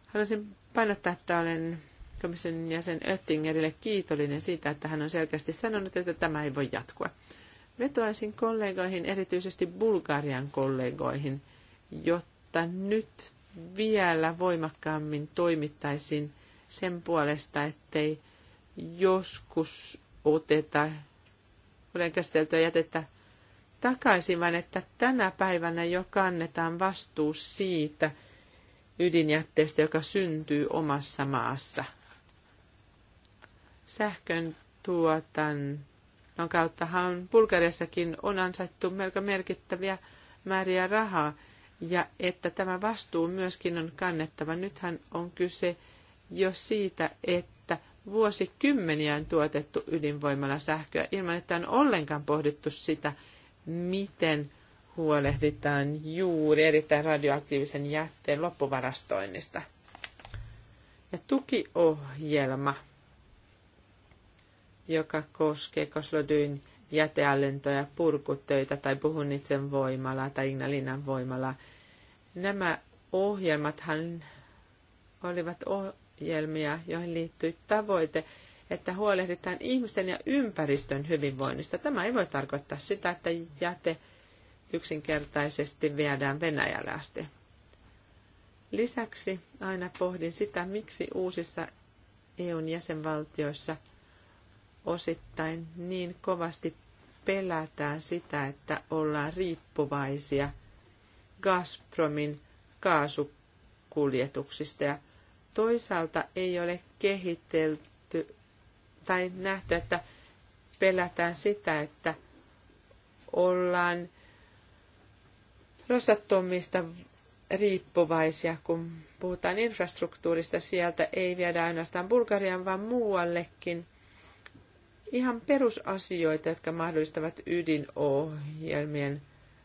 Haluaisin painottaa, että olen komission jäsen Oettingerille kiitollinen siitä, että hän on selkeästi sanonut, että tämä ei voi jatkua. Vetoaisin kollegoihin, erityisesti Bulgarian kollegoihin, jotta nyt vielä voimakkaammin toimittaisiin sen puolesta, ettei joskus oteta, kuten käsiteltyä jätettä, takaisin, vaan että tänä päivänä jo kannetaan vastuu siitä ydinjätteestä, joka syntyy omassa maassa. Sähkön tuotannon kauttahan Bulgariassakin on ansaittu melko merkittäviä määriä rahaa, ja että tämä vastuu myöskin on kannettava. Nythän on kyse jo siitä, että vuosikymmeniä on tuotettu ydinvoimalla sähköä ilman, että on ollenkaan pohdittu sitä, miten huolehditaan juuri erittäin radioaktiivisen jätteen loppuvarastoinnista. Ja tukiohjelma, joka koskee Koslodyn jäteallentoja, purkutöitä tai Puhunitsen voimala tai Ignalinan voimala. Nämä ohjelmathan olivat ohjelmia, joihin liittyy tavoite, että huolehditaan ihmisten ja ympäristön hyvinvoinnista. Tämä ei voi tarkoittaa sitä, että jäte yksinkertaisesti viedään Venäjälle asti. Lisäksi aina pohdin sitä, miksi uusissa EUn jäsenvaltioissa osittain niin kovasti pelätään sitä, että ollaan riippuvaisia Gazpromin kaasukuljetuksista ja toisaalta ei ole kehitelty tai nähty, että pelätään sitä, että ollaan Rosatomista riippuvaisia, kun puhutaan infrastruktuurista. Sieltä ei viedä ainoastaan Bulgarian, vaan muuallekin ihan perusasioita, jotka mahdollistavat ydinohjelmien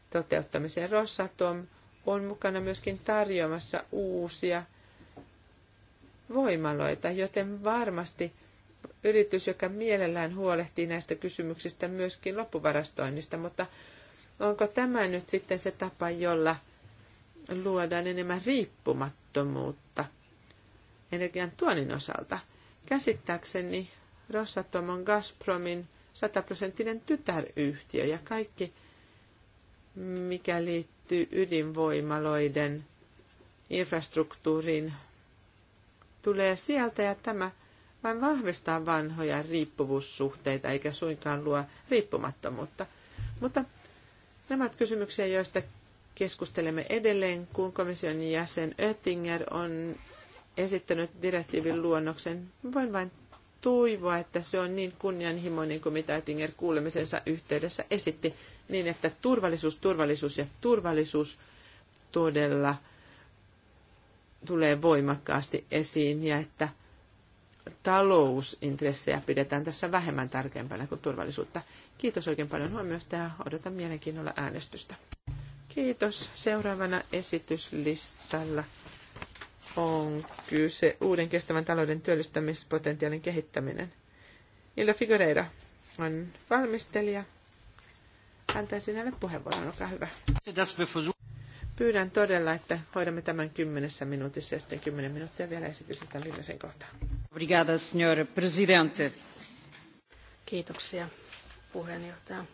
toteuttamisen. Rosatom on mukana myöskin tarjoamassa uusia voimaloita, joten varmasti yritys, joka mielellään huolehtii näistä kysymyksistä myöskin loppuvarastoinnista, mutta onko tämä nyt sitten se tapa, jolla luodaan enemmän riippumattomuutta energian tuonin osalta? Käsittääkseni Rosatom on Gazpromin sataprosenttinen tytäryhtiö ja kaikki, mikä liittyy ydinvoimaloiden infrastruktuuriin, tulee sieltä ja tämä vain vahvistaa vanhoja riippuvuussuhteita eikä suinkaan luo riippumattomuutta. Mutta nämä ovat kysymyksiä, joista keskustelemme edelleen, kun komission jäsen Oettinger on esittänyt direktiivin luonnoksen. Voin vain toivoa, että se on niin kunnianhimoinen kuin mitä Oettinger kuulemisensa yhteydessä esitti, niin että turvallisuus, turvallisuus ja turvallisuus todella – tulee voimakkaasti esiin ja että talousintressejä pidetään tässä vähemmän tärkeämpänä kuin turvallisuutta. Kiitos oikein paljon huomiosta ja odotan mielenkiinnolla äänestystä. Kiitos. Seuraavana esityslistalla on kyse uuden kestävän talouden työllistämispotentiaalin kehittäminen. Ilda Figureira on valmistelija. Antaisin hänelle puheenvuoron, olkaa hyvä. Pyydän todella, että hoidamme tämän kymmenessä minuutissa ja sitten kymmenen minuuttia vielä esityslistan viimeisen kohtaan. Obrigada, signor presidente. Kiitoksia, puheenjohtaja.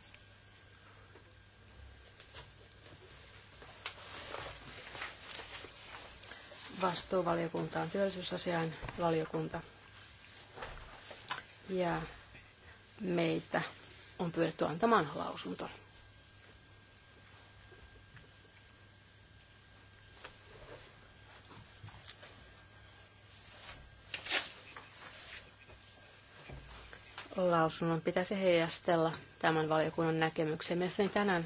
Vastuuvaliokunta on työllisyysasiain valiokunta. Ja meitä on pyydetty antamaan lausunto. lausunnon pitäisi heijastella tämän valiokunnan näkemyksen. Mielestäni tänään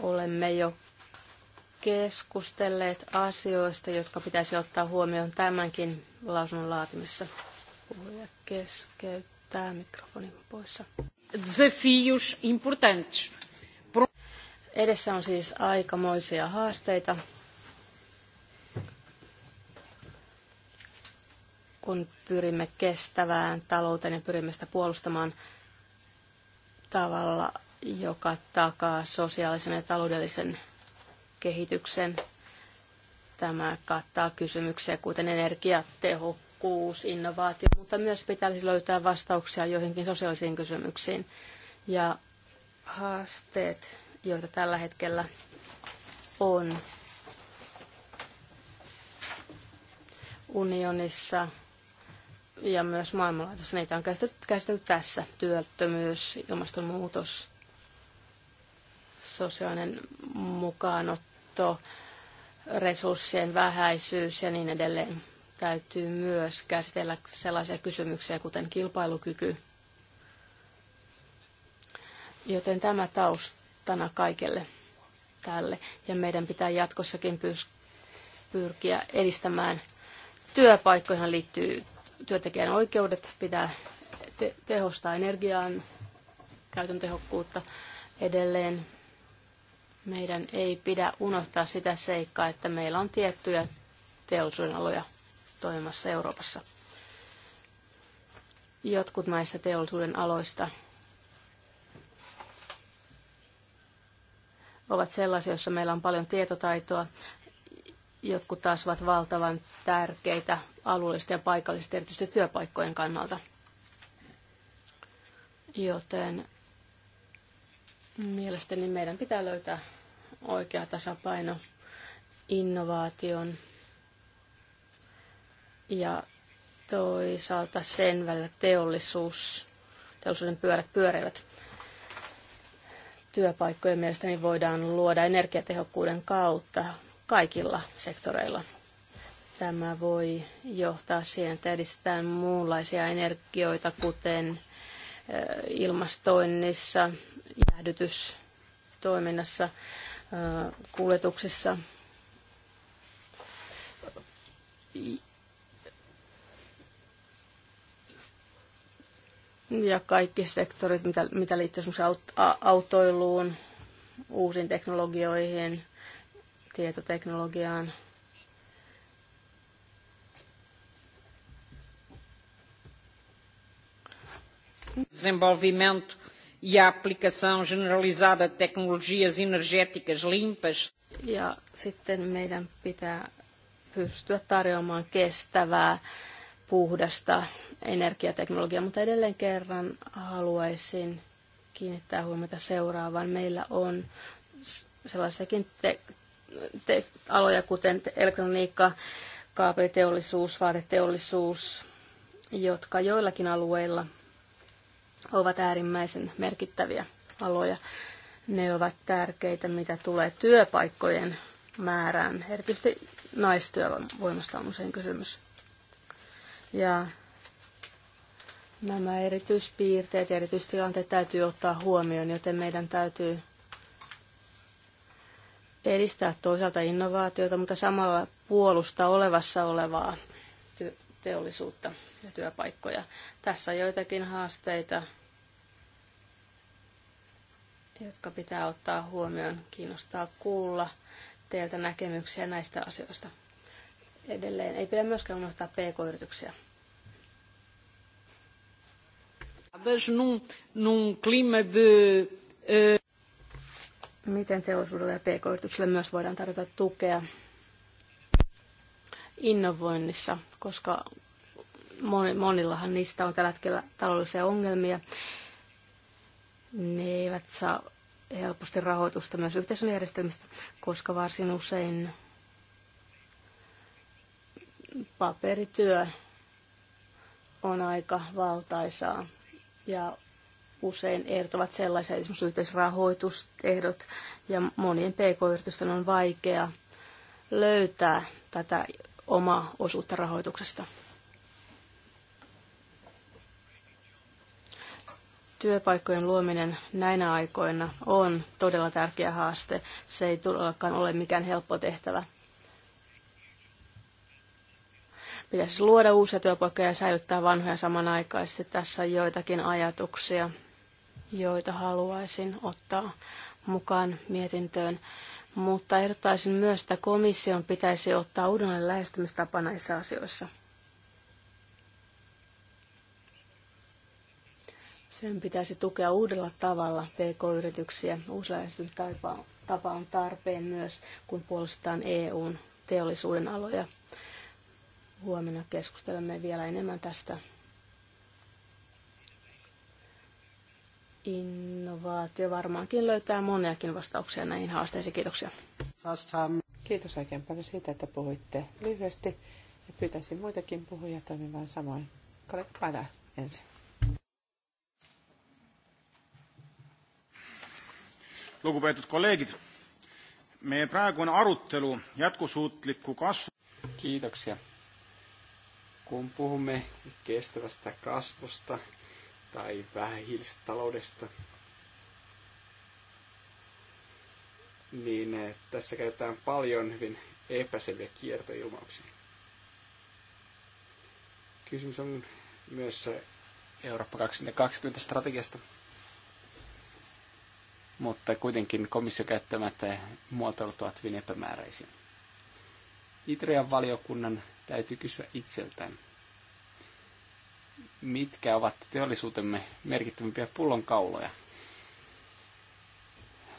olemme jo keskustelleet asioista, jotka pitäisi ottaa huomioon tämänkin lausunnon laatimisessa. Puhuja keskeyttää mikrofonin poissa. importantes. Edessä on siis aikamoisia haasteita kun pyrimme kestävään talouteen ja pyrimme sitä puolustamaan tavalla, joka takaa sosiaalisen ja taloudellisen kehityksen. Tämä kattaa kysymyksiä kuten energiatehokkuus, innovaatio, mutta myös pitäisi löytää vastauksia joihinkin sosiaalisiin kysymyksiin ja haasteet, joita tällä hetkellä on unionissa ja myös maailmanlaajuisesti niitä on käsitelty tässä. Työttömyys, ilmastonmuutos, sosiaalinen mukaanotto, resurssien vähäisyys ja niin edelleen. Täytyy myös käsitellä sellaisia kysymyksiä kuten kilpailukyky. Joten tämä taustana kaikelle tälle. Ja meidän pitää jatkossakin pyrkiä edistämään työpaikkoihin liittyy työntekijän oikeudet pitää te- tehostaa energiaan käytön tehokkuutta edelleen. Meidän ei pidä unohtaa sitä seikkaa, että meillä on tiettyjä teollisuudenaloja toimimassa Euroopassa. Jotkut näistä teollisuuden aloista ovat sellaisia, joissa meillä on paljon tietotaitoa Jotkut taas ovat valtavan tärkeitä alueellisesti ja paikallisesti, erityisesti työpaikkojen kannalta. Joten mielestäni meidän pitää löytää oikea tasapaino innovaation ja toisaalta sen välillä teollisuus, teollisuuden pyörät pyöreivät työpaikkojen mielestäni voidaan luoda energiatehokkuuden kautta, kaikilla sektoreilla. Tämä voi johtaa siihen, että edistetään muunlaisia energioita, kuten eh, ilmastoinnissa, jäähdytystoiminnassa, eh, kuljetuksissa, ja kaikki sektorit, mitä, mitä liittyy autoiluun, uusiin teknologioihin, tietoteknologiaan. Desenvolvimento e a aplicação generalizada de tecnologias energéticas limpas. Ja sitten meidän pitää pystyä tarjoamaan kestävää, puhdasta energiateknologiaa, mutta edelleen kerran haluaisin kiinnittää huomiota seuraavaan. Meillä on sellaisiakin te- aloja, kuten elektroniikka, kaapeliteollisuus, vaateteollisuus, jotka joillakin alueilla ovat äärimmäisen merkittäviä aloja. Ne ovat tärkeitä, mitä tulee työpaikkojen määrään. Erityisesti naistyövoimasta on usein kysymys. Ja nämä erityispiirteet ja erityistilanteet täytyy ottaa huomioon, joten meidän täytyy edistää toisaalta innovaatiota, mutta samalla puolustaa olevassa olevaa teollisuutta ja työpaikkoja. Tässä on joitakin haasteita, jotka pitää ottaa huomioon. Kiinnostaa kuulla teiltä näkemyksiä näistä asioista. Edelleen ei pidä myöskään unohtaa pk-yrityksiä. Num, num clima de, uh miten teollisuudelle ja pk-yrityksille myös voidaan tarjota tukea innovoinnissa, koska monillahan niistä on tällä hetkellä taloudellisia ongelmia. Ne eivät saa helposti rahoitusta myös yhteisön järjestelmistä, koska varsin usein paperityö on aika valtaisaa ja usein ehdot ovat sellaisia, esimerkiksi yhteisrahoitusehdot, ja monien pk-yritysten on vaikea löytää tätä omaa osuutta rahoituksesta. Työpaikkojen luominen näinä aikoina on todella tärkeä haaste. Se ei todellakaan ole mikään helppo tehtävä. Pitäisi luoda uusia työpaikkoja ja säilyttää vanhoja samanaikaisesti. Tässä on joitakin ajatuksia joita haluaisin ottaa mukaan mietintöön. Mutta ehdottaisin myös, että komission pitäisi ottaa uudelleen lähestymistapa näissä asioissa. Sen pitäisi tukea uudella tavalla pk-yrityksiä. Uusi lähestymistapa on tarpeen myös, kun puolustetaan EUn teollisuuden aloja. Huomenna keskustelemme vielä enemmän tästä innovaatio varmaankin löytää moniakin vastauksia näihin haasteisiin. Kiitoksia. Kiitos oikein paljon siitä, että puhuitte lyhyesti. Ja pyytäisin muitakin puhujia toimimaan samoin. Kollega ensin. Lugupeetud kollegit, meidän praegune arutelu jatkusuutlikku kasvu... Kiitoksia. Kun puhumme kestävästä kasvusta, tai vähähiilisestä taloudesta, niin eh, tässä käytetään paljon hyvin epäselviä kiertoilmauksia. Kysymys on myös eh, Eurooppa 2020 strategiasta, mutta kuitenkin komission käyttämät muotoilut ovat hyvin epämääräisiä. Itrean valiokunnan täytyy kysyä itseltään, mitkä ovat teollisuutemme merkittävimpiä pullonkauloja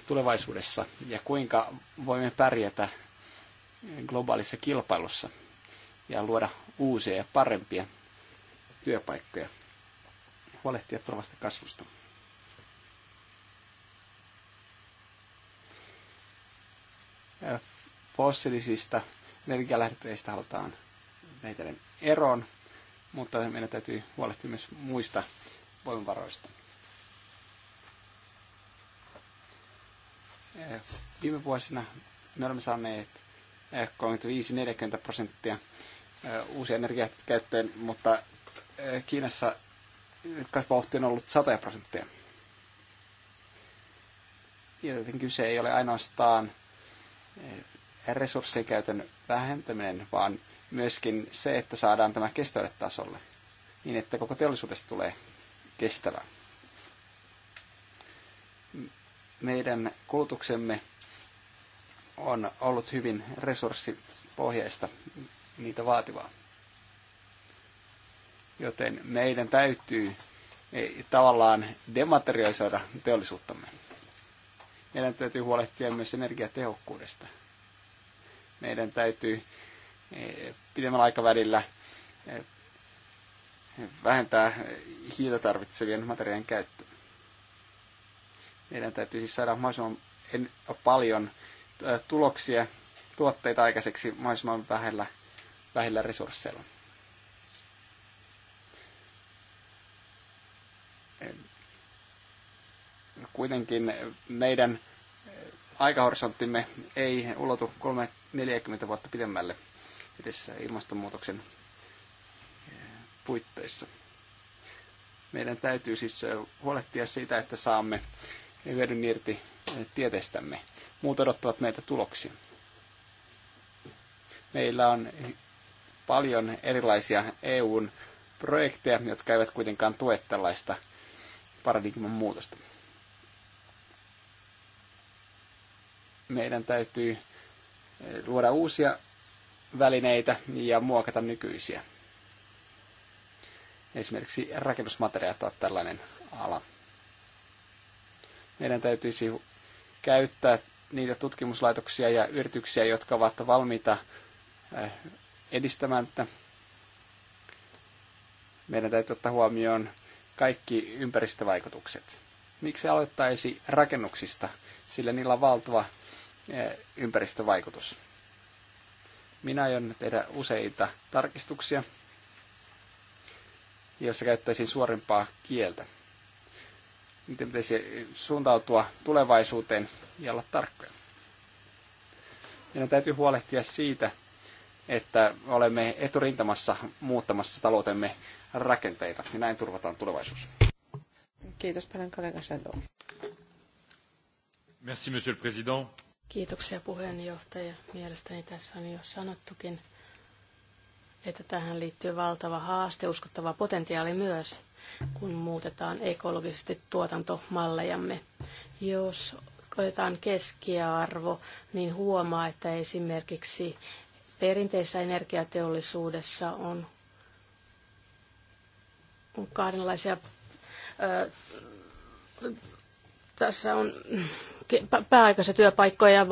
tulevaisuudessa ja kuinka voimme pärjätä globaalissa kilpailussa ja luoda uusia ja parempia työpaikkoja, huolehtia tulevasta kasvusta. Fossiilisista energialähteistä halutaan meitä eroon mutta meidän täytyy huolehtia myös muista voimavaroista. Eh, viime vuosina me olemme saaneet 35-40 eh, prosenttia eh, uusia energiaa käyttöön, mutta Kiinassa kasvavauhti on ollut 100 prosenttia. Ja tietenkin kyse ei ole ainoastaan resurssien käytön vähentäminen, vaan myöskin se, että saadaan tämä kestävälle tasolle, niin että koko teollisuudesta tulee kestävä. Meidän kulutuksemme on ollut hyvin resurssipohjaista, niitä vaativaa. Joten meidän täytyy eh, tavallaan dematerialisoida teollisuuttamme. Meidän täytyy huolehtia myös energiatehokkuudesta. Meidän täytyy Eh, pidemmällä aikavälillä eh, vähentää hiiltä tarvitsevien materiaalien käyttöä. Meidän täytyy siis saada mahdollisimman paljon eh, tuloksia, tuotteita aikaiseksi mahdollisimman vähällä, vähillä resursseilla. Kuitenkin meidän aikahorisonttimme ei ulotu 30-40 vuotta pidemmälle – edessä ilmastonmuutoksen eh, puitteissa. Meidän täytyy siis eh, huolehtia siitä, että saamme hyödyn irti eh, tieteestämme. Muut odottavat meiltä tuloksia. Meillä on paljon erilaisia EUn projekteja, jotka eivät kuitenkaan tue tällaista paradigman muutosta. Meidän täytyy luoda uusia välineitä ja muokata nykyisiä. Esimerkiksi rakennusmateriaalit ovat tällainen ala. Meidän täytyisi käyttää niitä tutkimuslaitoksia ja yrityksiä, jotka ovat valmiita eh, edistämään tätä. Meidän täytyy ottaa huomioon kaikki ympäristövaikutukset. Miksi aloittaisi rakennuksista, sillä niillä on valtava eh, ympäristövaikutus. Minä aion tehdä useita tarkistuksia, joissa käyttäisin suorempaa kieltä. Miten pitäisi suuntautua tulevaisuuteen ja olla tarkkoja. Meidän täytyy huolehtia siitä, että olemme eturintamassa muuttamassa taloutemme rakenteita ja näin turvataan tulevaisuus. Kiitos paljon kollega Shadow. Merci, monsieur le président. Kiitoksia puheenjohtaja. Mielestäni tässä on jo sanottukin, että tähän liittyy valtava haaste, uskottava potentiaali myös, kun muutetaan ekologisesti tuotantomallejamme. Jos koetaan keskiarvo, niin huomaa, että esimerkiksi perinteisessä energiateollisuudessa on, kahdenlaisia. tässä on pääaikaisia työpaikkoja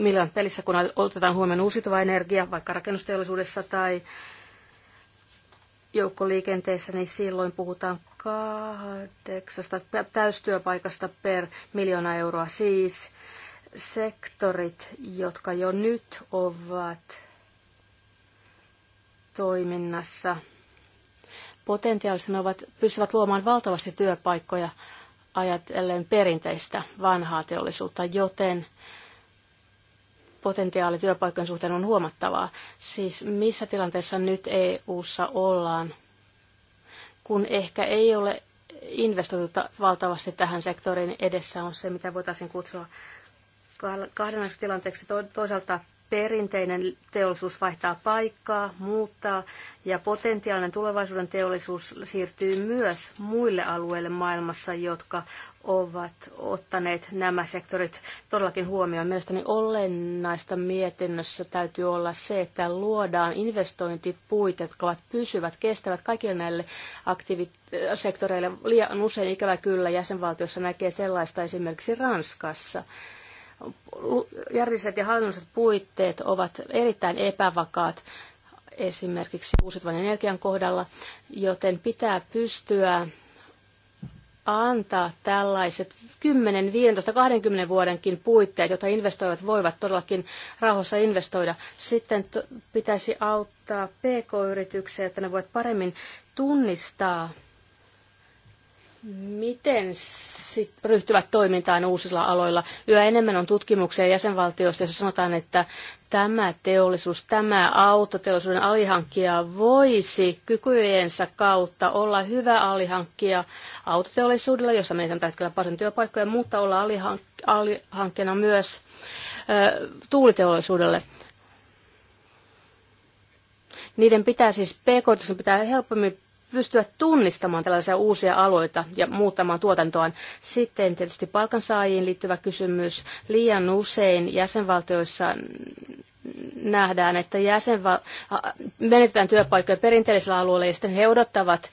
millään pelissä, kun otetaan huomioon uusiutuva energia, vaikka rakennusteollisuudessa tai joukkoliikenteessä, niin silloin puhutaan kahdeksasta täystyöpaikasta per miljoona euroa. Siis sektorit, jotka jo nyt ovat toiminnassa, ne ovat, pystyvät luomaan valtavasti työpaikkoja ajatellen perinteistä vanhaa teollisuutta, joten potentiaali työpaikkojen suhteen on huomattavaa. Siis missä tilanteessa nyt EU:ssa ollaan, kun ehkä ei ole investoitu valtavasti tähän sektoriin, edessä on se, mitä voitaisiin kutsua kahdenlaiseksi tilanteeksi. Toisaalta perinteinen teollisuus vaihtaa paikkaa, muuttaa ja potentiaalinen tulevaisuuden teollisuus siirtyy myös muille alueille maailmassa, jotka ovat ottaneet nämä sektorit todellakin huomioon. Mielestäni olennaista mietinnössä täytyy olla se, että luodaan investointipuitteet, jotka ovat pysyvät, kestävät kaikille näille aktiivisektoreille. sektoreille. Liian usein ikävä kyllä jäsenvaltiossa näkee sellaista esimerkiksi Ranskassa järjestelmät ja hallinnolliset puitteet ovat erittäin epävakaat esimerkiksi uusiutuvan energian kohdalla, joten pitää pystyä antaa tällaiset 10, 15, 20 vuodenkin puitteet, jotta investoijat voivat todellakin rauhassa investoida. Sitten pitäisi auttaa pk-yrityksiä, että ne voivat paremmin tunnistaa Miten sit ryhtyvät toimintaan uusilla aloilla? Yhä enemmän on tutkimuksia jäsenvaltioista, joissa sanotaan, että tämä teollisuus, tämä autoteollisuuden alihankkija voisi kykyjensä kautta olla hyvä alihankkija autoteollisuudella, jossa on tällä hetkellä paljon työpaikkoja, mutta olla alihankkijana myös ö, tuuliteollisuudelle niiden pitää siis pk pitää helpommin pystyä tunnistamaan tällaisia uusia aloita ja muuttamaan tuotantoaan. Sitten tietysti palkansaajiin liittyvä kysymys. Liian usein jäsenvaltioissa nähdään, että jäsenval- menetetään työpaikkoja perinteisellä alueella ja sitten he odottavat,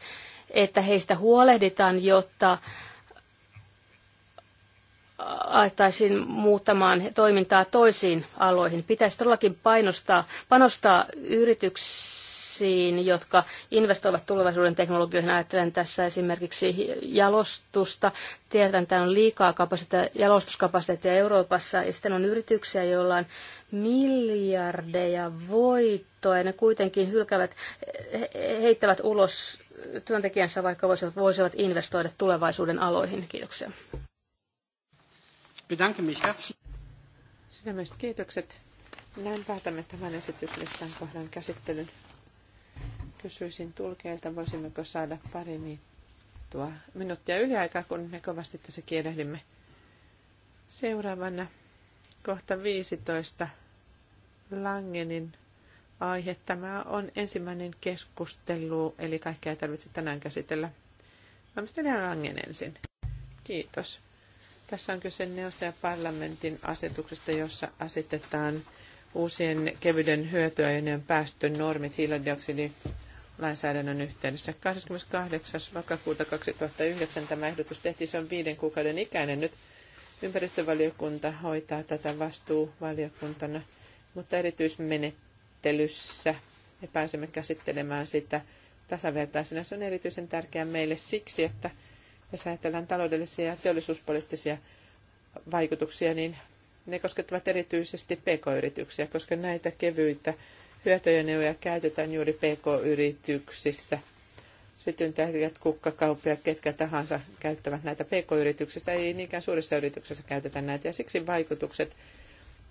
että heistä huolehditaan, jotta alettaisiin muuttamaan toimintaa toisiin aloihin. Pitäisi todellakin painostaa, panostaa yrityksiin yrityksiin, jotka investoivat tulevaisuuden teknologioihin. Ajattelen tässä esimerkiksi jalostusta. Tiedän, että on liikaa jalostuskapasiteettia Euroopassa, ja sitten on yrityksiä, joilla on miljardeja voittoa, ja ne kuitenkin hylkävät, heittävät ulos työntekijänsä, vaikka voisivat, voisivat investoida tulevaisuuden aloihin. Kiitoksia. Bedanke mich herzlich. kiitokset. Näin päätämme tämän esityslistan kohdan käsittelyn. Kysyisin tulkeilta, voisimmeko saada pari minuuttia, minuuttia yliaikaa, kun me kovasti tässä kiirehdimme. Seuraavana kohta 15 Langenin aihe. Tämä on ensimmäinen keskustelu, eli kaikkea ei tarvitse tänään käsitellä. Valmistelija Langen ensin. Kiitos. Tässä on kyse neuvosto- parlamentin asetuksesta, jossa asetetaan uusien kevyden hyötyaineen päästön normit hiilidioksidin lainsäädännön yhteydessä. 28. lokakuuta 2009 tämä ehdotus tehtiin, se on viiden kuukauden ikäinen nyt. Ympäristövaliokunta hoitaa tätä vastuuvaliokuntana, mutta erityismenettelyssä me pääsemme käsittelemään sitä tasavertaisena. Se on erityisen tärkeää meille siksi, että jos ajatellaan taloudellisia ja teollisuuspoliittisia vaikutuksia, niin ne koskettavat erityisesti pk-yrityksiä, koska näitä kevyitä hyötyajoneuvoja käytetään juuri pk-yrityksissä. Sitten tähtiät, kukkakauppiat, ketkä tahansa käyttävät näitä pk-yrityksistä. Ei niinkään suurissa yrityksissä käytetä näitä. Ja siksi vaikutukset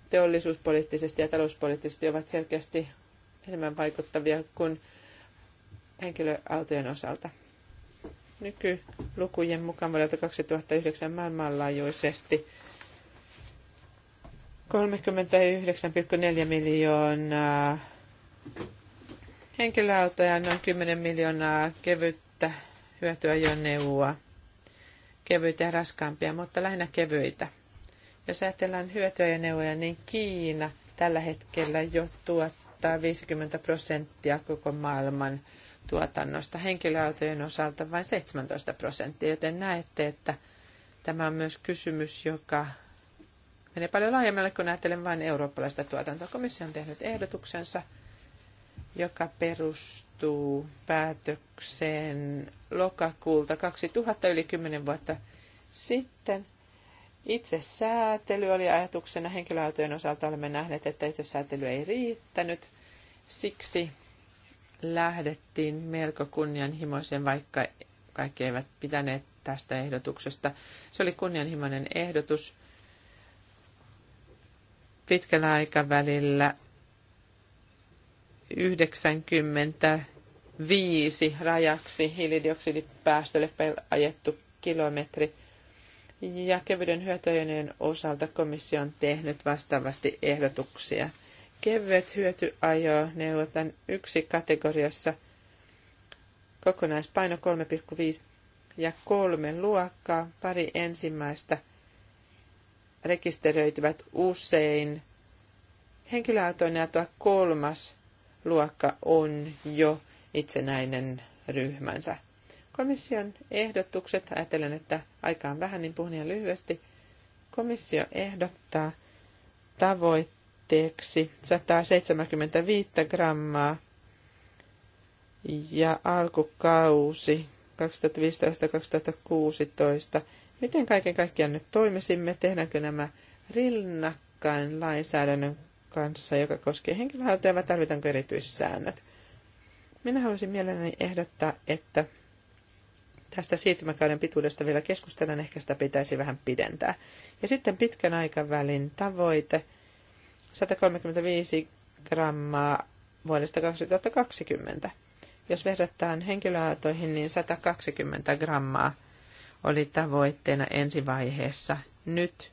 teollisuuspoliittisesti ja talouspoliittisesti ovat selkeästi enemmän vaikuttavia kuin henkilöautojen osalta. Nykylukujen mukaan vuodelta 2009 maailmanlaajuisesti 39,4 miljoonaa Henkilöautoja on noin 10 miljoonaa kevyttä hyötyajoneuvoa, kevyitä ja raskaampia, mutta lähinnä kevyitä. Jos ajatellaan hyötyajoneuvoja, niin Kiina tällä hetkellä jo tuottaa 50 prosenttia koko maailman tuotannosta, henkilöautojen osalta vain 17 prosenttia, joten näette, että tämä on myös kysymys, joka menee paljon laajemmalle, kun ajattelen vain eurooppalaista tuotantoa. Komissio on tehnyt ehdotuksensa joka perustuu päätökseen lokakuulta 2000 yli 10 vuotta sitten. Itse säätely oli ajatuksena henkilöautojen osalta. Olemme nähneet, että itse säätely ei riittänyt. Siksi lähdettiin melko kunnianhimoisen, vaikka kaikki eivät pitäneet tästä ehdotuksesta. Se oli kunnianhimoinen ehdotus pitkällä aikavälillä 95 rajaksi hiilidioksidipäästölle per ajettu kilometri. Ja kevyen hyötyajoneen osalta komissio on tehnyt vastaavasti ehdotuksia. Kevyet hyötyajoneuvot on yksi kategoriassa kokonaispaino 3,5 ja kolme luokkaa. Pari ensimmäistä rekisteröityvät usein henkilöautoina ja kolmas luokka on jo itsenäinen ryhmänsä. Komission ehdotukset, ajattelen, että aikaan vähän, niin puhun ihan lyhyesti. Komissio ehdottaa tavoitteeksi 175 grammaa ja alkukausi 2015-2016. Miten kaiken kaikkiaan nyt toimisimme? Tehdäänkö nämä rinnakkain lainsäädännön kanssa, joka koskee henkilöautoja, vai tarvitaanko erityissäännöt. Minä haluaisin mielelläni ehdottaa, että tästä siirtymäkauden pituudesta vielä keskustellaan, ehkä sitä pitäisi vähän pidentää. Ja sitten pitkän aikavälin tavoite, 135 grammaa vuodesta 2020. Jos verrataan henkilöautoihin, niin 120 grammaa oli tavoitteena ensivaiheessa. Nyt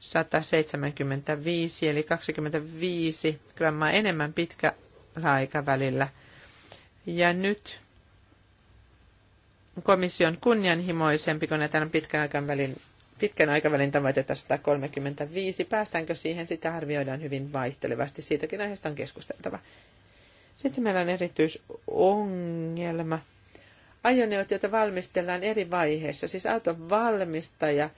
175 eli 25 grammaa enemmän pitkällä aikavälillä. Ja nyt komission kunnianhimoisempi, kun näitä on pitkän aikavälin, pitkän aikavälin tavoitetta 135. Päästäänkö siihen, sitä arvioidaan hyvin vaihtelevasti. Siitäkin aiheesta on keskusteltava. Sitten meillä on erityisongelma. Ajoneuvot, joita valmistellaan eri vaiheissa, siis auton valmistaja –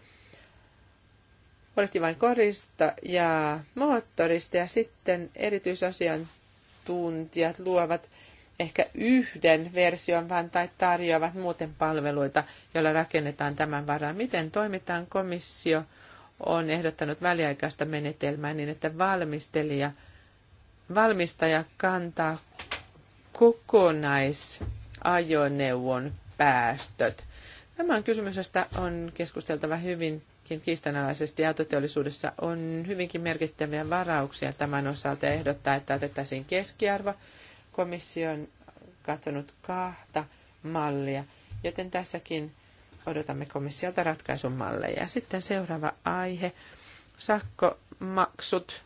huolehti vain korista ja moottorista ja sitten erityisasiantuntijat luovat ehkä yhden version vaan tai tarjoavat muuten palveluita, joilla rakennetaan tämän varaan. Miten toimitaan komissio? on ehdottanut väliaikaista menetelmää niin, että valmistelija, valmistaja kantaa kokonaisajoneuvon päästöt. Tämä on on keskusteltava hyvin kiistanalaisesti autoteollisuudessa on hyvinkin merkittäviä varauksia tämän osalta ja ehdottaa, että otettaisiin keskiarvo. Komissio on katsonut kahta mallia, joten tässäkin odotamme komissiolta ratkaisun malleja. Sitten seuraava aihe, sakkomaksut.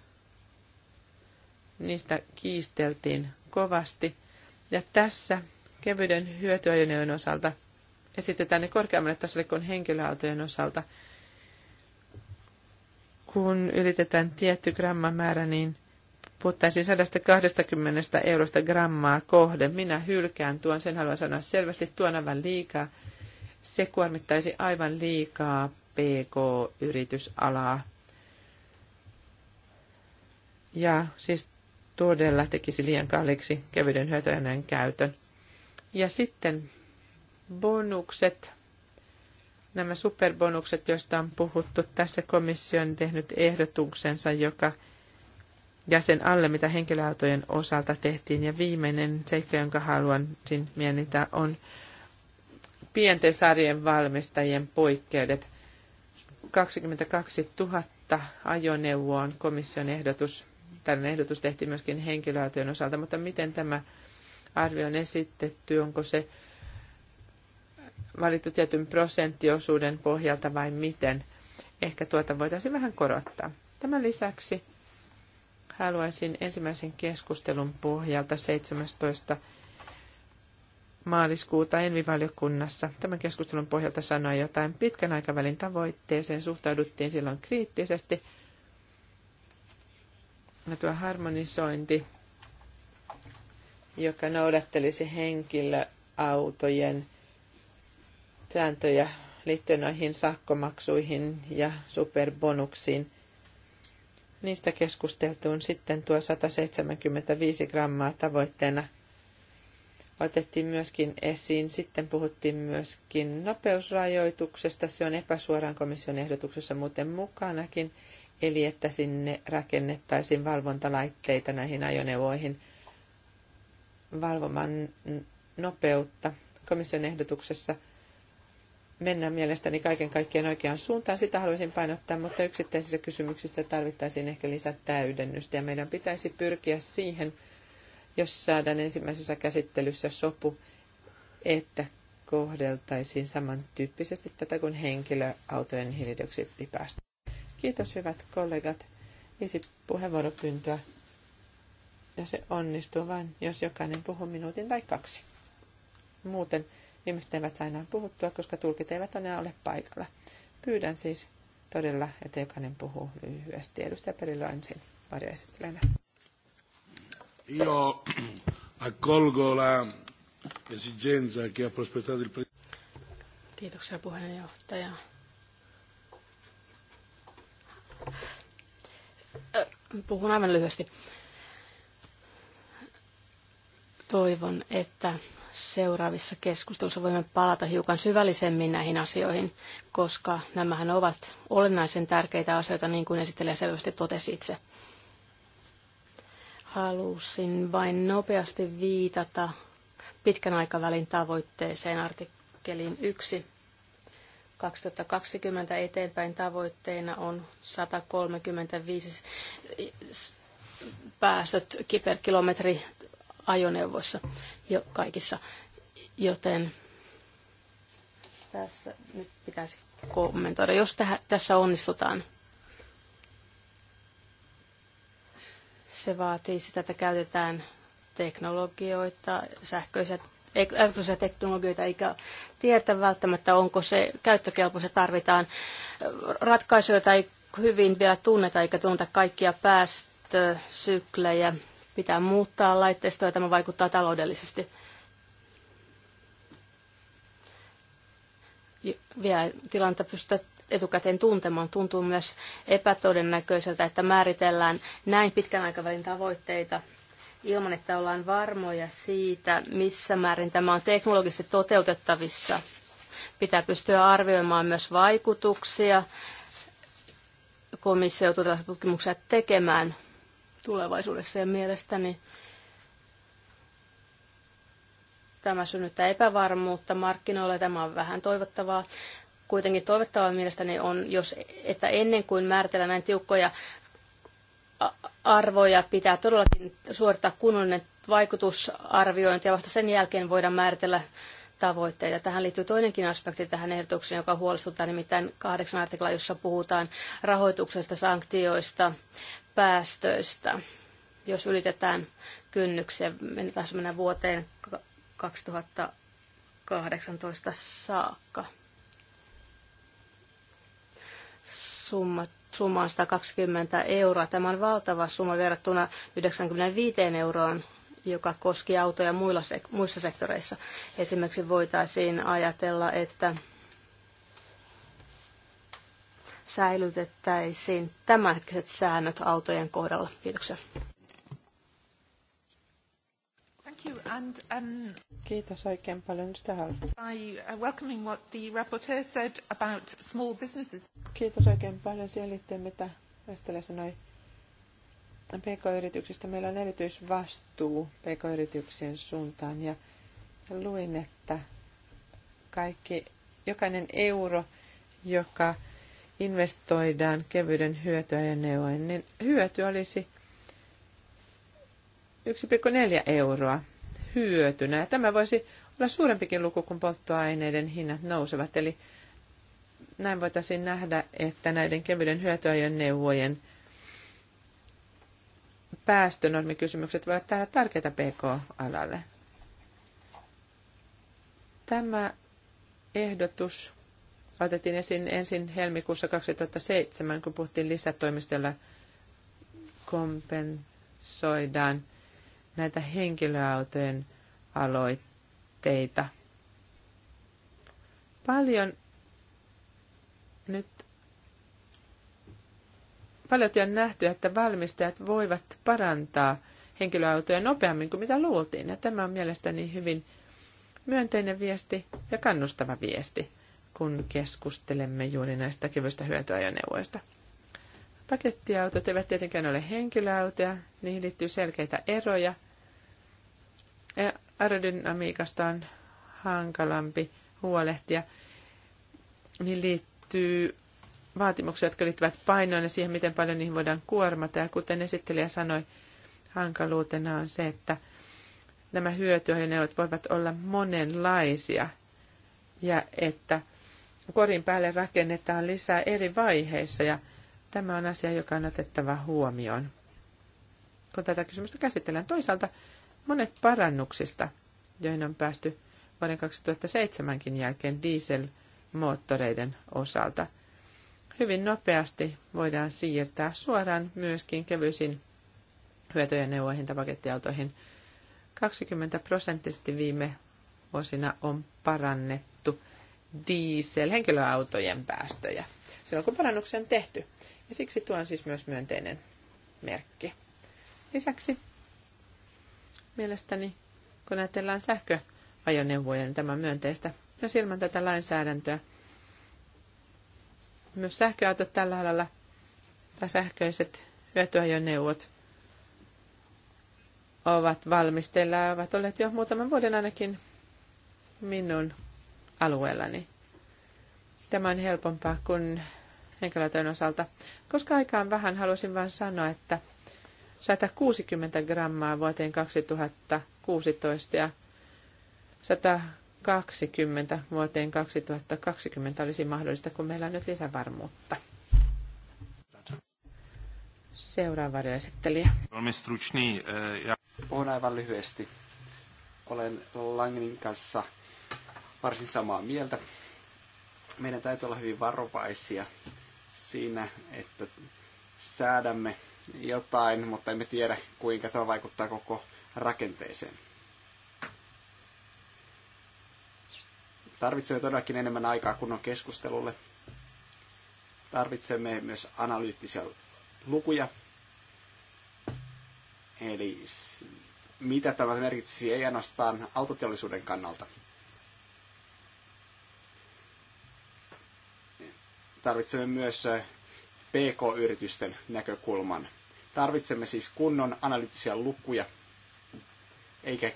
Niistä kiisteltiin kovasti. Ja tässä kevyiden hyötyajoneuvojen osalta esitetään ne korkeammalle tasolle kuin henkilöautojen osalta – kun ylitetään tietty grammamäärä, niin puhuttaisiin 120 eurosta grammaa kohden. Minä hylkään tuon, sen haluan sanoa selvästi, tuon aivan liikaa. Se kuormittaisi aivan liikaa PK-yritysalaa. Ja siis todella tekisi liian kalliiksi kevyiden hyötyaineen käytön. Ja sitten bonukset. Nämä superbonukset, joista on puhuttu, tässä komissio on tehnyt ehdotuksensa, joka sen alle, mitä henkilöautojen osalta tehtiin. Ja viimeinen seikka, jonka haluan mainita, on pienten sarjen valmistajien poikkeudet. 22 000 ajoneuvoa on komission ehdotus. Tällainen ehdotus tehtiin myöskin henkilöautojen osalta, mutta miten tämä arvio on esitetty, onko se valittu tietyn prosenttiosuuden pohjalta vai miten. Ehkä tuota voitaisiin vähän korottaa. Tämän lisäksi haluaisin ensimmäisen keskustelun pohjalta 17 maaliskuuta Envivaliokunnassa. Tämän keskustelun pohjalta sanoi jotain pitkän aikavälin tavoitteeseen. Suhtauduttiin silloin kriittisesti. Ja tuo harmonisointi, joka noudattelisi henkilöautojen sääntöjä liittyen noihin sakkomaksuihin ja superbonuksiin. Niistä keskusteltuun sitten tuo 175 grammaa tavoitteena otettiin myöskin esiin. Sitten puhuttiin myöskin nopeusrajoituksesta. Se on epäsuoran komission ehdotuksessa muuten mukanakin. Eli että sinne rakennettaisiin valvontalaitteita näihin ajoneuvoihin valvomaan nopeutta. Komission ehdotuksessa mennä mielestäni kaiken kaikkiaan oikeaan suuntaan. Sitä haluaisin painottaa, mutta yksittäisissä kysymyksissä tarvittaisiin ehkä lisätäydennystä ja meidän pitäisi pyrkiä siihen, jos saadaan ensimmäisessä käsittelyssä sopu, että kohdeltaisiin samantyyppisesti tätä kuin henkilöautojen hiilidioksidipäästö. Kiitos hyvät kollegat. Viisi puheenvuoropyyntöä. Ja se onnistuu vain, jos jokainen puhuu minuutin tai kaksi. Muuten Ihmiset eivät saa enää puhuttua, koska tulkit eivät enää ole paikalla. Pyydän siis todella, että jokainen puhuu lyhyesti. Edustaja Perillä ensin varjaesittelijänä. Io accolgo la esigenza che ha prospettato il Kiitoksia puheenjohtaja. Puhun aivan lyhyesti. Toivon, että seuraavissa keskusteluissa voimme palata hiukan syvällisemmin näihin asioihin, koska nämähän ovat olennaisen tärkeitä asioita, niin kuin esittelijä selvästi totesi itse. Halusin vain nopeasti viitata pitkän aikavälin tavoitteeseen artikkeliin 1. 2020 eteenpäin tavoitteena on 135 päästöt kiperkilometri ajoneuvoissa jo kaikissa. Joten tässä nyt pitäisi kommentoida, jos tähä, tässä onnistutaan. Se vaatii sitä, että käytetään teknologioita, sähköisiä elektronisia teknologioita, eikä tiedä välttämättä, onko se käyttökelpoista. Tarvitaan äh, ratkaisuja, joita ei hyvin vielä tunneta, eikä tunneta kaikkia päästösyklejä Pitää muuttaa laitteistoa ja tämä vaikuttaa taloudellisesti. Vielä tilannetta pystytään etukäteen tuntemaan. Tuntuu myös epätodennäköiseltä, että määritellään näin pitkän aikavälin tavoitteita ilman, että ollaan varmoja siitä, missä määrin tämä on teknologisesti toteutettavissa. Pitää pystyä arvioimaan myös vaikutuksia. Komissio joutuu tuota tutkimuksia tekemään tulevaisuudessa ja mielestäni tämä synnyttää epävarmuutta markkinoilla. Tämä on vähän toivottavaa. Kuitenkin toivottavaa mielestäni on, jos, että ennen kuin määritellään näin tiukkoja arvoja, pitää todellakin suorittaa kunnollinen vaikutusarviointi ja vasta sen jälkeen voidaan määritellä tavoitteita. Tähän liittyy toinenkin aspekti tähän ehdotukseen, joka huolestuttaa nimittäin kahdeksan artikla, jossa puhutaan rahoituksesta, sanktioista, päästöistä, jos ylitetään kynnyksiä, mennään mennä vuoteen 2018 saakka. Summa, summa on 120 euroa. Tämä on valtava summa verrattuna 95 euroon, joka koski autoja muilla, muissa sektoreissa. Esimerkiksi voitaisiin ajatella, että säilytettäisiin tämänhetkiset säännöt autojen kohdalla. Kiitoksia. Um, Kiitos oikein paljon uh, welcoming what the rapporteur said about small businesses. Kiitos oikein paljon siihen liittyen, mitä Vestelä sanoi PK-yrityksistä. Meillä on erityisvastuu PK-yrityksien suuntaan ja luin, että kaikki, jokainen euro, joka investoidaan kevyiden hyötyajoneuvojen niin hyöty olisi 1,4 euroa hyötynä. Ja tämä voisi olla suurempikin luku, kun polttoaineiden hinnat nousevat. Eli näin voitaisiin nähdä, että näiden kevyiden hyötyajoneuvojen päästönormikysymykset voivat tehdä tärkeitä PK-alalle. Tämä ehdotus otettiin esiin ensin helmikuussa 2007, kun puhuttiin lisätoimistolla kompensoidaan näitä henkilöautojen aloitteita. Paljon nyt paljon on nähty, että valmistajat voivat parantaa henkilöautoja nopeammin kuin mitä luultiin. Ja tämä on mielestäni hyvin myönteinen viesti ja kannustava viesti kun keskustelemme juuri näistä kevyistä hyötyajoneuvoista. Pakettiautot eivät tietenkään ole henkilöautoja, niihin liittyy selkeitä eroja. Ja aerodynamiikasta on hankalampi huolehtia. Niihin liittyy vaatimuksia, jotka liittyvät painoon ja siihen, miten paljon niihin voidaan kuormata. Ja kuten esittelijä sanoi, hankaluutena on se, että nämä hyötyajoneuvot voivat olla monenlaisia ja että – korin päälle rakennetaan lisää eri vaiheissa ja tämä on asia, joka on otettava huomioon, kun tätä kysymystä käsitellään. Toisaalta monet parannuksista, joihin on päästy vuoden 2007 jälkeen dieselmoottoreiden osalta, hyvin nopeasti voidaan siirtää suoraan myöskin kevyisiin neuvoihin tai pakettiautoihin. 20 prosenttisesti viime vuosina on parannettu dieselhenkilöautojen päästöjä silloin, kun parannuksia on tehty. Ja siksi tuo on siis myös myönteinen merkki. Lisäksi mielestäni, kun ajatellaan sähköajoneuvoja, niin tämä on myönteistä. myös ilman tätä lainsäädäntöä myös sähköautot tällä alalla tai sähköiset hyötyajoneuvot ovat valmisteilla ja ovat olleet jo muutaman vuoden ainakin minun alueellani. Tämä on helpompaa kuin henkilötön osalta. Koska aikaan vähän halusin vain sanoa, että 160 grammaa vuoteen 2016 ja 120 vuoteen 2020 olisi mahdollista, kun meillä on nyt lisävarmuutta. Seuraava esittelijä. Eh, Puhun aivan lyhyesti. Olen Langin kanssa varsin samaa mieltä. Meidän täytyy olla hyvin varovaisia siinä, että säädämme jotain, mutta emme tiedä, kuinka tämä vaikuttaa koko rakenteeseen. Tarvitsemme todellakin enemmän aikaa kunnon keskustelulle. Tarvitsemme myös analyyttisia lukuja. Eli mitä tämä merkitsisi ei ainoastaan autoteollisuuden kannalta, tarvitsemme myös eh, PK-yritysten näkökulman. Tarvitsemme siis kunnon analyyttisia lukuja, eikä eh,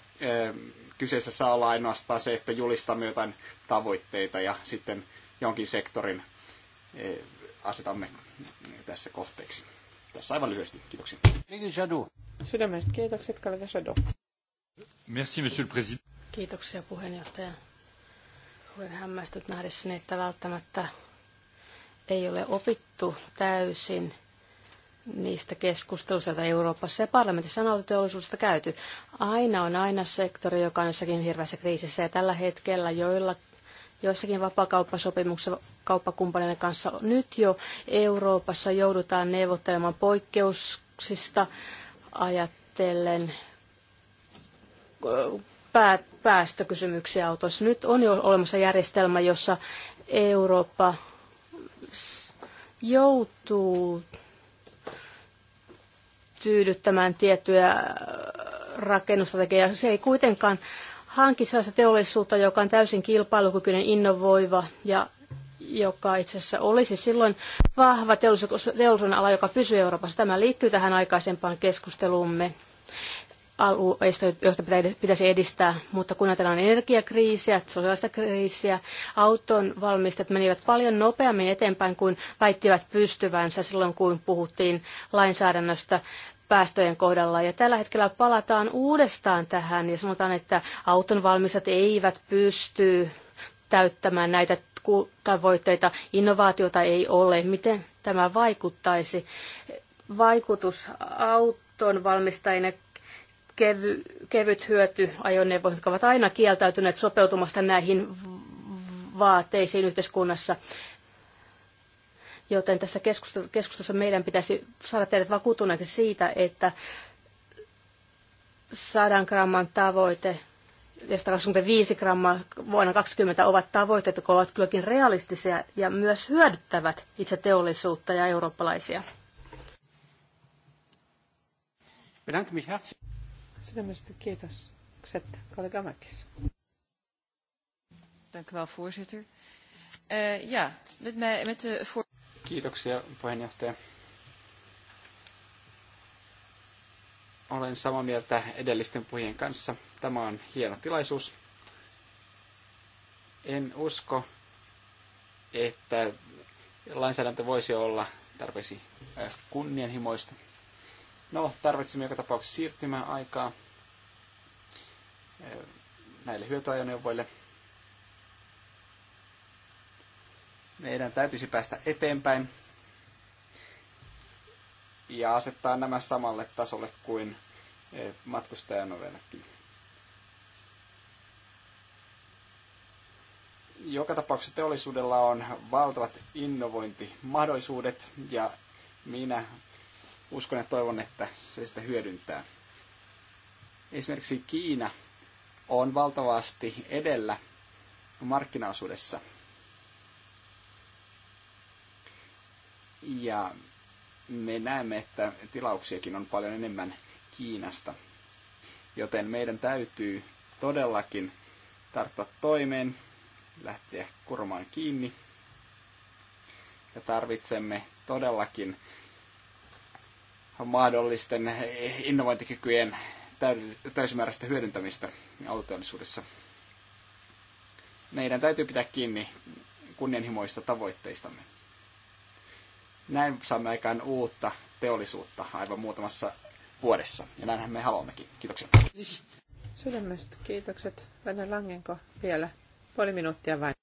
kyseessä saa olla ainoastaan se, että julistamme jotain tavoitteita ja sitten jonkin sektorin eh, asetamme tässä kohteeksi. Tässä aivan lyhyesti. Kiitoksia. Sydämestä kiitokset, kollega Shadow. Merci, monsieur le président. Kiitoksia puheenjohtaja. Olen hämmästynyt nähdessäni, että välttämättä ei ole opittu täysin niistä keskusteluista, joita Euroopassa ja parlamentissa on autoteollisuudesta käyty. Aina on aina sektori, joka on jossakin hirveässä kriisissä ja tällä hetkellä joilla joissakin vapaakauppasopimuksissa kauppakumppaneiden kanssa nyt jo Euroopassa joudutaan neuvottelemaan poikkeuksista ajatellen pää, päästökysymyksiä autossa. Nyt on jo olemassa järjestelmä, jossa Eurooppa joutuu tyydyttämään tiettyjä rakennustrategiaa. Se ei kuitenkaan hanki sellaista teollisuutta, joka on täysin kilpailukykyinen, innovoiva ja joka itse asiassa olisi silloin vahva teollisuuden ala, joka pysyy Euroopassa. Tämä liittyy tähän aikaisempaan keskusteluumme alueista, joista pitäisi edistää. Mutta kun ajatellaan energiakriisiä, sosiaalista kriisiä, auton valmistajat menivät paljon nopeammin eteenpäin kuin väittivät pystyvänsä silloin, kun puhuttiin lainsäädännöstä päästöjen kohdalla. Ja tällä hetkellä palataan uudestaan tähän ja sanotaan, että auton valmistajat eivät pysty täyttämään näitä tavoitteita. Innovaatiota ei ole. Miten tämä vaikuttaisi? Vaikutus auton valmistajien kevy, kevyt hyötyajoneuvot, jotka ovat aina kieltäytyneet sopeutumasta näihin vaateisiin yhteiskunnassa. Joten tässä keskustelussa meidän pitäisi saada teidät vakuutuneeksi siitä, että 100 gramman tavoite ja 125 grammaa vuonna 2020 ovat tavoitteet, jotka ovat kylläkin realistisia ja myös hyödyttävät itse teollisuutta ja eurooppalaisia. Sydämestä kiitos. kollega Mäkis. Dank u wel, voorzitter. Uh, ja, met, mij, met de voor... Kiitoksia, puheenjohtaja. Olen samaa mieltä edellisten puhujien kanssa. Tämä on hieno tilaisuus. En usko, että lainsäädäntö voisi olla tarpeeksi eh, kunnianhimoista No, tarvitsemme joka tapauksessa siirtymään aikaa eh, näille hyötyajoneuvoille. Meidän täytyisi päästä eteenpäin ja asettaa nämä samalle tasolle kuin eh, matkustajanovellekin. Joka tapauksessa teollisuudella on valtavat innovointimahdollisuudet ja minä uskon ja toivon, että se sitä hyödyntää. Esimerkiksi Kiina on valtavasti edellä markkinaosuudessa. Ja me näemme, että tilauksiakin on paljon enemmän Kiinasta. Joten meidän täytyy todellakin tarttua toimeen, lähteä kurmaan kiinni. Ja tarvitsemme todellakin mahdollisten innovointikykyjen täysimääräistä hyödyntämistä autoteollisuudessa. Meidän täytyy pitää kiinni kunnianhimoista tavoitteistamme. Näin saamme aikaan uutta teollisuutta aivan muutamassa vuodessa. Ja näinhän me haluammekin. Kiitoksia. Sydämestä kiitokset. Venä Langenko vielä puoli minuuttia vain.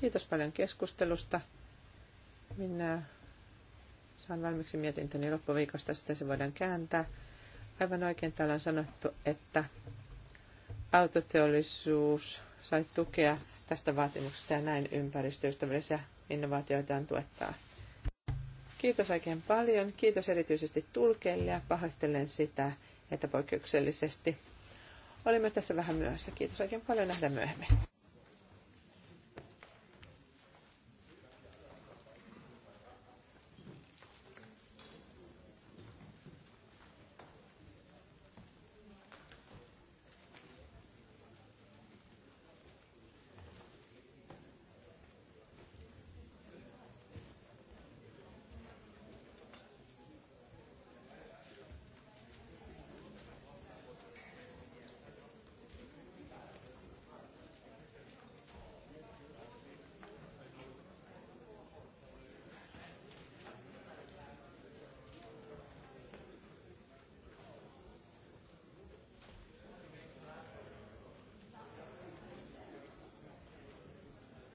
Kiitos paljon keskustelusta. Minä saan valmiiksi mietintöni loppuviikosta, sitten se voidaan kääntää. Aivan oikein täällä on sanottu, että autoteollisuus sai tukea tästä vaatimuksesta ja näin ympäristöystävällisiä innovaatioita on tuettaa. Kiitos oikein paljon. Kiitos erityisesti tulkeille ja pahoittelen sitä, että poikkeuksellisesti olimme tässä vähän myöhässä. Kiitos oikein paljon. Nähdään myöhemmin.